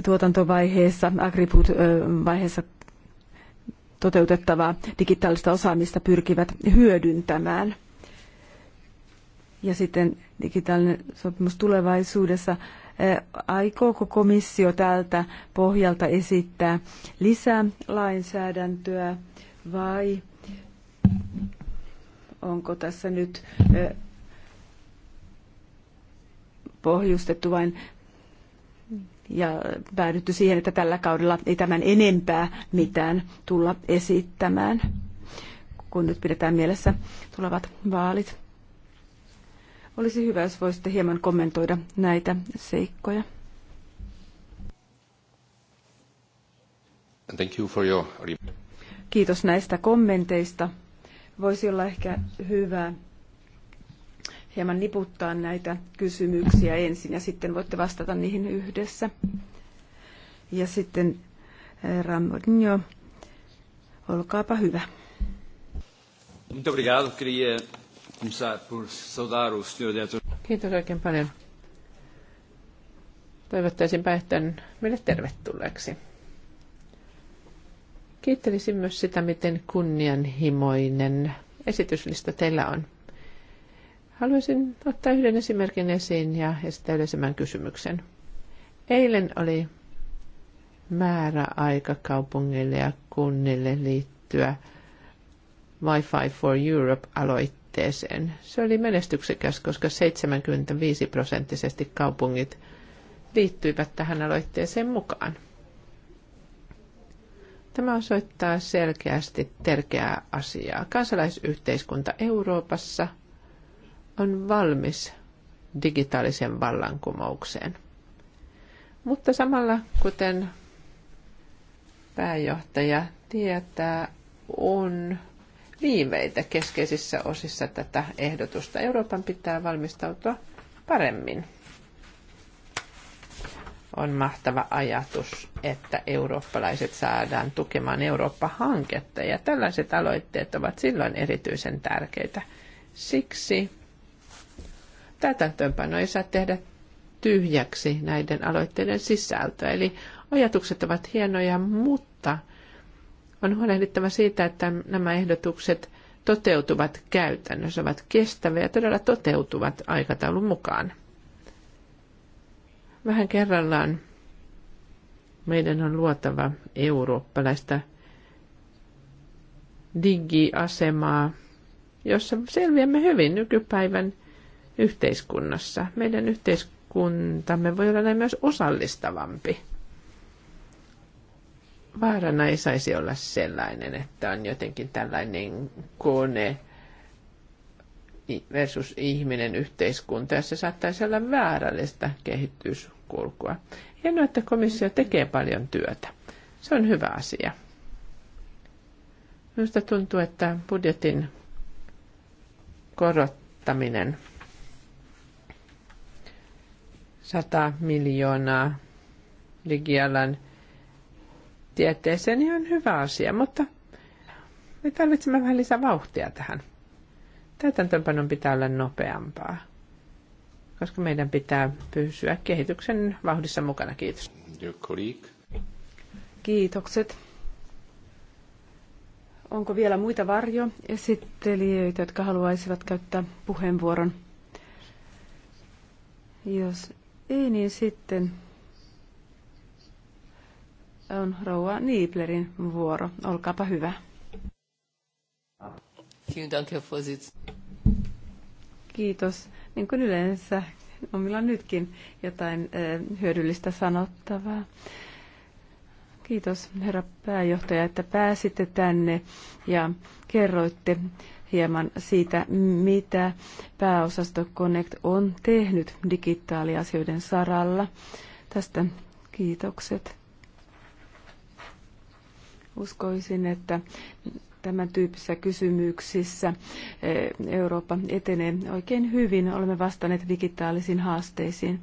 tuotantovaiheessa, agribut vaiheessa toteutettavaa digitaalista osaamista pyrkivät hyödyntämään. Ja sitten digitaalinen sopimus tulevaisuudessa. Aikooko komissio tältä pohjalta esittää lisää lainsäädäntöä vai onko tässä nyt pohjustettu vain ja päädytty siihen, että tällä kaudella ei tämän enempää mitään tulla esittämään, kun nyt pidetään mielessä tulevat vaalit. Olisi hyvä, jos voisitte hieman kommentoida näitä seikkoja. Thank you for your... Kiitos näistä kommenteista. Voisi olla ehkä hyvä, hieman niputtaa näitä kysymyksiä ensin ja sitten voitte vastata niihin yhdessä. Ja sitten eh, Ramodinho, olkaapa hyvä. Muito obrigado. Queria começar por saudar o senhor diretor. Kiitos oikein paljon. Toivottaisin päihtön meille tervetulleeksi. Kiittelisin myös sitä, miten kunnianhimoinen esityslista teillä on. Haluaisin ottaa yhden esimerkin esiin ja esittää yleisemmän kysymyksen. Eilen oli määräaika kaupungille ja kunnille liittyä Wi-Fi for Europe-aloitteeseen. Se oli menestyksekäs, koska 75 prosenttisesti kaupungit liittyivät tähän aloitteeseen mukaan. Tämä osoittaa selkeästi tärkeää asiaa. Kansalaisyhteiskunta Euroopassa – on valmis digitaalisen vallankumoukseen. Mutta samalla, kuten pääjohtaja tietää, on viiveitä keskeisissä osissa tätä ehdotusta. Euroopan pitää valmistautua paremmin. On mahtava ajatus, että eurooppalaiset saadaan tukemaan Eurooppa-hanketta, ja tällaiset aloitteet ovat silloin erityisen tärkeitä. Siksi täytäntöönpano ei saa tehdä tyhjäksi näiden aloitteiden sisältöä. Eli ajatukset ovat hienoja, mutta on huolehdittava siitä, että nämä ehdotukset toteutuvat käytännössä, ovat kestäviä ja todella toteutuvat aikataulun mukaan. Vähän kerrallaan meidän on luotava eurooppalaista digiasemaa, jossa selviämme hyvin nykypäivän – yhteiskunnassa. Meidän yhteiskuntamme voi olla näin myös osallistavampi. Vaarana ei saisi olla sellainen, että on jotenkin tällainen kone versus ihminen yhteiskunta, ja se saattaisi olla väärällistä kehityskulkua. Hienoa, että komissio tekee paljon työtä. Se on hyvä asia. Minusta tuntuu, että budjetin korottaminen 100 miljoonaa digialan tieteeseen, niin on hyvä asia, mutta me tarvitsemme vähän lisää vauhtia tähän. Täytäntöönpanon pitää olla nopeampaa, koska meidän pitää pysyä kehityksen vauhdissa mukana. Kiitos. Kiitokset. Onko vielä muita varjoesittelijöitä, jotka haluaisivat käyttää puheenvuoron? Jos ei niin sitten on rouva Nieblerin vuoro. Olkaapa hyvä. Kiitos. Niin kuin yleensä, on minulla nytkin jotain eh, hyödyllistä sanottavaa. Kiitos herra pääjohtaja, että pääsitte tänne ja kerroitte hieman siitä, mitä pääosasto Connect on tehnyt digitaaliasioiden saralla. Tästä kiitokset. Uskoisin, että tämän tyyppisissä kysymyksissä eh, Eurooppa etenee oikein hyvin. Olemme vastanneet digitaalisiin haasteisiin.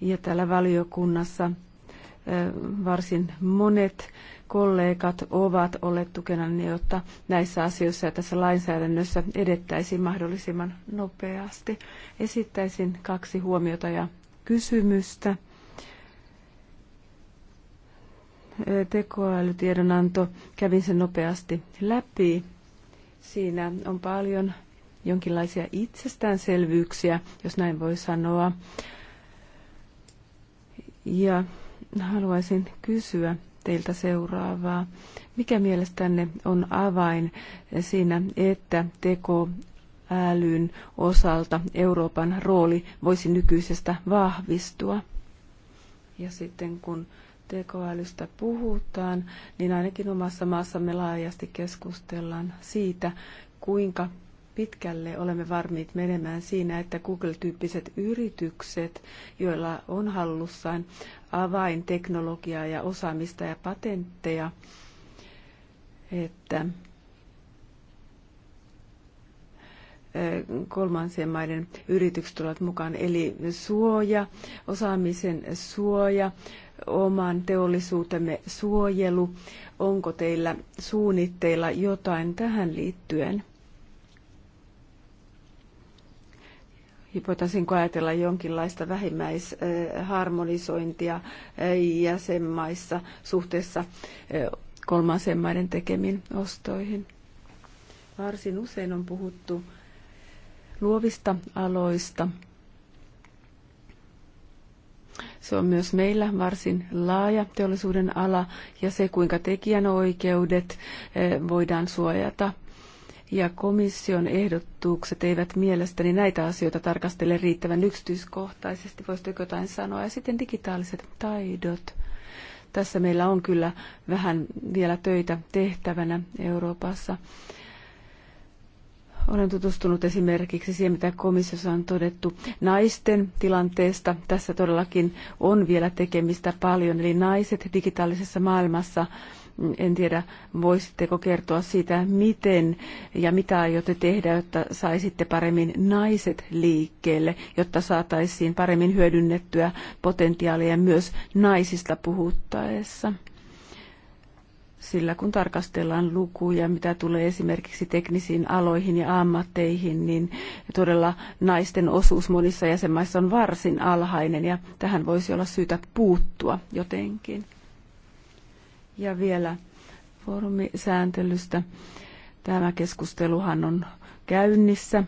Ja täällä valiokunnassa eh, varsin monet kollegat ovat olleet tukena, niin jotta näissä asioissa ja tässä lainsäädännössä edettäisiin mahdollisimman nopeasti. Esittäisin kaksi huomiota ja kysymystä. Tekoälytiedonanto, kävin sen nopeasti läpi. Siinä on paljon jonkinlaisia itsestäänselvyyksiä, jos näin voi sanoa. Ja haluaisin kysyä, teiltä seuraavaa. Mikä mielestänne on avain siinä, että teko älyn osalta Euroopan rooli voisi nykyisestä vahvistua? Ja sitten kun tekoälystä puhutaan, niin ainakin omassa maassamme laajasti keskustellaan siitä, kuinka pitkälle olemme varmiit menemään siinä, että Google-tyyppiset yritykset, joilla on hallussaan avainteknologiaa ja osaamista ja patentteja, että kolmansien maiden yritykset tulevat mukaan. Eli suoja, osaamisen suoja, oman teollisuutemme suojelu. Onko teillä suunnitteilla jotain tähän liittyen? voitaisiinko ajatella jonkinlaista vähimmäisharmonisointia jäsenmaissa suhteessa kolmansien maiden tekemiin ostoihin? Varsin usein on puhuttu luovista aloista. Se on myös meillä varsin laaja teollisuuden ala ja se, kuinka tekijänoikeudet voidaan suojata ja komission ehdotukset eivät mielestäni näitä asioita tarkastele riittävän yksityiskohtaisesti. Voisitko jotain sanoa? Ja sitten digitaaliset taidot. Tässä meillä on kyllä vähän vielä töitä tehtävänä Euroopassa. Olen tutustunut esimerkiksi siihen, mitä komissiossa on todettu naisten tilanteesta. Tässä todellakin on vielä tekemistä paljon, eli naiset digitaalisessa maailmassa – en tiedä, voisitteko kertoa siitä, miten ja mitä aiotte tehdä, jotta saisitte paremmin naiset liikkeelle, jotta saataisiin paremmin hyödynnettyä potentiaalia myös naisista puhuttaessa sillä kun tarkastellaan lukuja, mitä tulee esimerkiksi teknisiin aloihin ja ammatteihin, niin todella naisten osuus monissa jäsenmaissa on varsin alhainen ja tähän voisi olla syytä puuttua jotenkin. Ja vielä foorumisääntelystä. Tämä keskusteluhan on käynnissä.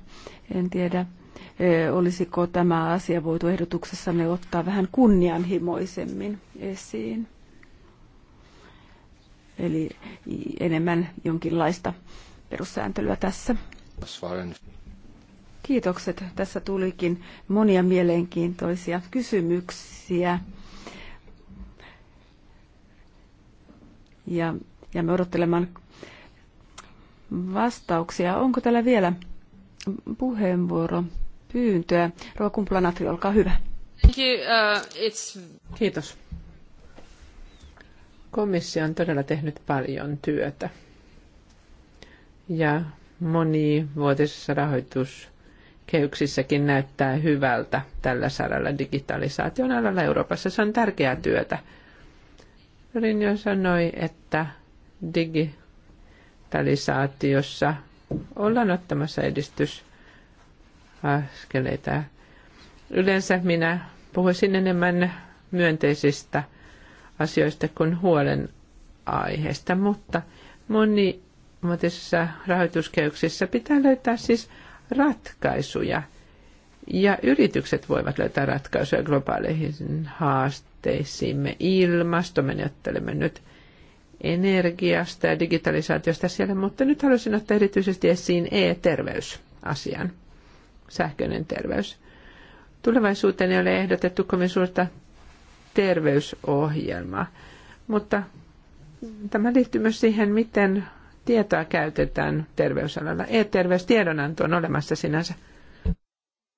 En tiedä, e, olisiko tämä asia voitu ehdotuksessamme ottaa vähän kunnianhimoisemmin esiin. Eli enemmän jonkinlaista perussääntelyä tässä. Kiitokset. Tässä tulikin monia mielenkiintoisia kysymyksiä. ja jäämme odottelemaan vastauksia. Onko täällä vielä puheenvuoro pyyntöä? Rova Kumplanatri, olkaa hyvä. Thank you, uh, it's... Kiitos. Komissio on todella tehnyt paljon työtä. Ja monivuotisessa rahoituskehyksissäkin näyttää hyvältä tällä saralla digitalisaation alalla Euroopassa. Se on tärkeää työtä. Rinjo sanoi, että digitalisaatiossa ollaan ottamassa edistysaskeleita. Yleensä minä puhuisin enemmän myönteisistä asioista kuin huolen aiheesta, mutta moni muotisissa rahoituskeuksissa pitää löytää siis ratkaisuja. Ja yritykset voivat löytää ratkaisuja globaaleihin haasteisiin tuotteisiimme ilmasto. Me neuvottelemme nyt energiasta ja digitalisaatiosta siellä, mutta nyt haluaisin ottaa erityisesti esiin e-terveysasian, sähköinen terveys. Tulevaisuuteen ei ole ehdotettu kovin suurta terveysohjelmaa, mutta tämä liittyy myös siihen, miten tietoa käytetään terveysalalla. E-terveystiedonanto on olemassa sinänsä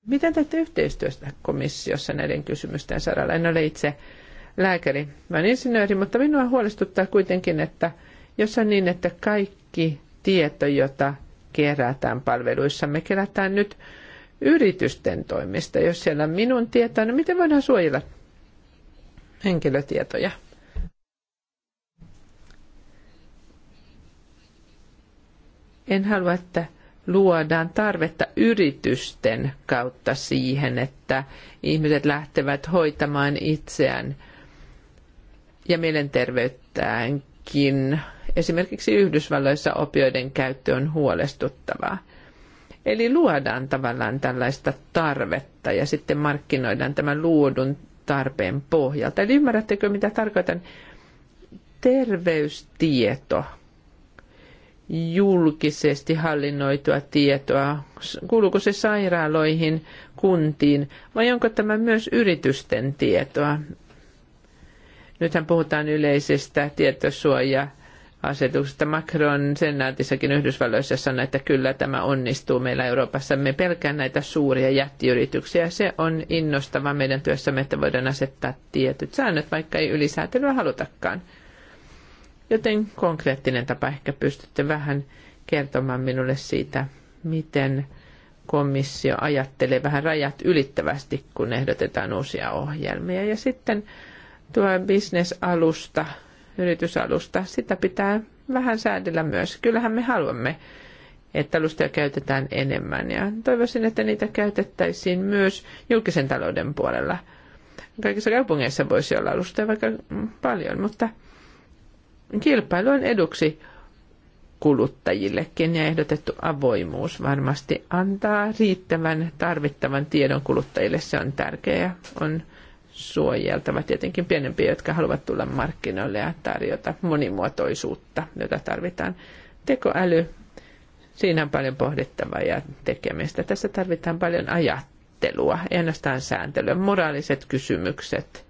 Miten teette yhteistyöstä komissiossa näiden kysymysten saralla? En ole itse lääkäri, vaan insinööri, mutta minua huolestuttaa kuitenkin, että jos on niin, että kaikki tieto, jota kerätään palveluissa, me kerätään nyt yritysten toimista. Jos siellä on minun tietoa, niin miten voidaan suojella henkilötietoja? En halua, että luodaan tarvetta yritysten kautta siihen, että ihmiset lähtevät hoitamaan itseään ja mielenterveyttäänkin. Esimerkiksi Yhdysvalloissa opioiden käyttö on huolestuttavaa. Eli luodaan tavallaan tällaista tarvetta ja sitten markkinoidaan tämän luodun tarpeen pohjalta. Eli ymmärrättekö, mitä tarkoitan? Terveystieto julkisesti hallinnoitua tietoa? Kuuluuko se sairaaloihin, kuntiin vai onko tämä myös yritysten tietoa? Nythän puhutaan yleisestä tietosuoja asetuksesta. Macron senaatissakin Yhdysvalloissa sanoi, että kyllä tämä onnistuu meillä Euroopassa. Me pelkään näitä suuria jättiyrityksiä. Se on innostava meidän työssämme, että voidaan asettaa tietyt säännöt, vaikka ei ylisäätelyä halutakaan. Joten konkreettinen tapa ehkä pystytte vähän kertomaan minulle siitä, miten komissio ajattelee vähän rajat ylittävästi, kun ehdotetaan uusia ohjelmia. Ja sitten tuo bisnesalusta, yritysalusta, sitä pitää vähän säädellä myös. Kyllähän me haluamme, että alustoja käytetään enemmän ja toivoisin, että niitä käytettäisiin myös julkisen talouden puolella. Kaikissa kaupungeissa voisi olla alustoja vaikka paljon, mutta – kilpailu on eduksi kuluttajillekin ja ehdotettu avoimuus varmasti antaa riittävän tarvittavan tiedon kuluttajille. Se on tärkeää. On suojeltava tietenkin pienempiä, jotka haluavat tulla markkinoille ja tarjota monimuotoisuutta, jota tarvitaan. Tekoäly, siinä on paljon pohdittavaa ja tekemistä. Tässä tarvitaan paljon ajattelua, ei ainoastaan sääntelyä, moraaliset kysymykset,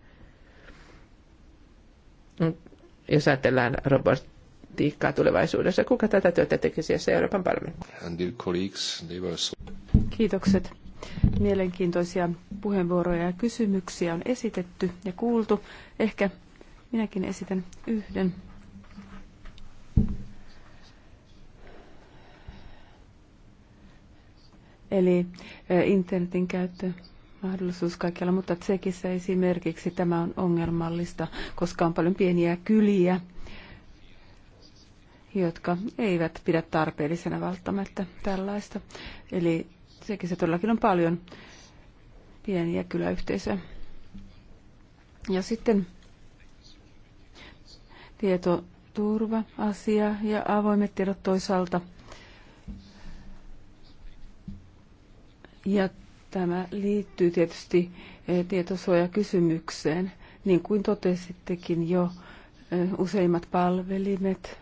jos ajatellaan robotiikkaa tulevaisuudessa. Kuka tätä työtä tekisi, jos Euroopan parlamentti? Kiitokset. Mielenkiintoisia puheenvuoroja ja kysymyksiä on esitetty ja kuultu. Ehkä minäkin esitän yhden. Eli eh, internetin käyttö mahdollisuus kaikkialla, mutta Tsekissä esimerkiksi tämä on ongelmallista, koska on paljon pieniä kyliä, jotka eivät pidä tarpeellisena välttämättä tällaista. Eli Tsekissä todellakin on paljon pieniä kyläyhteisöjä. Ja sitten tietoturva-asia ja avoimet tiedot toisaalta. Ja Tämä liittyy tietysti eh, tietosuojakysymykseen. Niin kuin totesittekin jo, eh, useimmat palvelimet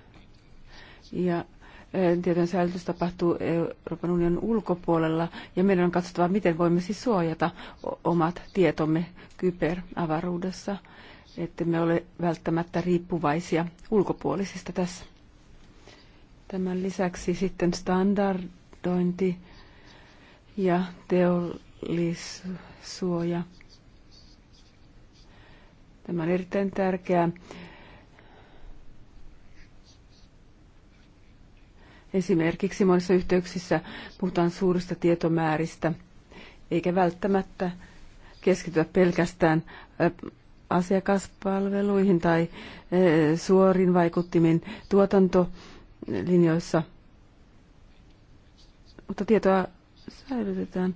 ja eh, tietojen säilytys tapahtuu Euroopan unionin ulkopuolella ja meidän on katsottava, miten voimme siis suojata omat tietomme kyberavaruudessa, että me ole välttämättä riippuvaisia ulkopuolisista tässä. Tämän lisäksi sitten standardointi ja teollisuoja. Tämä on erittäin tärkeää. Esimerkiksi monissa yhteyksissä puhutaan suurista tietomääristä, eikä välttämättä keskitytä pelkästään asiakaspalveluihin tai suorin vaikuttimin tuotantolinjoissa. Mutta tietoa säilytetään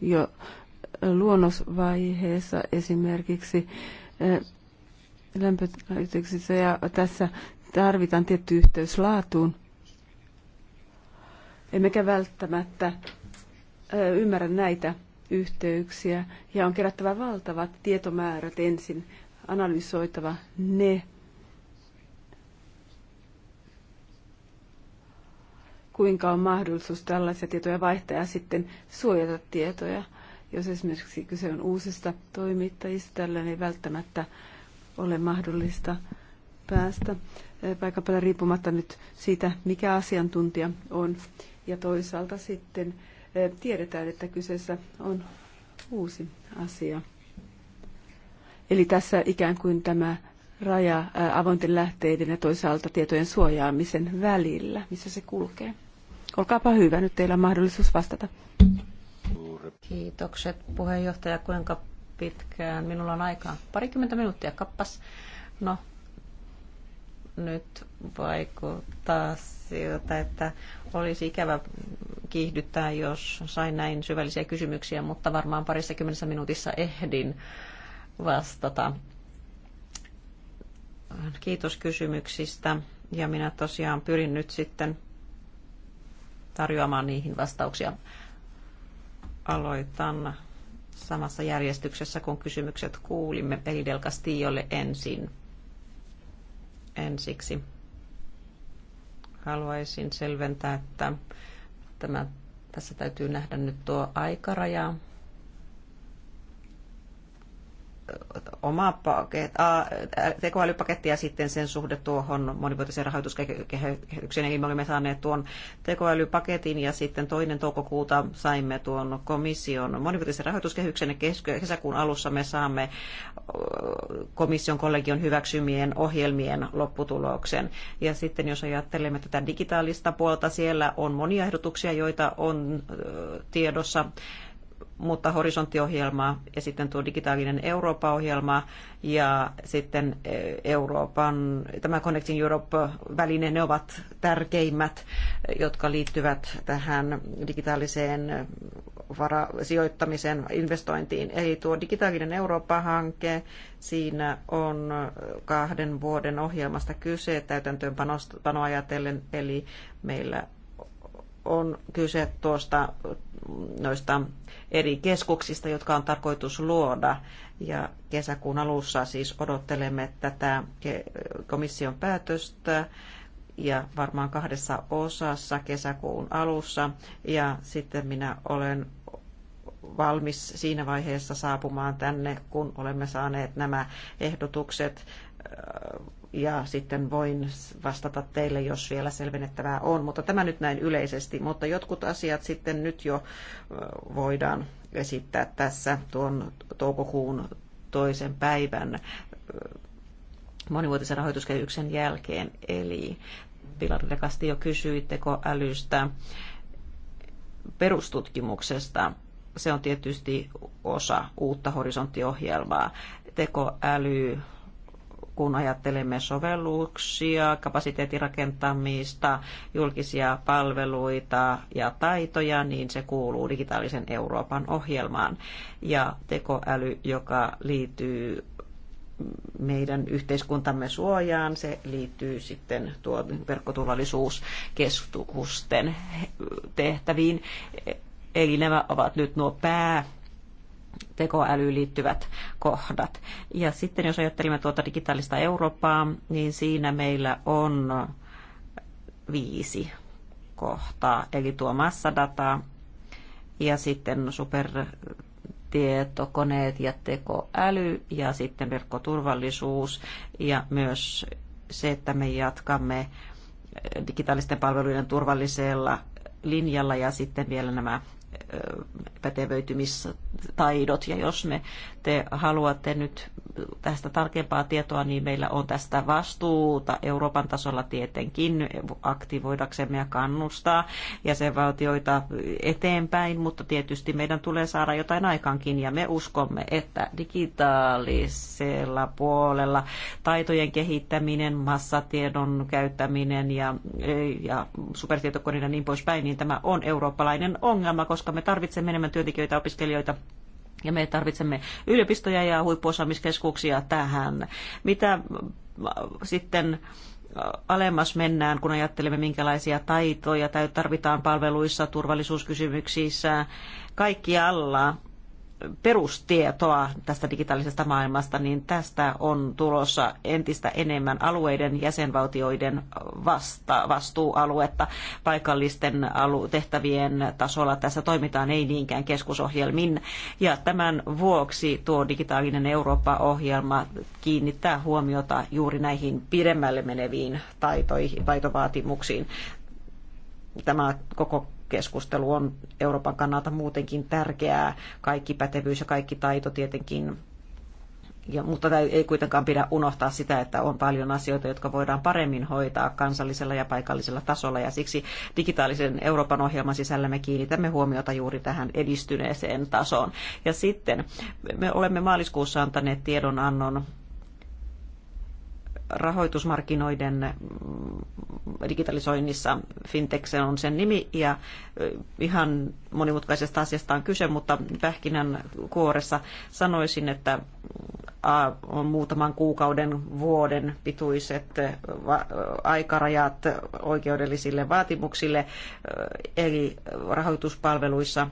jo luonnosvaiheessa esimerkiksi eh, lämpöyhteyksissä ja tässä tarvitaan tietty yhteys laatuun. Emmekä välttämättä eh, ymmärrä näitä yhteyksiä ja on kerättävä valtavat tietomäärät ensin, analysoitava ne kuinka on mahdollisuus tällaisia tietoja vaihtaa ja sitten suojata tietoja. Jos esimerkiksi kyse on uusista toimittajista, tällöin ei välttämättä ole mahdollista päästä eh, paikan päällä riippumatta nyt siitä, mikä asiantuntija on. Ja toisaalta sitten eh, tiedetään, että kyseessä on uusi asia. Eli tässä ikään kuin tämä raja eh, avointen lähteiden ja toisaalta tietojen suojaamisen välillä, missä se kulkee. Olkaapa hyvä, nyt teillä on mahdollisuus vastata. Kiitokset puheenjohtaja, kuinka pitkään minulla on aikaa? Parikymmentä minuuttia, kappas. No, nyt vaikuttaa siltä, että olisi ikävä kiihdyttää, jos sain näin syvällisiä kysymyksiä, mutta varmaan parissa kymmenessä minuutissa ehdin vastata. Kiitos kysymyksistä ja minä tosiaan pyrin nyt sitten tarjoamaan niihin vastauksia. Aloitan samassa järjestyksessä, kun kysymykset kuulimme. Eli Del Castillolle ensin. Ensiksi haluaisin selventää, että tämä, tässä täytyy nähdä nyt tuo aikaraja oma paket, a, tekoälypaketti ja sitten sen suhde tuohon monivuotiseen rahoituskehykseen. Eli me olimme saaneet tuon tekoälypaketin ja sitten toinen toukokuuta saimme tuon komission monivuotisen rahoituskehyksen ja kesäkuun alussa me saamme komission kollegion hyväksymien ohjelmien lopputuloksen. Ja sitten jos ajattelemme tätä digitaalista puolta, siellä on monia ehdotuksia, joita on tiedossa mutta horisonttiohjelma ja sitten tuo digitaalinen Eurooppa-ohjelma ja sitten eh, Euroopan, tämä Connecting Europe-väline, ne ovat tärkeimmät, jotka liittyvät tähän digitaaliseen vara- sijoittamiseen, investointiin. Eli tuo digitaalinen Eurooppa-hanke, siinä on kahden vuoden ohjelmasta kyse täytäntöönpanoa ajatellen, eli meillä on kyse tuosta noista eri keskuksista, jotka on tarkoitus luoda. Ja kesäkuun alussa siis odottelemme tätä komission päätöstä ja varmaan kahdessa osassa kesäkuun alussa. Ja sitten minä olen valmis siinä vaiheessa saapumaan tänne, kun olemme saaneet nämä ehdotukset ja sitten voin vastata teille, jos vielä selvennettävää on, mutta tämä nyt näin yleisesti, mutta jotkut asiat sitten nyt jo voidaan esittää tässä tuon toukokuun toisen päivän monivuotisen rahoituskehyksen jälkeen, eli Pilar de Castillo kysyi tekoälystä perustutkimuksesta. Se on tietysti osa uutta horisonttiohjelmaa. Tekoäly kun ajattelemme sovelluksia, kapasiteetin rakentamista, julkisia palveluita ja taitoja, niin se kuuluu digitaalisen Euroopan ohjelmaan. Ja tekoäly, joka liittyy meidän yhteiskuntamme suojaan. Se liittyy sitten tuo verkkoturvallisuuskeskusten tehtäviin. Eli nämä ovat nyt nuo pää tekoälyyn liittyvät kohdat. Ja sitten jos ajattelemme tuota digitaalista Eurooppaa, niin siinä meillä on viisi kohtaa, eli tuo massadata ja sitten supertietokoneet ja tekoäly ja sitten verkkoturvallisuus ja myös se, että me jatkamme digitaalisten palveluiden turvallisella linjalla ja sitten vielä nämä pätevöitymistaidot. Ja jos me te haluatte nyt tästä tarkempaa tietoa, niin meillä on tästä vastuuta Euroopan tasolla tietenkin aktivoidaksemme ja kannustaa jäsenvaltioita eteenpäin, mutta tietysti meidän tulee saada jotain aikaankin ja me uskomme, että digitaalisella puolella taitojen kehittäminen, massatiedon käyttäminen ja, ja supertietokoneiden ja niin poispäin, niin tämä on eurooppalainen ongelma, koska koska me tarvitsemme enemmän työntekijöitä, opiskelijoita ja me tarvitsemme yliopistoja ja huippuosaamiskeskuksia tähän. Mitä äh, sitten äh, alemmas mennään, kun ajattelemme, minkälaisia taitoja tarvitaan palveluissa, turvallisuuskysymyksissä, kaikkialla perustietoa tästä digitaalisesta maailmasta, niin tästä on tulossa entistä enemmän alueiden jäsenvaltioiden vasta, vastuualuetta paikallisten alu, tehtävien tasolla. Tässä toimitaan ei niinkään keskusohjelmin. Ja tämän vuoksi tuo digitaalinen Eurooppa-ohjelma kiinnittää huomiota juuri näihin pidemmälle meneviin taitoihin, taitovaatimuksiin. Tämä koko keskustelu on Euroopan kannalta muutenkin tärkeää. Kaikki pätevyys ja kaikki taito tietenkin ja, mutta ei kuitenkaan pidä unohtaa sitä, että on paljon asioita, jotka voidaan paremmin hoitaa kansallisella ja paikallisella tasolla. Ja siksi digitaalisen Euroopan ohjelman sisällä me kiinnitämme huomiota juuri tähän edistyneeseen tasoon. Ja sitten me olemme maaliskuussa antaneet tiedonannon rahoitusmarkkinoiden mm, digitalisoinnissa. Fintech on sen nimi ja ihan monimutkaisesta asiasta on kyse, mutta pähkinän kuoressa sanoisin, että mm, on muutaman kuukauden vuoden pituiset aikarajat oikeudellisille vaatimuksille, eli rahoituspalveluissa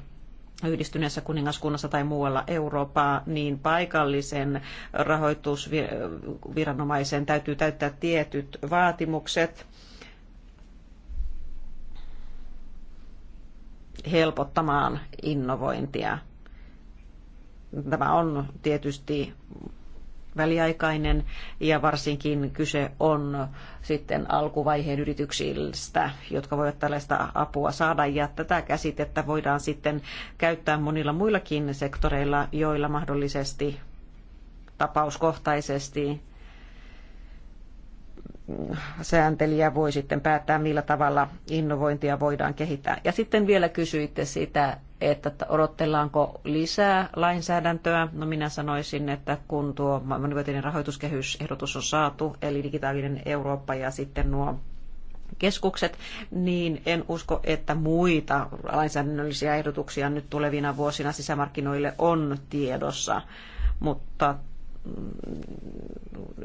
yhdistyneessä kuningaskunnassa tai muualla Eurooppaa, niin paikallisen rahoitusviranomaisen täytyy täyttää tietyt vaatimukset helpottamaan innovointia. Tämä on tietysti väliaikainen ja varsinkin kyse on sitten alkuvaiheen yrityksistä, jotka voivat tällaista apua saada ja tätä käsitettä voidaan sitten käyttää monilla muillakin sektoreilla, joilla mahdollisesti tapauskohtaisesti sääntelijä voi sitten päättää, millä tavalla innovointia voidaan kehittää. Ja sitten vielä kysyitte sitä, että odotellaanko lisää lainsäädäntöä. No minä sanoisin, että kun tuo monivuotinen rahoituskehysehdotus on saatu, eli digitaalinen Eurooppa ja sitten nuo keskukset, niin en usko, että muita lainsäädännöllisiä ehdotuksia nyt tulevina vuosina sisämarkkinoille on tiedossa. Mutta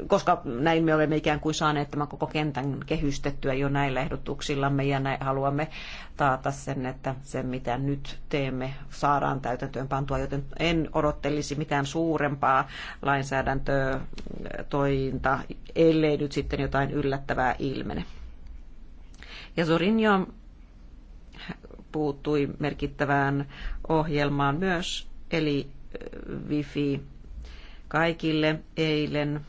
koska näin me olemme ikään kuin saaneet tämän koko kentän kehystettyä jo näillä ehdotuksillamme ja näin haluamme taata sen, että se mitä nyt teemme saadaan täytäntöön pantua, joten en odottelisi mitään suurempaa lainsäädäntötointa, ellei nyt sitten jotain yllättävää ilmene. Ja Zorinjo puuttui merkittävään ohjelmaan myös, eli äh, Wifi kaikille eilen.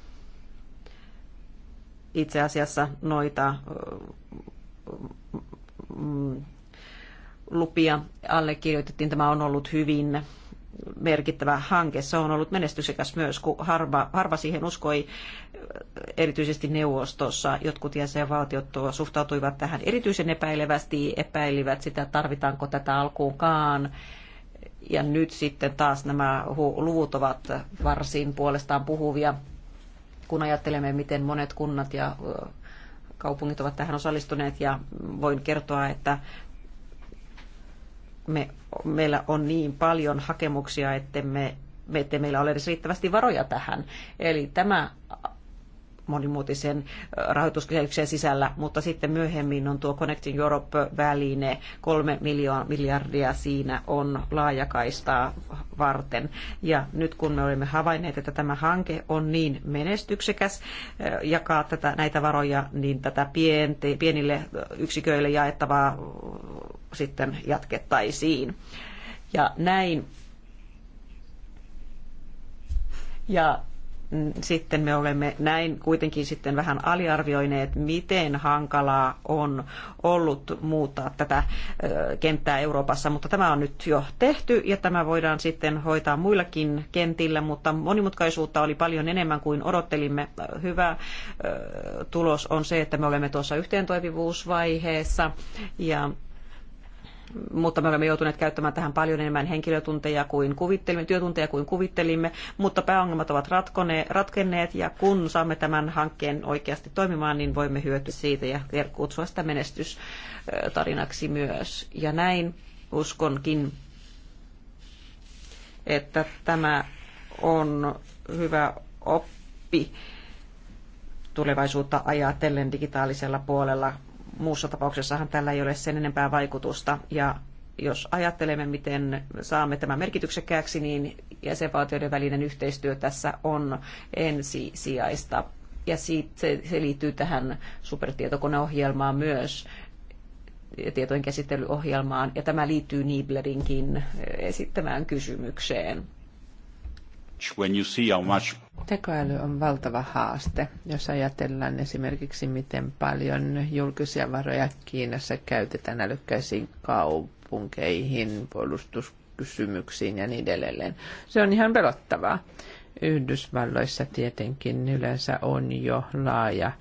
Itse asiassa noita lupia allekirjoitettiin. Tämä on ollut hyvin merkittävä hanke. Se on ollut menestyksekäs myös, kun harva, harva siihen uskoi, erityisesti neuvostossa. Jotkut jäsenvaltiot suhtautuivat tähän erityisen epäilevästi, epäilivät sitä, tarvitaanko tätä alkuunkaan. Ja nyt sitten taas nämä luvut ovat varsin puolestaan puhuvia, kun ajattelemme, miten monet kunnat ja kaupungit ovat tähän osallistuneet. Ja voin kertoa, että me, meillä on niin paljon hakemuksia, että me, me, meillä ole edes riittävästi varoja tähän. Eli tämä monimuotisen äh, rahoituskehyksen sisällä, mutta sitten myöhemmin on tuo Connecting Europe-väline, kolme miljardia siinä on laajakaistaa varten. Ja nyt kun me olemme havainneet, että tämä hanke on niin menestyksekäs äh, jakaa tätä, näitä varoja, niin tätä pienti, pienille äh, yksiköille jaettavaa sitten jatkettaisiin. Ja näin. Ja sitten me olemme näin kuitenkin sitten vähän aliarvioineet, miten hankalaa on ollut muuttaa tätä kenttää Euroopassa, mutta tämä on nyt jo tehty ja tämä voidaan sitten hoitaa muillakin kentillä, mutta monimutkaisuutta oli paljon enemmän kuin odottelimme. Hyvä tulos on se, että me olemme tuossa yhteentoimivuusvaiheessa ja mutta me olemme joutuneet käyttämään tähän paljon enemmän henkilötunteja kuin kuvittelimme, työtunteja kuin kuvittelimme, mutta pääongelmat ovat ratkenneet ja kun saamme tämän hankkeen oikeasti toimimaan, niin voimme hyötyä siitä ja kutsua sitä menestystarinaksi myös. Ja näin uskonkin, että tämä on hyvä oppi tulevaisuutta ajatellen digitaalisella puolella Muussa tapauksessahan tällä ei ole sen enempää vaikutusta. Ja jos ajattelemme, miten saamme tämän merkityksekkääksi, niin jäsenvaltioiden välinen yhteistyö tässä on ensisijaista. Ja siitä se, se liittyy tähän supertietokoneohjelmaan myös, tietojen käsittelyohjelmaan, ja tämä liittyy Niblerinkin esittämään kysymykseen. When you see how much Tekoäly on valtava haaste, jos ajatellaan esimerkiksi, miten paljon julkisia varoja Kiinassa käytetään älykkäisiin kaupunkeihin, puolustuskysymyksiin ja niin edelleen. Se on ihan pelottavaa. Yhdysvalloissa tietenkin yleensä on jo laaja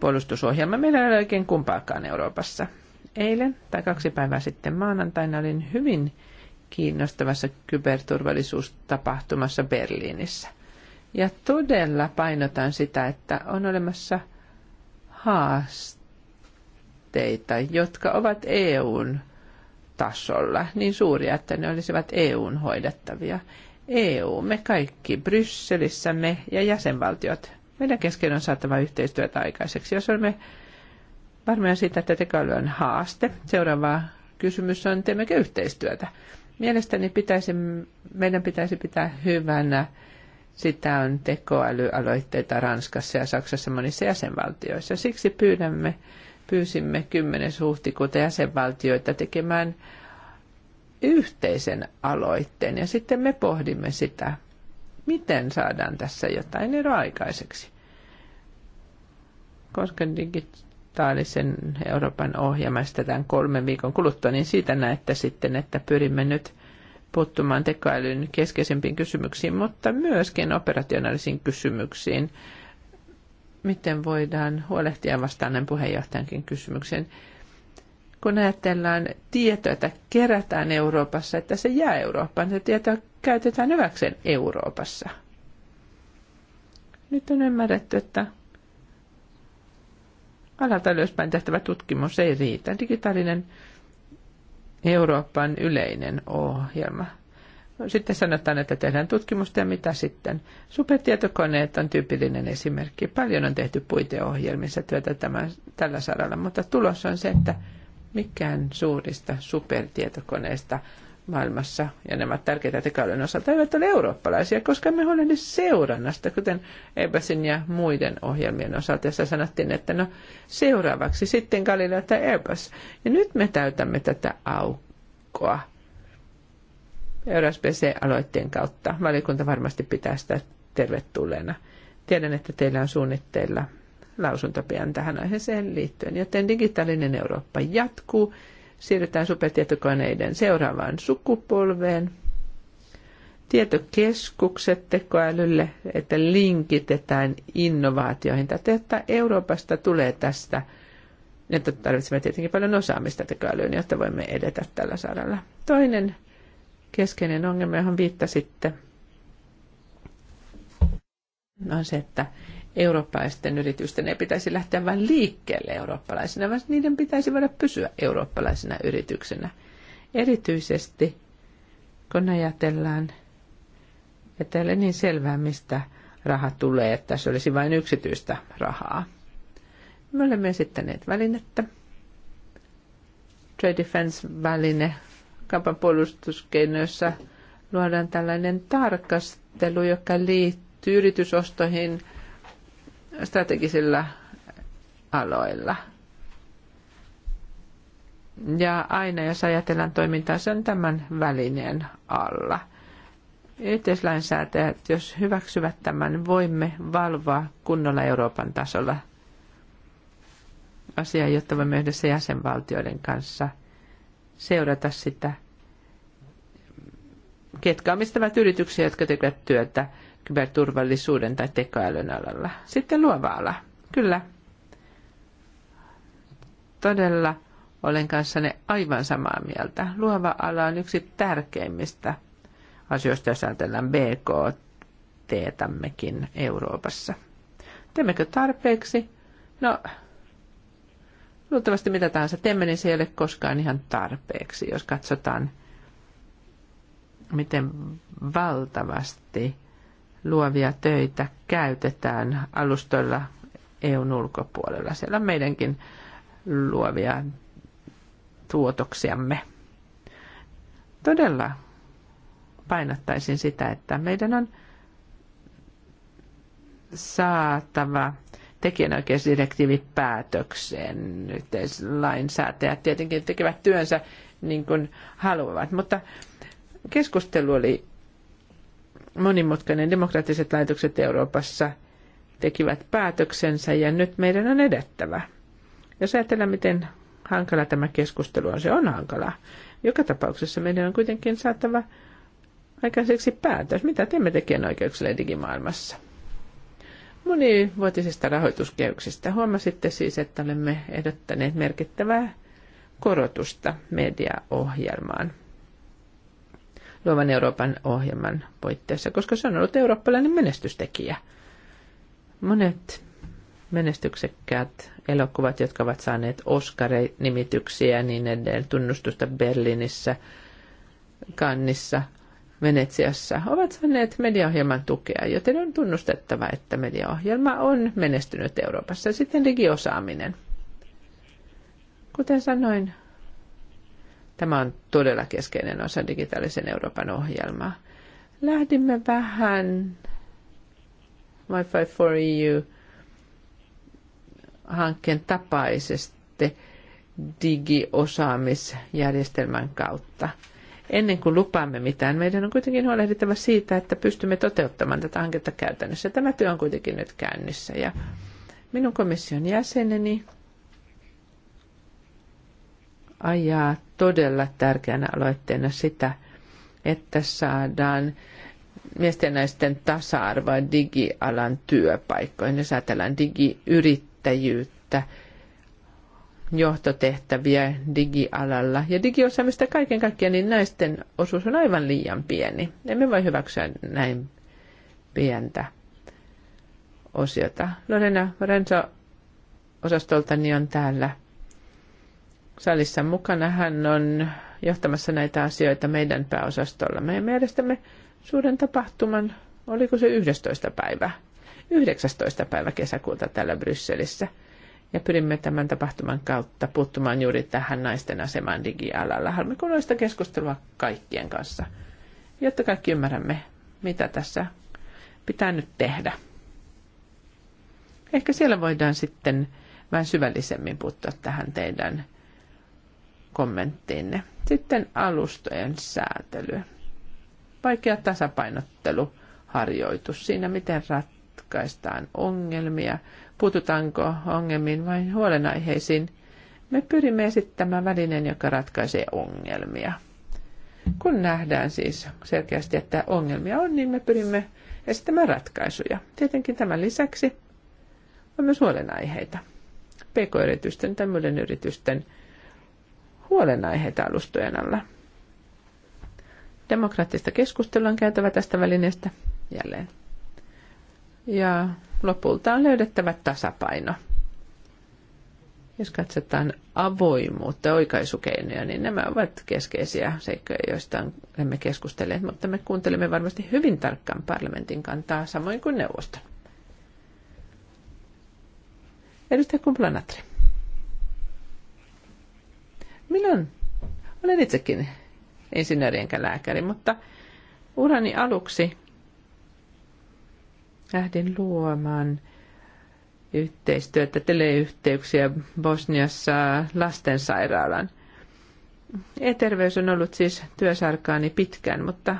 puolustusohjelma. Meillä ei ole oikein kumpaakaan Euroopassa. Eilen tai kaksi päivää sitten maanantaina olin hyvin kiinnostavassa kyberturvallisuustapahtumassa Berliinissä – ja todella painotan sitä, että on olemassa haasteita, jotka ovat EUn tasolla niin suuria, että ne olisivat EUn hoidettavia. EU, me kaikki, Brysselissä me ja jäsenvaltiot. Meidän kesken on saatava yhteistyötä aikaiseksi. Jos olemme varmoja siitä, että tekoäly on haaste, seuraava kysymys on, teemmekö yhteistyötä. Mielestäni pitäisi, meidän pitäisi pitää hyvänä sitä on tekoälyaloitteita Ranskassa ja Saksassa monissa jäsenvaltioissa. Siksi pyydämme, pyysimme 10. huhtikuuta jäsenvaltioita tekemään yhteisen aloitteen ja sitten me pohdimme sitä, miten saadaan tässä jotain eroa aikaiseksi. Koska digitaalisen Euroopan ohjelmasta tämän kolmen viikon kuluttua, niin siitä näette sitten, että pyrimme nyt puuttumaan tekoälyn keskeisempiin kysymyksiin, mutta myöskin operationaalisiin kysymyksiin. Miten voidaan huolehtia vastaanen puheenjohtajankin kysymykseen? Kun ajatellaan tietoa, että kerätään Euroopassa, että se jää Eurooppaan, se tietoa käytetään hyväkseen Euroopassa. Nyt on ymmärretty, että alalta ylöspäin tehtävä tutkimus ei riitä. Digitaalinen Euroopan yleinen ohjelma. Sitten sanotaan, että tehdään tutkimusta ja mitä sitten. Supertietokoneet on tyypillinen esimerkki. Paljon on tehty puiteohjelmissa työtä tämän, tällä saralla, mutta tulos on se, että mikään suurista supertietokoneista maailmassa, ja nämä tärkeitä tekoälyn osalta, eivät ole eurooppalaisia, koska me olemme seurannasta, kuten Ebasin ja muiden ohjelmien osalta, jossa sanottiin, että no seuraavaksi sitten Galileo tai Airbus. Ja nyt me täytämme tätä aukkoa. EuroSPC-aloitteen kautta. Valiokunta varmasti pitää sitä tervetulleena. Tiedän, että teillä on suunnitteilla lausunto pian tähän aiheeseen liittyen, joten digitaalinen Eurooppa jatkuu siirrytään supertietokoneiden seuraavaan sukupolveen. Tietokeskukset tekoälylle, että linkitetään innovaatioihin. Tätä, että Euroopasta tulee tästä, että tarvitsemme tietenkin paljon osaamista tekoälyyn, jotta voimme edetä tällä saralla. Toinen keskeinen ongelma, johon viittasitte, on se, että eurooppalaisten yritysten ei pitäisi lähteä vain liikkeelle eurooppalaisina, vaan niiden pitäisi voida pysyä eurooppalaisina yrityksenä. Erityisesti kun ajatellaan, että ei ole niin selvää, mistä raha tulee, että se olisi vain yksityistä rahaa. Me olemme esittäneet välinettä, Trade Defense-väline, kaupan puolustuskeinoissa luodaan tällainen tarkastelu, joka liittyy yritysostoihin – strategisilla aloilla. Ja aina, jos ajatellaan toimintaa, se on tämän välineen alla. Yhteislainsäätäjät, jos hyväksyvät tämän, voimme valvoa kunnolla Euroopan tasolla asiaa, jotta voimme yhdessä jäsenvaltioiden kanssa seurata sitä, ketkä omistavat yrityksiä, jotka tekevät työtä kyberturvallisuuden tai tekoälyn alalla. Sitten luova ala. Kyllä. Todella olen kanssanne aivan samaa mieltä. Luova ala on yksi tärkeimmistä asioista, jos ajatellaan BKT-tämmekin Euroopassa. Teemmekö tarpeeksi? No, luultavasti mitä tahansa teemme, niin se ei ole koskaan ihan tarpeeksi, jos katsotaan, miten valtavasti luovia töitä käytetään alustoilla EUn ulkopuolella. Siellä on meidänkin luovia tuotoksiamme. Todella painottaisin sitä, että meidän on saatava tekijänoikeusdirektiivi päätökseen. lainsäätäjät tietenkin tekevät työnsä niin kuin haluavat, mutta keskustelu oli monimutkainen demokraattiset laitokset Euroopassa tekivät päätöksensä ja nyt meidän on edettävä. Jos ajatellaan, miten hankala tämä keskustelu on, se on hankala. Joka tapauksessa meidän on kuitenkin saatava aikaiseksi päätös, mitä teemme tekijänoikeuksille digimaailmassa. Monivuotisista rahoituskehyksistä huomasitte siis, että olemme ehdottaneet merkittävää korotusta mediaohjelmaan. Luovan Euroopan ohjelman puitteissa, koska se on ollut eurooppalainen menestystekijä. Monet menestyksekkäät elokuvat, jotka ovat saaneet Oscar-nimityksiä niin edelleen, tunnustusta Berliinissä, Kannissa, Venetsiassa, ovat saaneet mediaohjelman tukea, joten on tunnustettava, että mediaohjelma on menestynyt Euroopassa. Sitten digiosaaminen. Kuten sanoin, Tämä on todella keskeinen osa digitaalisen Euroopan ohjelmaa. Lähdimme vähän Wi-Fi for EU-hankkeen tapaisesti digiosaamisjärjestelmän kautta. Ennen kuin lupaamme mitään, meidän on kuitenkin huolehdittava siitä, että pystymme toteuttamaan tätä hanketta käytännössä. Tämä työ on kuitenkin nyt käynnissä ja minun komission jäseneni ajaa todella tärkeänä aloitteena sitä, että saadaan miesten ja naisten tasa-arvoa digialan työpaikkoihin. Jos ajatellaan digiyrittäjyyttä, johtotehtäviä digialalla ja digiosaamista kaiken kaikkiaan, niin naisten osuus on aivan liian pieni. Emme voi hyväksyä näin pientä osiota. Lorena Renzo osastoltani on täällä salissa mukana. Hän on johtamassa näitä asioita meidän pääosastolla. Meidän mielestämme suuren tapahtuman, oliko se 11. päivä? 19. päivä kesäkuuta täällä Brysselissä. Ja pyrimme tämän tapahtuman kautta puuttumaan juuri tähän naisten asemaan digialalla. Haluamme kuuloista keskustelua kaikkien kanssa, jotta kaikki ymmärrämme, mitä tässä pitää nyt tehdä. Ehkä siellä voidaan sitten vähän syvällisemmin puuttua tähän teidän kommenttiinne. Sitten alustojen säätely. Vaikea tasapainotteluharjoitus siinä, miten ratkaistaan ongelmia, puututaanko ongelmiin vai huolenaiheisiin. Me pyrimme esittämään välineen, joka ratkaisee ongelmia. Kun nähdään siis selkeästi, että ongelmia on, niin me pyrimme esittämään ratkaisuja. Tietenkin tämän lisäksi on myös huolenaiheita. PK-yritysten tai muiden yritysten huolenaiheita alustojen alla. Demokraattista keskustelua on käytävä tästä välineestä jälleen. Ja lopulta on löydettävä tasapaino. Jos katsotaan avoimuutta ja oikaisukeinoja, niin nämä ovat keskeisiä seikkoja, joista emme keskustele, mutta me kuuntelemme varmasti hyvin tarkkaan parlamentin kantaa, samoin kuin neuvoston. Edustaja Kumpula-Natri olen, olen itsekin insinööri enkä lääkäri, mutta urani aluksi lähdin luomaan yhteistyötä, teleyhteyksiä Bosniassa lastensairaalan. E-terveys on ollut siis työsarkaani pitkään, mutta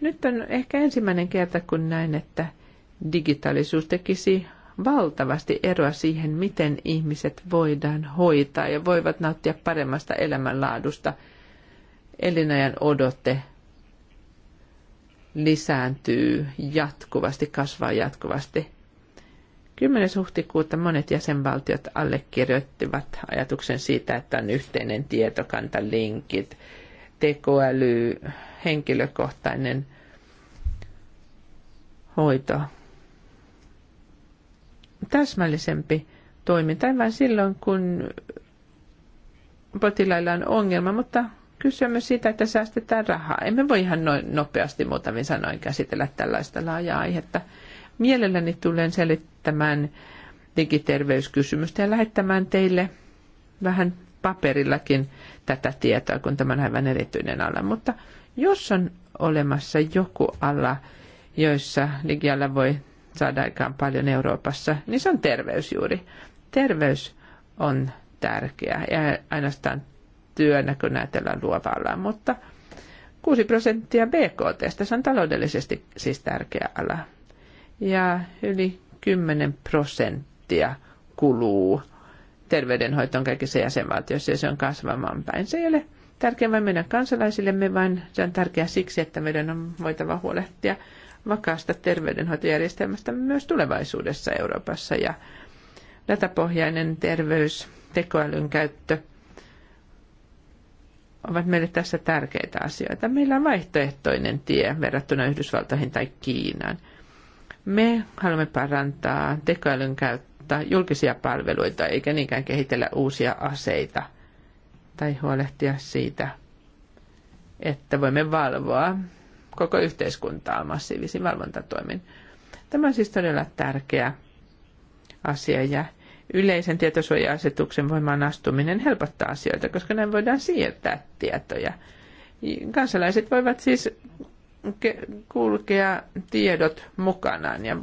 nyt on ehkä ensimmäinen kerta, kun näin, että digitaalisuus tekisi valtavasti eroa siihen, miten ihmiset voidaan hoitaa ja voivat nauttia paremmasta elämänlaadusta. Elinajan odotte lisääntyy jatkuvasti, kasvaa jatkuvasti. 10. huhtikuuta monet jäsenvaltiot allekirjoittivat ajatuksen siitä, että on yhteinen tietokanta, linkit, tekoäly, henkilökohtainen hoito täsmällisempi toiminta, ei vain silloin, kun potilailla on ongelma, mutta kysyä myös siitä, että säästetään rahaa. Emme voi ihan noin nopeasti muutamin sanoin käsitellä tällaista laajaa aihetta. Mielelläni tulen selittämään digiterveyskysymystä ja lähettämään teille vähän paperillakin tätä tietoa, kun tämä on aivan erityinen ala. Mutta jos on olemassa joku ala, joissa digialla voi saada aikaan paljon Euroopassa, niin se on terveys juuri. Terveys on tärkeä ja ainoastaan työnä, kun ajatellaan luovalla, mutta 6 prosenttia BKT, se on taloudellisesti siis tärkeä ala. Ja yli 10 prosenttia kuluu terveydenhoitoon kaikissa jäsenvaltioissa ja se on kasvamaan päin. Se ei ole tärkeä vain meidän kansalaisillemme, vaan se on tärkeää siksi, että meidän on voitava huolehtia vakaasta terveydenhoitojärjestelmästä myös tulevaisuudessa Euroopassa. Ja datapohjainen terveys, tekoälyn käyttö ovat meille tässä tärkeitä asioita. Meillä on vaihtoehtoinen tie verrattuna Yhdysvaltoihin tai Kiinaan. Me haluamme parantaa tekoälyn käyttöä, julkisia palveluita, eikä niinkään kehitellä uusia aseita tai huolehtia siitä, että voimme valvoa koko yhteiskuntaa massiivisin valvontatoimin. Tämä on siis todella tärkeä asia ja yleisen tietosuoja-asetuksen voimaan astuminen helpottaa asioita, koska näin voidaan siirtää tietoja. Kansalaiset voivat siis kulkea tiedot mukanaan ja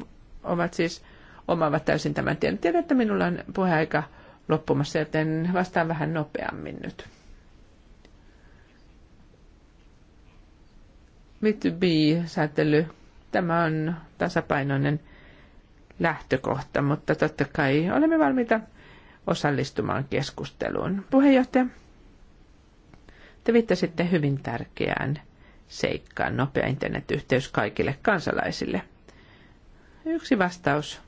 ovat siis omaavat täysin tämän tiedon. Tiedän, että minulla on puheaika loppumassa, joten vastaan vähän nopeammin nyt. B2B-säätely, tämä on tasapainoinen lähtökohta, mutta totta kai olemme valmiita osallistumaan keskusteluun. Puheenjohtaja, te viittasitte hyvin tärkeään seikkaan, nopea internetyhteys kaikille kansalaisille. Yksi vastaus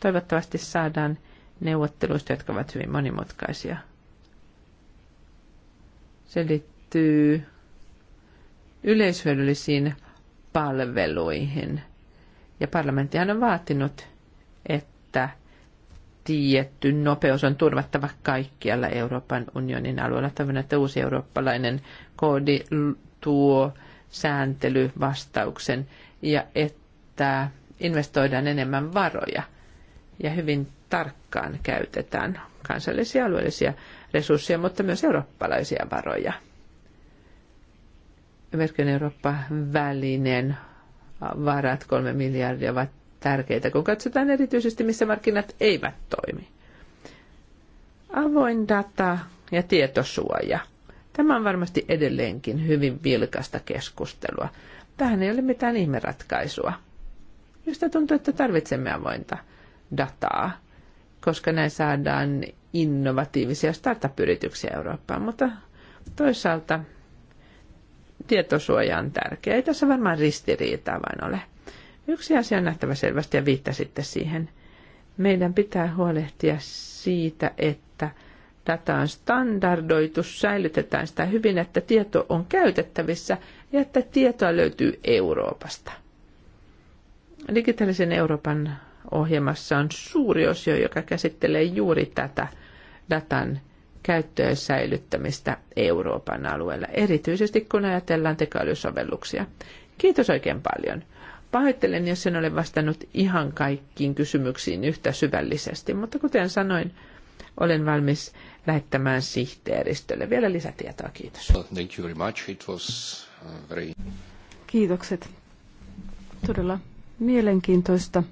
toivottavasti saadaan neuvotteluista, jotka ovat hyvin monimutkaisia. Se liittyy yleishyödyllisiin palveluihin. Ja parlamenttihan on vaatinut, että tietty nopeus on turvattava kaikkialla Euroopan unionin alueella. Toivon, että uusi eurooppalainen koodi tuo sääntelyvastauksen ja että investoidaan enemmän varoja ja hyvin tarkkaan käytetään kansallisia alueellisia resursseja, mutta myös eurooppalaisia varoja. Verkon Eurooppa-välinen varat, kolme miljardia, ovat tärkeitä, kun katsotaan erityisesti, missä markkinat eivät toimi. Avoin data ja tietosuoja. Tämä on varmasti edelleenkin hyvin vilkasta keskustelua. Tähän ei ole mitään ihmeratkaisua. Mistä tuntuu, että tarvitsemme avointa dataa, koska näin saadaan innovatiivisia startup-yrityksiä Eurooppaan, mutta toisaalta tietosuoja on tärkeä. Ei tässä varmaan ristiriitaa vain ole. Yksi asia on nähtävä selvästi ja viittasitte siihen. Meidän pitää huolehtia siitä, että data on standardoitu, säilytetään sitä hyvin, että tieto on käytettävissä ja että tietoa löytyy Euroopasta. Digitaalisen Euroopan ohjelmassa on suuri osio, joka käsittelee juuri tätä datan käyttöön säilyttämistä Euroopan alueella, erityisesti kun ajatellaan tekoälysovelluksia. Kiitos oikein paljon. Pahoittelen, jos en ole vastannut ihan kaikkiin kysymyksiin yhtä syvällisesti, mutta kuten sanoin, olen valmis lähettämään sihteeristölle vielä lisätietoa. Kiitos. Thank you very much. It was uh, very... Kiitokset. Todella mielenkiintoista.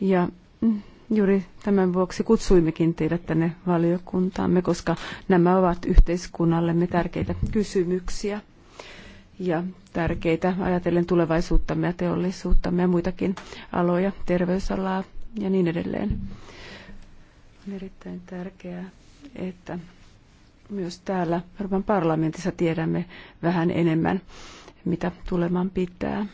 Ja mm, Juuri tämän vuoksi kutsuimmekin teidät tänne valiokuntaamme, koska nämä ovat yhteiskunnallemme tärkeitä kysymyksiä ja tärkeitä ajatellen tulevaisuuttamme ja teollisuuttamme ja muitakin aloja, terveysalaa ja niin edelleen. On erittäin tärkeää, että myös täällä Euroopan parlamentissa tiedämme vähän enemmän, mitä tuleman pitää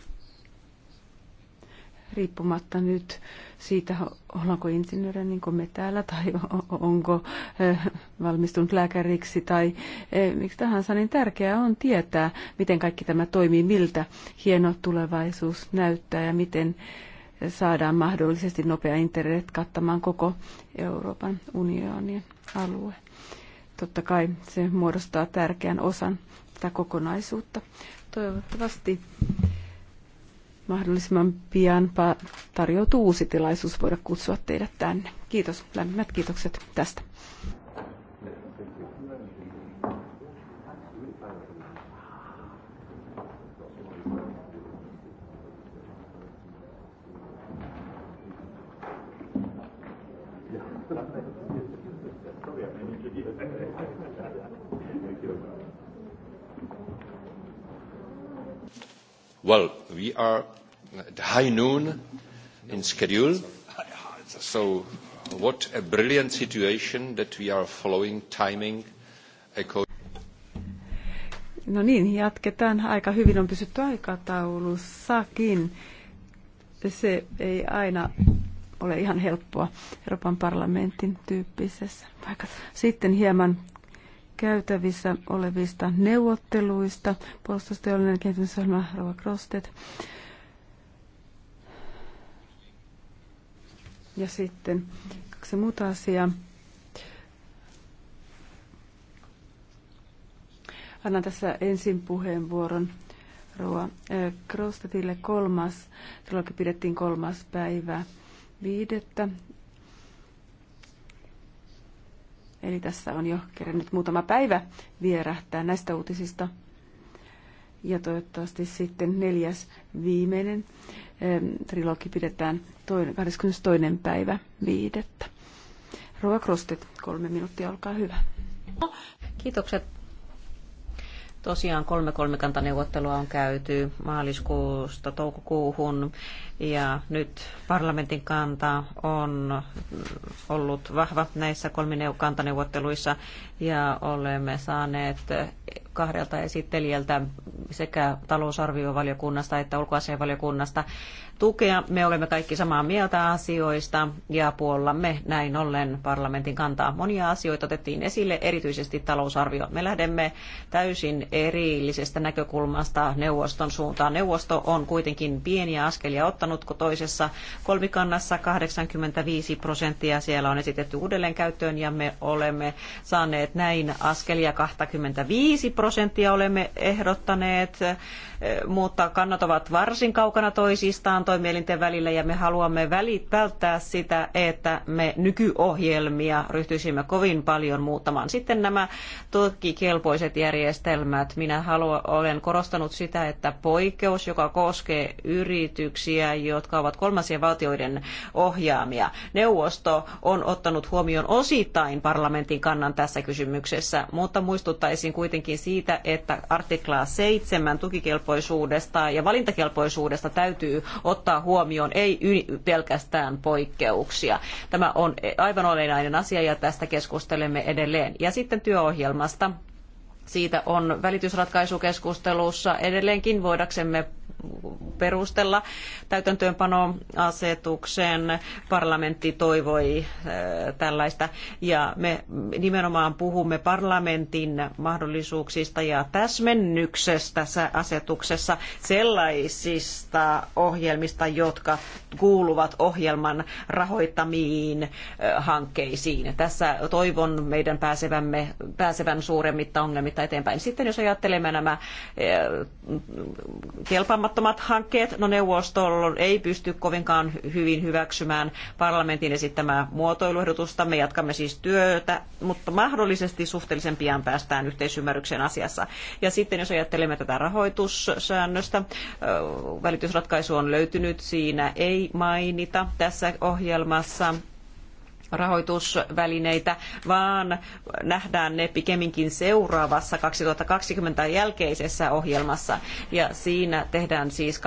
riippumatta nyt siitä, ollaanko insinööriä niin kuin me täällä, tai onko eh, valmistunut lääkäriksi tai eh, miksi tahansa, niin tärkeää on tietää, miten kaikki tämä toimii, miltä hieno tulevaisuus näyttää ja miten saadaan mahdollisesti nopea internet kattamaan koko Euroopan unionin alue. Totta kai se muodostaa tärkeän osan tätä kokonaisuutta. Toivottavasti mahdollisimman pian tarjoutuu uusi tilaisuus voida kutsua teidät tänne. Kiitos, lämpimät kiitokset tästä. Well, we are at high noon in schedule. So what a brilliant situation that we are following timing according No niin, jatketaan. Aika hyvin on pysytty aikataulussakin. Se ei aina ole ihan helppoa Euroopan parlamentin tyyppisessä paikassa. Sitten hieman käytävissä olevista neuvotteluista. Puolustusteollinen kehitysohjelma Rova Krostet Ja sitten kaksi muuta asiaa. Annan tässä ensin puheenvuoron Roa Krostetille kolmas, silloinkin pidettiin kolmas päivä viidettä. Eli tässä on jo kerännyt muutama päivä vierähtää näistä uutisista. Ja toivottavasti sitten neljäs viimeinen trilogi pidetään 22. päivä viidettä. Rova Krostet, kolme minuuttia, olkaa hyvä. Kiitokset. Tosiaan kolme kolmikantaneuvottelua on käyty maaliskuusta toukokuuhun ja nyt parlamentin kanta on ollut vahva näissä kolmikantaneuvotteluissa ja olemme saaneet kahdelta esittelijältä sekä talousarviovaliokunnasta että ulkoasianvaliokunnasta tukea. Me olemme kaikki samaa mieltä asioista ja puollamme näin ollen parlamentin kantaa. Monia asioita otettiin esille, erityisesti talousarvio. Me lähdemme täysin erillisestä näkökulmasta neuvoston suuntaan. Neuvosto on kuitenkin pieniä askelia ottanut, kun toisessa kolmikannassa 85 prosenttia siellä on esitetty uudelleen käyttöön ja me olemme saaneet näin askelia 25 prosenttia olemme ehdottaneet, eh, mutta kannat ovat varsin kaukana toisistaan toimielinten välillä ja me haluamme välit, välttää sitä, että me nykyohjelmia ryhtyisimme kovin paljon muuttamaan. Sitten nämä tutkikelpoiset järjestelmät. Minä haluan, olen korostanut sitä, että poikkeus, joka koskee yrityksiä, jotka ovat kolmansien valtioiden ohjaamia. Neuvosto on ottanut huomioon osittain parlamentin kannan tässä kysymyksessä, mutta muistuttaisin kuitenkin siitä, että artiklaa 7 tukikelpoisuudesta ja valintakelpoisuudesta täytyy ottaa ottaa huomioon, ei pelkästään poikkeuksia. Tämä on aivan olennainen asia ja tästä keskustelemme edelleen. Ja sitten työohjelmasta. Siitä on välitysratkaisukeskustelussa edelleenkin voidaksemme perustella täytäntöönpanoasetuksen. Parlamentti toivoi eh, tällaista ja me nimenomaan puhumme parlamentin mahdollisuuksista ja täsmennyksestä tässä asetuksessa sellaisista ohjelmista, jotka kuuluvat ohjelman rahoittamiin eh, hankkeisiin. Tässä toivon meidän pääsevämme, pääsevän suuremmitta ongelmitta eteenpäin. Sitten jos ajattelemme nämä eh, kelpaamattomat kannattamattomat hankkeet, no neuvosto ei pysty kovinkaan hyvin hyväksymään parlamentin esittämää muotoiluehdotusta. Me jatkamme siis työtä, mutta mahdollisesti suhteellisen pian päästään yhteisymmärrykseen asiassa. Ja sitten jos ajattelemme tätä rahoitussäännöstä, välitysratkaisu on löytynyt, siinä ei mainita tässä ohjelmassa rahoitusvälineitä, vaan nähdään ne pikemminkin seuraavassa 2020 jälkeisessä ohjelmassa. Ja siinä tehdään siis 2019-2020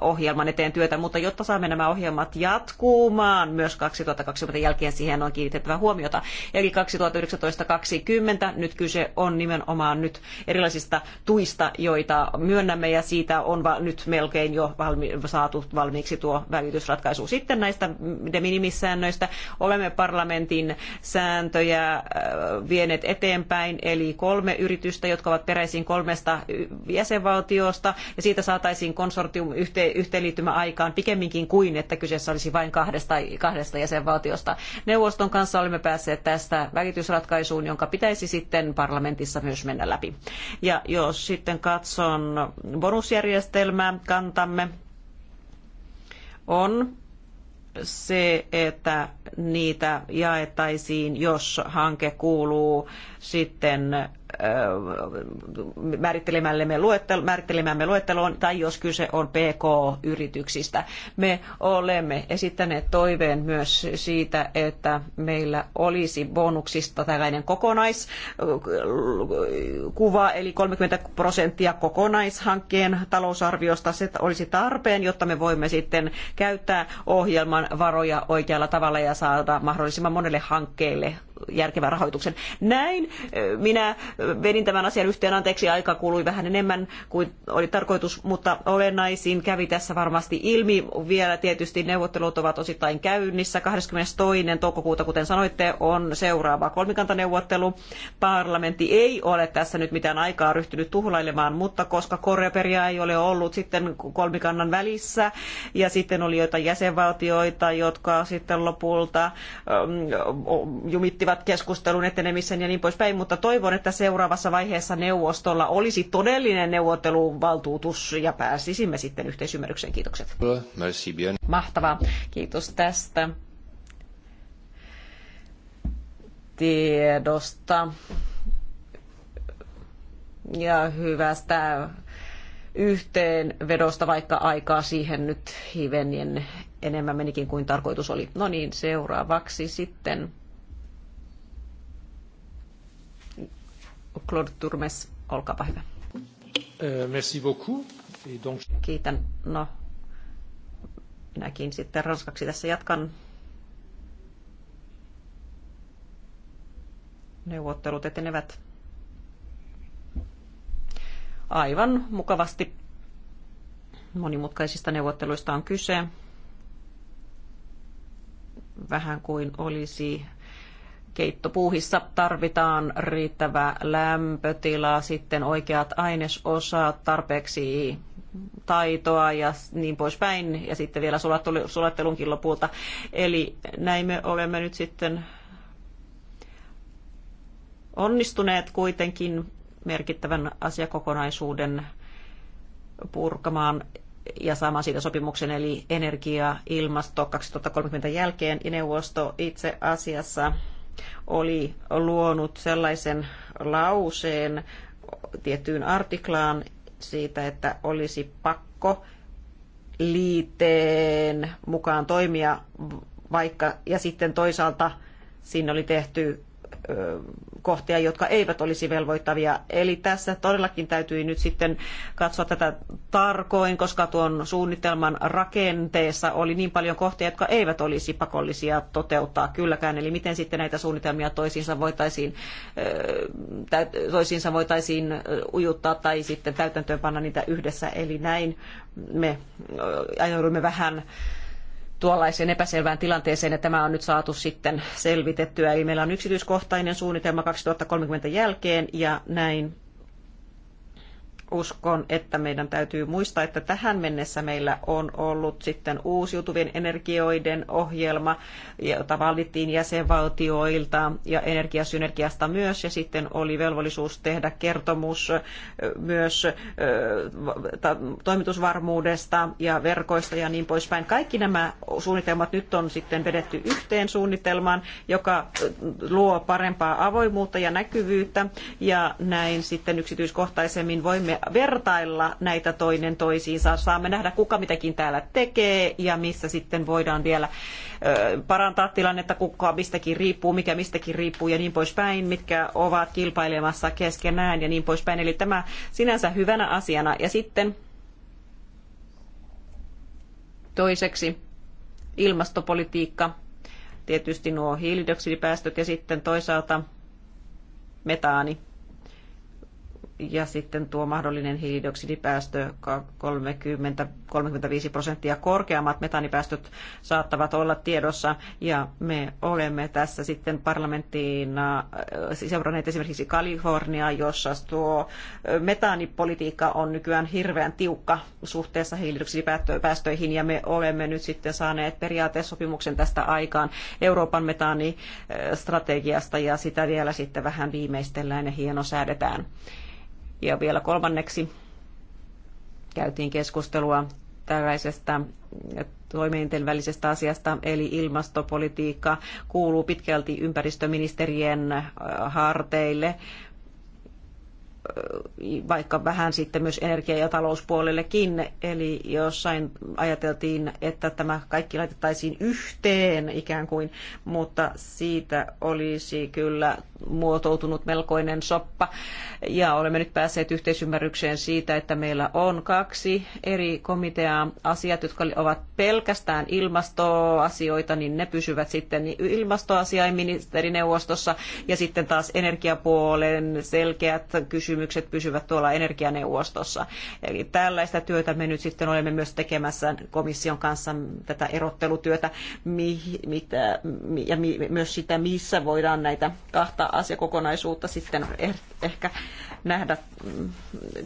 ohjelman eteen työtä, mutta jotta saamme nämä ohjelmat jatkumaan myös 2020 jälkeen, siihen on kiinnitettävä huomiota. Eli 2019-2020 nyt kyse on nimenomaan nyt erilaisista tuista, joita myönnämme ja siitä on nyt melkein jo valmi saatu valmiiksi tuo välitysratkaisu. Sitten näistä näistä de minimissäännöistä. Olemme parlamentin sääntöjä vieneet eteenpäin, eli kolme yritystä, jotka ovat peräisin kolmesta jäsenvaltiosta, ja siitä saataisiin konsortium yhteenliittymä aikaan pikemminkin kuin, että kyseessä olisi vain kahdesta, kahdesta jäsenvaltiosta. Neuvoston kanssa olemme päässeet tästä välitysratkaisuun, jonka pitäisi sitten parlamentissa myös mennä läpi. Ja jos sitten katson bonusjärjestelmää, kantamme on se, että niitä jaettaisiin, jos hanke kuuluu sitten Äh, määrittelemällemme luettelo, määrittelemämme luetteloon tai jos kyse on PK-yrityksistä. Me olemme esittäneet toiveen myös siitä, että meillä olisi bonuksista tällainen kokonaiskuva, eli 30 prosenttia kokonaishankkeen talousarviosta. Se olisi tarpeen, jotta me voimme sitten käyttää ohjelman varoja oikealla tavalla ja saada mahdollisimman monelle hankkeelle järkevän rahoituksen. Näin minä vedin tämän asian yhteen. Anteeksi, aika kului vähän enemmän kuin oli tarkoitus, mutta olennaisin kävi tässä varmasti ilmi. Vielä tietysti neuvottelut ovat osittain käynnissä. 22. toukokuuta, kuten sanoitte, on seuraava kolmikantaneuvottelu. Parlamentti ei ole tässä nyt mitään aikaa ryhtynyt tuhlailemaan, mutta koska Koreaperia ei ole ollut sitten kolmikannan välissä ja sitten oli joita jäsenvaltioita, jotka sitten lopulta jumittivat vaativat keskustelun etenemisen ja niin poispäin, mutta toivon, että seuraavassa vaiheessa neuvostolla olisi todellinen neuvotteluvaltuutus ja pääsisimme sitten yhteisymmärrykseen. Kiitokset. Merci bien. Mahtavaa. Kiitos tästä tiedosta ja hyvästä yhteenvedosta, vaikka aikaa siihen nyt hivenien enemmän menikin kuin tarkoitus oli. No niin, seuraavaksi sitten Claude Turmes, olkaapa hyvä. Euh, merci beaucoup. Kiitän. No, minäkin sitten ranskaksi tässä jatkan. Neuvottelut etenevät aivan mukavasti. Monimutkaisista neuvotteluista on kyse. Vähän kuin olisi keittopuuhissa tarvitaan riittävä lämpötila, sitten oikeat ainesosat, tarpeeksi taitoa ja niin poispäin, ja sitten vielä sulattelunkin lopulta. Eli näin me olemme nyt sitten onnistuneet kuitenkin merkittävän asiakokonaisuuden purkamaan ja saamaan siitä sopimuksen, eli energia, ilmasto 2030 jälkeen, ja neuvosto itse asiassa oli luonut sellaisen lauseen tiettyyn artiklaan siitä, että olisi pakko liiteen mukaan toimia, vaikka, ja sitten toisaalta siinä oli tehty kohtia, jotka eivät olisi velvoittavia. Eli tässä todellakin täytyy nyt sitten katsoa tätä tarkoin, koska tuon suunnitelman rakenteessa oli niin paljon kohtia, jotka eivät olisi pakollisia toteuttaa kylläkään. Eli miten sitten näitä suunnitelmia toisiinsa voitaisiin, toisiinsa voitaisiin ujuttaa tai sitten täytäntöönpanna niitä yhdessä. Eli näin me ajaudumme vähän tuollaiseen epäselvään tilanteeseen, ja tämä on nyt saatu sitten selvitettyä. Eli meillä on yksityiskohtainen suunnitelma 2030 jälkeen, ja näin uskon, että meidän täytyy muistaa, että tähän mennessä meillä on ollut sitten uusiutuvien energioiden ohjelma, jota valittiin jäsenvaltioilta ja energiasynergiasta myös, ja sitten oli velvollisuus tehdä kertomus myös toimitusvarmuudesta ja verkoista ja niin poispäin. Kaikki nämä suunnitelmat nyt on sitten vedetty yhteen suunnitelmaan, joka luo parempaa avoimuutta ja näkyvyyttä, ja näin sitten yksityiskohtaisemmin voimme vertailla näitä toinen toisiinsa. Saamme nähdä, kuka mitäkin täällä tekee ja missä sitten voidaan vielä parantaa tilannetta, kuka mistäkin riippuu, mikä mistäkin riippuu ja niin poispäin, mitkä ovat kilpailemassa keskenään ja niin poispäin. Eli tämä sinänsä hyvänä asiana. Ja sitten toiseksi ilmastopolitiikka, tietysti nuo hiilidioksidipäästöt ja sitten toisaalta metaani ja sitten tuo mahdollinen hiilidioksidipäästö 30-35 prosenttia korkeammat metaanipäästöt saattavat olla tiedossa ja me olemme tässä sitten parlamenttiin äh, siis seuranneet esimerkiksi Kalifornia, jossa tuo äh, metaanipolitiikka on nykyään hirveän tiukka suhteessa hiilidioksidipäästöihin ja me olemme nyt sitten saaneet periaatesopimuksen tästä aikaan Euroopan metaanistrategiasta ja sitä vielä sitten vähän viimeistellään ja hienosäädetään. Ja vielä kolmanneksi käytiin keskustelua tällaisesta toimeenten välisestä asiasta, eli ilmastopolitiikka kuuluu pitkälti ympäristöministerien harteille, vaikka vähän sitten myös energia- ja talouspuolellekin. Eli jossain ajateltiin, että tämä kaikki laitettaisiin yhteen ikään kuin, mutta siitä olisi kyllä muotoutunut melkoinen soppa. Ja olemme nyt päässeet yhteisymmärrykseen siitä, että meillä on kaksi eri komiteaa. Asiat, jotka ovat pelkästään ilmastoasioita, niin ne pysyvät sitten ilmastoasiainministerineuvostossa ja sitten taas energiapuolen selkeät kysymykset kysymykset pysyvät tuolla energianeuvostossa. Eli tällaista työtä me nyt sitten olemme myös tekemässä komission kanssa tätä erottelutyötä mi, mitä, ja mi, myös sitä, missä voidaan näitä kahta asiakokonaisuutta sitten eh-, ehkä nähdä, mm,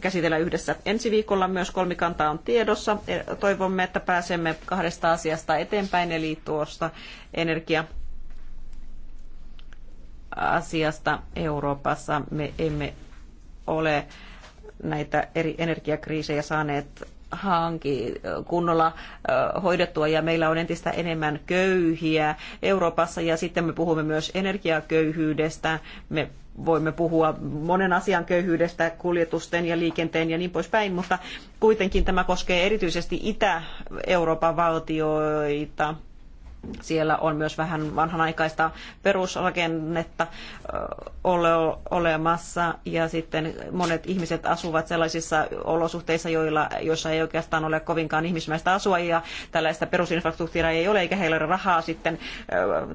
käsitellä yhdessä. Ensi viikolla myös kolmikanta on tiedossa. E, toivomme, että pääsemme kahdesta asiasta eteenpäin, eli tuosta energia asiasta Euroopassa. Me emme ole näitä eri energiakriisejä saaneet hanki kunnolla hoidettua ja meillä on entistä enemmän köyhiä Euroopassa ja sitten me puhumme myös energiaköyhyydestä. Me voimme puhua monen asian köyhyydestä, kuljetusten ja liikenteen ja niin poispäin, mutta kuitenkin tämä koskee erityisesti Itä-Euroopan valtioita siellä on myös vähän vanhanaikaista perusrakennetta ole, olemassa ja sitten monet ihmiset asuvat sellaisissa olosuhteissa, joilla, joissa ei oikeastaan ole kovinkaan ihmismäistä asua ja tällaista perusinfrastruktuuria ei ole eikä heillä ole rahaa sitten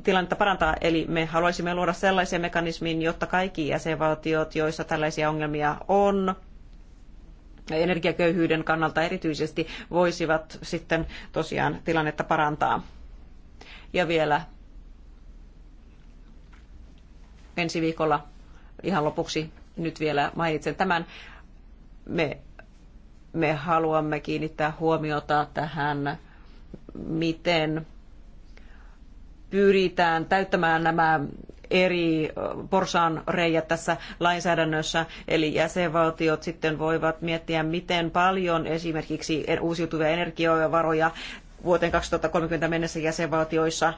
tilannetta parantaa. Eli me haluaisimme luoda sellaisen mekanismin, jotta kaikki jäsenvaltiot, joissa tällaisia ongelmia on, energiaköyhyyden kannalta erityisesti voisivat sitten tosiaan tilannetta parantaa ja vielä ensi viikolla ihan lopuksi nyt vielä mainitsen tämän. Me, me haluamme kiinnittää huomiota tähän, miten pyritään täyttämään nämä eri porsaan reijät tässä lainsäädännössä, eli jäsenvaltiot sitten voivat miettiä, miten paljon esimerkiksi uusiutuvia energiavaroja vuoteen 2030 mennessä jäsenvaltioissa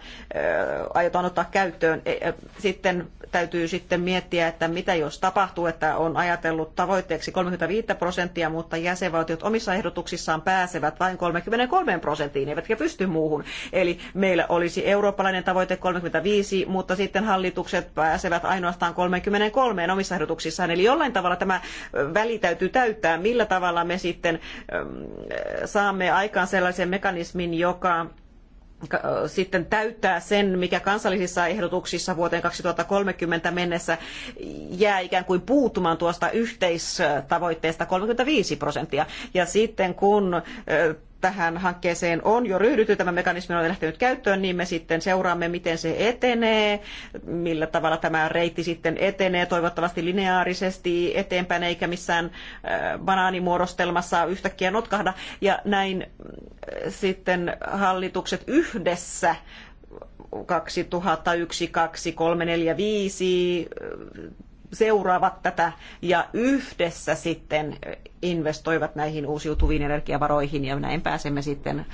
aiotaan ottaa käyttöön. E, sitten täytyy sitten miettiä, että mitä jos tapahtuu, että on ajatellut tavoitteeksi 35 prosenttia, mutta jäsenvaltiot omissa ehdotuksissaan pääsevät vain 33 prosenttiin, eivätkä pysty muuhun. Eli meillä olisi eurooppalainen tavoite 35, mutta sitten hallitukset pääsevät ainoastaan 33 omissa ehdotuksissaan. Eli jollain tavalla tämä väli täytyy täyttää, millä tavalla me sitten saamme aikaan sellaisen mekanismin, paketin, joka äh, sitten täyttää sen, mikä kansallisissa ehdotuksissa vuoteen 2030 mennessä jää ikään kuin puuttumaan tuosta yhteistavoitteesta 35 prosenttia. Ja sitten kun äh, tähän hankkeeseen on jo ryhdytty, tämä mekanismi on lähtenyt käyttöön, niin me sitten seuraamme, miten se etenee, millä tavalla tämä reitti sitten etenee, toivottavasti lineaarisesti eteenpäin, eikä missään äh, banaanimuodostelmassa yhtäkkiä notkahda. Ja näin äh, sitten hallitukset yhdessä 2001, 2, 3, 4, 5 seuraavat tätä ja yhdessä sitten investoivat näihin uusiutuviin energiavaroihin ja näin pääsemme sitten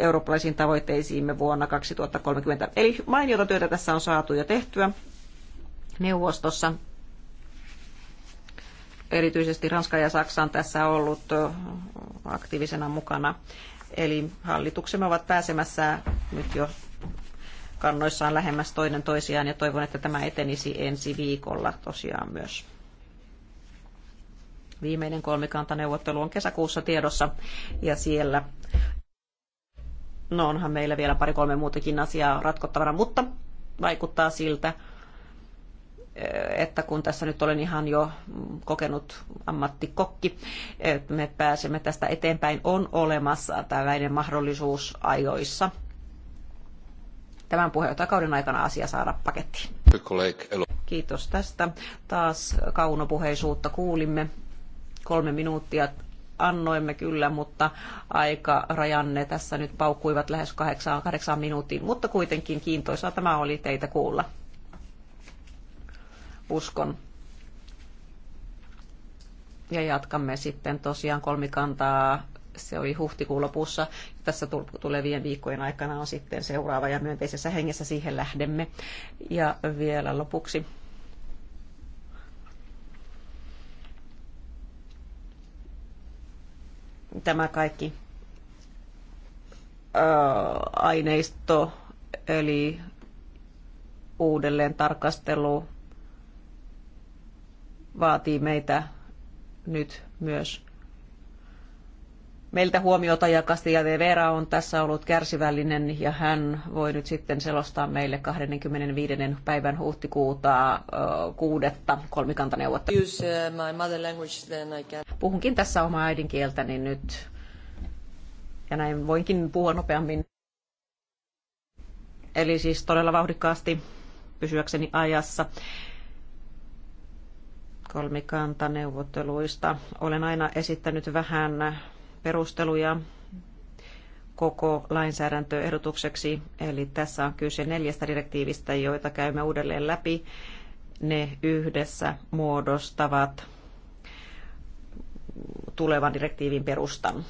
eurooppalaisiin tavoitteisiimme vuonna 2030. Eli mainiota työtä tässä on saatu jo tehtyä neuvostossa. Erityisesti Ranska ja Saksa on tässä ollut aktiivisena mukana. Eli hallituksemme ovat pääsemässä nyt jo kannoissaan lähemmäs toinen toisiaan ja toivon, että tämä etenisi ensi viikolla tosiaan myös. Viimeinen kolmikantaneuvottelu on kesäkuussa tiedossa ja siellä no onhan meillä vielä pari-kolme muutakin asiaa ratkottavana, mutta vaikuttaa siltä, että kun tässä nyt olen ihan jo kokenut ammattikokki, että me pääsemme tästä eteenpäin, on olemassa tällainen mahdollisuus ajoissa tämän puheenjohtajakauden aikana asia saada pakettiin. Kiitos tästä. Taas kaunopuheisuutta kuulimme. Kolme minuuttia annoimme kyllä, mutta aika rajanne tässä nyt paukkuivat lähes kahdeksaan, kahdeksaan minuuttiin, mutta kuitenkin kiintoisaa tämä oli teitä kuulla. Uskon. Ja jatkamme sitten tosiaan kolmikantaa se oli huhtikuun lopussa. Tässä tulevien viikkojen aikana on sitten seuraava ja myönteisessä hengessä siihen lähdemme. Ja vielä lopuksi tämä kaikki aineisto, eli uudelleen tarkastelu vaatii meitä nyt myös meiltä huomiota ja Castilla de Vera on tässä ollut kärsivällinen ja hän voi nyt sitten selostaa meille 25. päivän huhtikuuta kuudetta kolmikantaneuvottelua. Uh, Puhunkin tässä omaa äidinkieltäni nyt ja näin voinkin puhua nopeammin. Eli siis todella vauhdikkaasti pysyäkseni ajassa kolmikantaneuvotteluista. Olen aina esittänyt vähän perusteluja koko lainsäädäntöehdotukseksi. Eli tässä on kyse neljästä direktiivistä, joita käymme uudelleen läpi. Ne yhdessä muodostavat tulevan direktiivin perustan.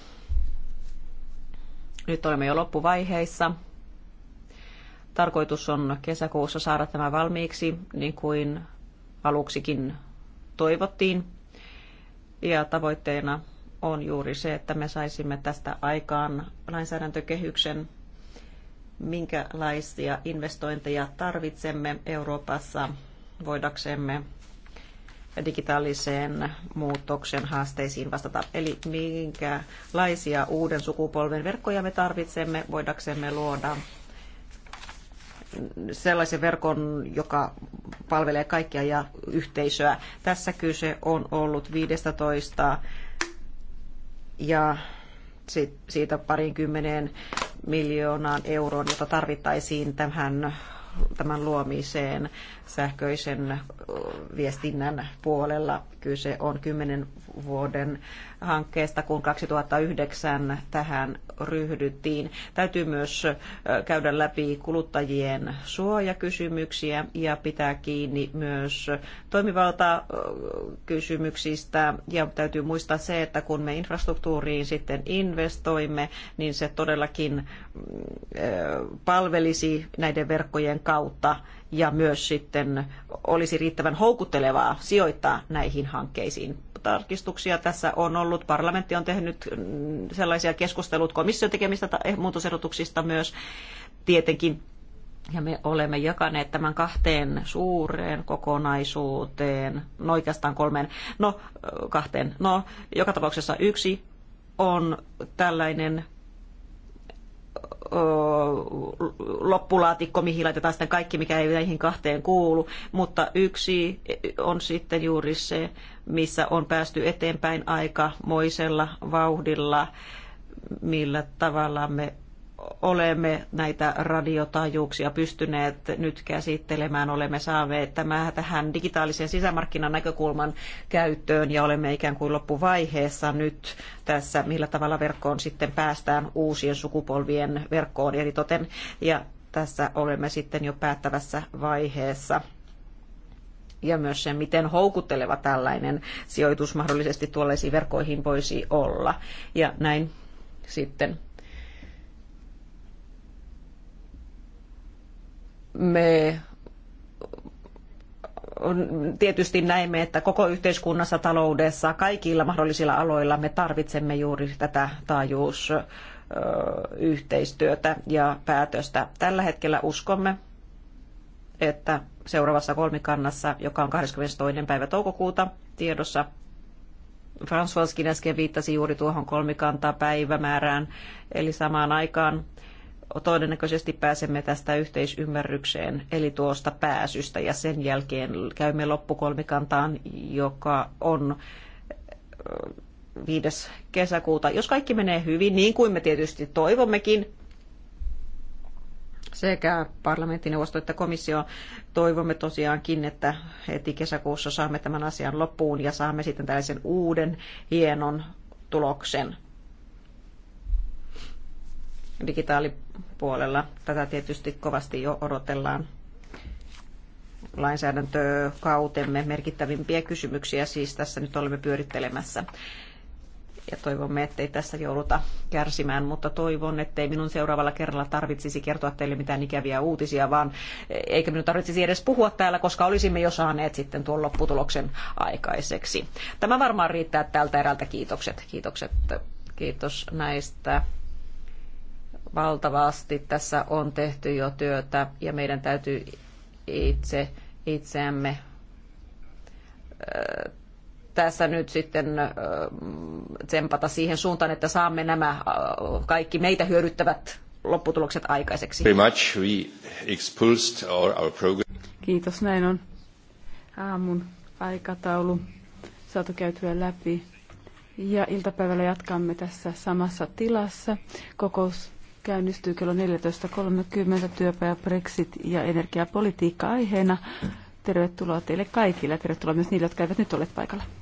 Nyt olemme jo loppuvaiheissa. Tarkoitus on kesäkuussa saada tämä valmiiksi, niin kuin aluksikin toivottiin. Ja tavoitteena on juuri se, että me saisimme tästä aikaan lainsäädäntökehyksen, minkälaisia investointeja tarvitsemme Euroopassa voidaksemme digitaaliseen muutoksen haasteisiin vastata. Eli minkälaisia uuden sukupolven verkkoja me tarvitsemme, voidaksemme luoda sellaisen verkon, joka palvelee kaikkia ja yhteisöä. Tässä kyse on ollut 15 ja siitä kymmeneen miljoonaan euroon, jota tarvittaisiin tämän, tämän luomiseen sähköisen viestinnän puolella. Kyse on kymmenen vuoden hankkeesta, kun 2009 tähän ryhdyttiin. Täytyy myös käydä läpi kuluttajien suojakysymyksiä ja pitää kiinni myös toimivaltakysymyksistä. Ja täytyy muistaa se, että kun me infrastruktuuriin sitten investoimme, niin se todellakin mm, palvelisi näiden verkkojen kautta ja myös sitten olisi riittävän houkuttelevaa sijoittaa näihin hankkeisiin tarkistuksia tässä on ollut. Parlamentti on tehnyt mm, sellaisia keskustelut komission tekemistä eh, muutosehdotuksista myös tietenkin. Ja me olemme jakaneet tämän kahteen suureen kokonaisuuteen, no oikeastaan kolmeen, no kahteen. No joka tapauksessa yksi on tällainen loppulaatikko, mihin laitetaan sitten kaikki, mikä ei näihin kahteen kuulu. Mutta yksi on sitten juuri se missä on päästy eteenpäin aikamoisella vauhdilla, millä tavalla me olemme näitä radiotajuuksia pystyneet nyt käsittelemään. Olemme saaneet tämä tähän digitaalisen sisämarkkinan näkökulman käyttöön ja olemme ikään kuin loppuvaiheessa nyt tässä, millä tavalla verkkoon sitten päästään uusien sukupolvien verkkoon eritoten. Ja tässä olemme sitten jo päättävässä vaiheessa ja myös sen, miten houkutteleva tällainen sijoitus mahdollisesti tuollaisiin verkkoihin voisi olla. Ja näin sitten me tietysti näemme, että koko yhteiskunnassa, taloudessa, kaikilla mahdollisilla aloilla me tarvitsemme juuri tätä taajuusyhteistyötä ja päätöstä. Tällä hetkellä uskomme, että seuraavassa kolmikannassa, joka on 22. päivä toukokuuta tiedossa. Françoiskin äsken viittasi juuri tuohon kolmikantaa päivämäärään, eli samaan aikaan todennäköisesti pääsemme tästä yhteisymmärrykseen, eli tuosta pääsystä, ja sen jälkeen käymme loppukolmikantaan, joka on 5. kesäkuuta. Jos kaikki menee hyvin, niin kuin me tietysti toivommekin, sekä parlamenttineuvosto että komissio. Toivomme tosiaankin, että heti kesäkuussa saamme tämän asian loppuun ja saamme sitten tällaisen uuden hienon tuloksen digitaalipuolella. Tätä tietysti kovasti jo odotellaan lainsäädäntökautemme merkittävimpiä kysymyksiä siis tässä nyt olemme pyörittelemässä ja toivomme, ettei tässä jouduta kärsimään, mutta toivon, ettei minun seuraavalla kerralla tarvitsisi kertoa teille mitään ikäviä uutisia, vaan eikä minun tarvitsisi edes puhua täällä, koska olisimme jo saaneet sitten tuon lopputuloksen aikaiseksi. Tämä varmaan riittää tältä erältä kiitokset. Kiitokset. Kiitos näistä valtavasti tässä on tehty jo työtä ja meidän täytyy itse itseämme tässä nyt sitten tsempata siihen suuntaan, että saamme nämä kaikki meitä hyödyttävät lopputulokset aikaiseksi. Kiitos, näin on aamun aikataulu saatu käytyä läpi. Ja iltapäivällä jatkamme tässä samassa tilassa. Kokous käynnistyy kello 14.30 työpäivä Brexit ja energiapolitiikka aiheena. Tervetuloa teille kaikille ja tervetuloa myös niille, jotka eivät nyt ole paikalla.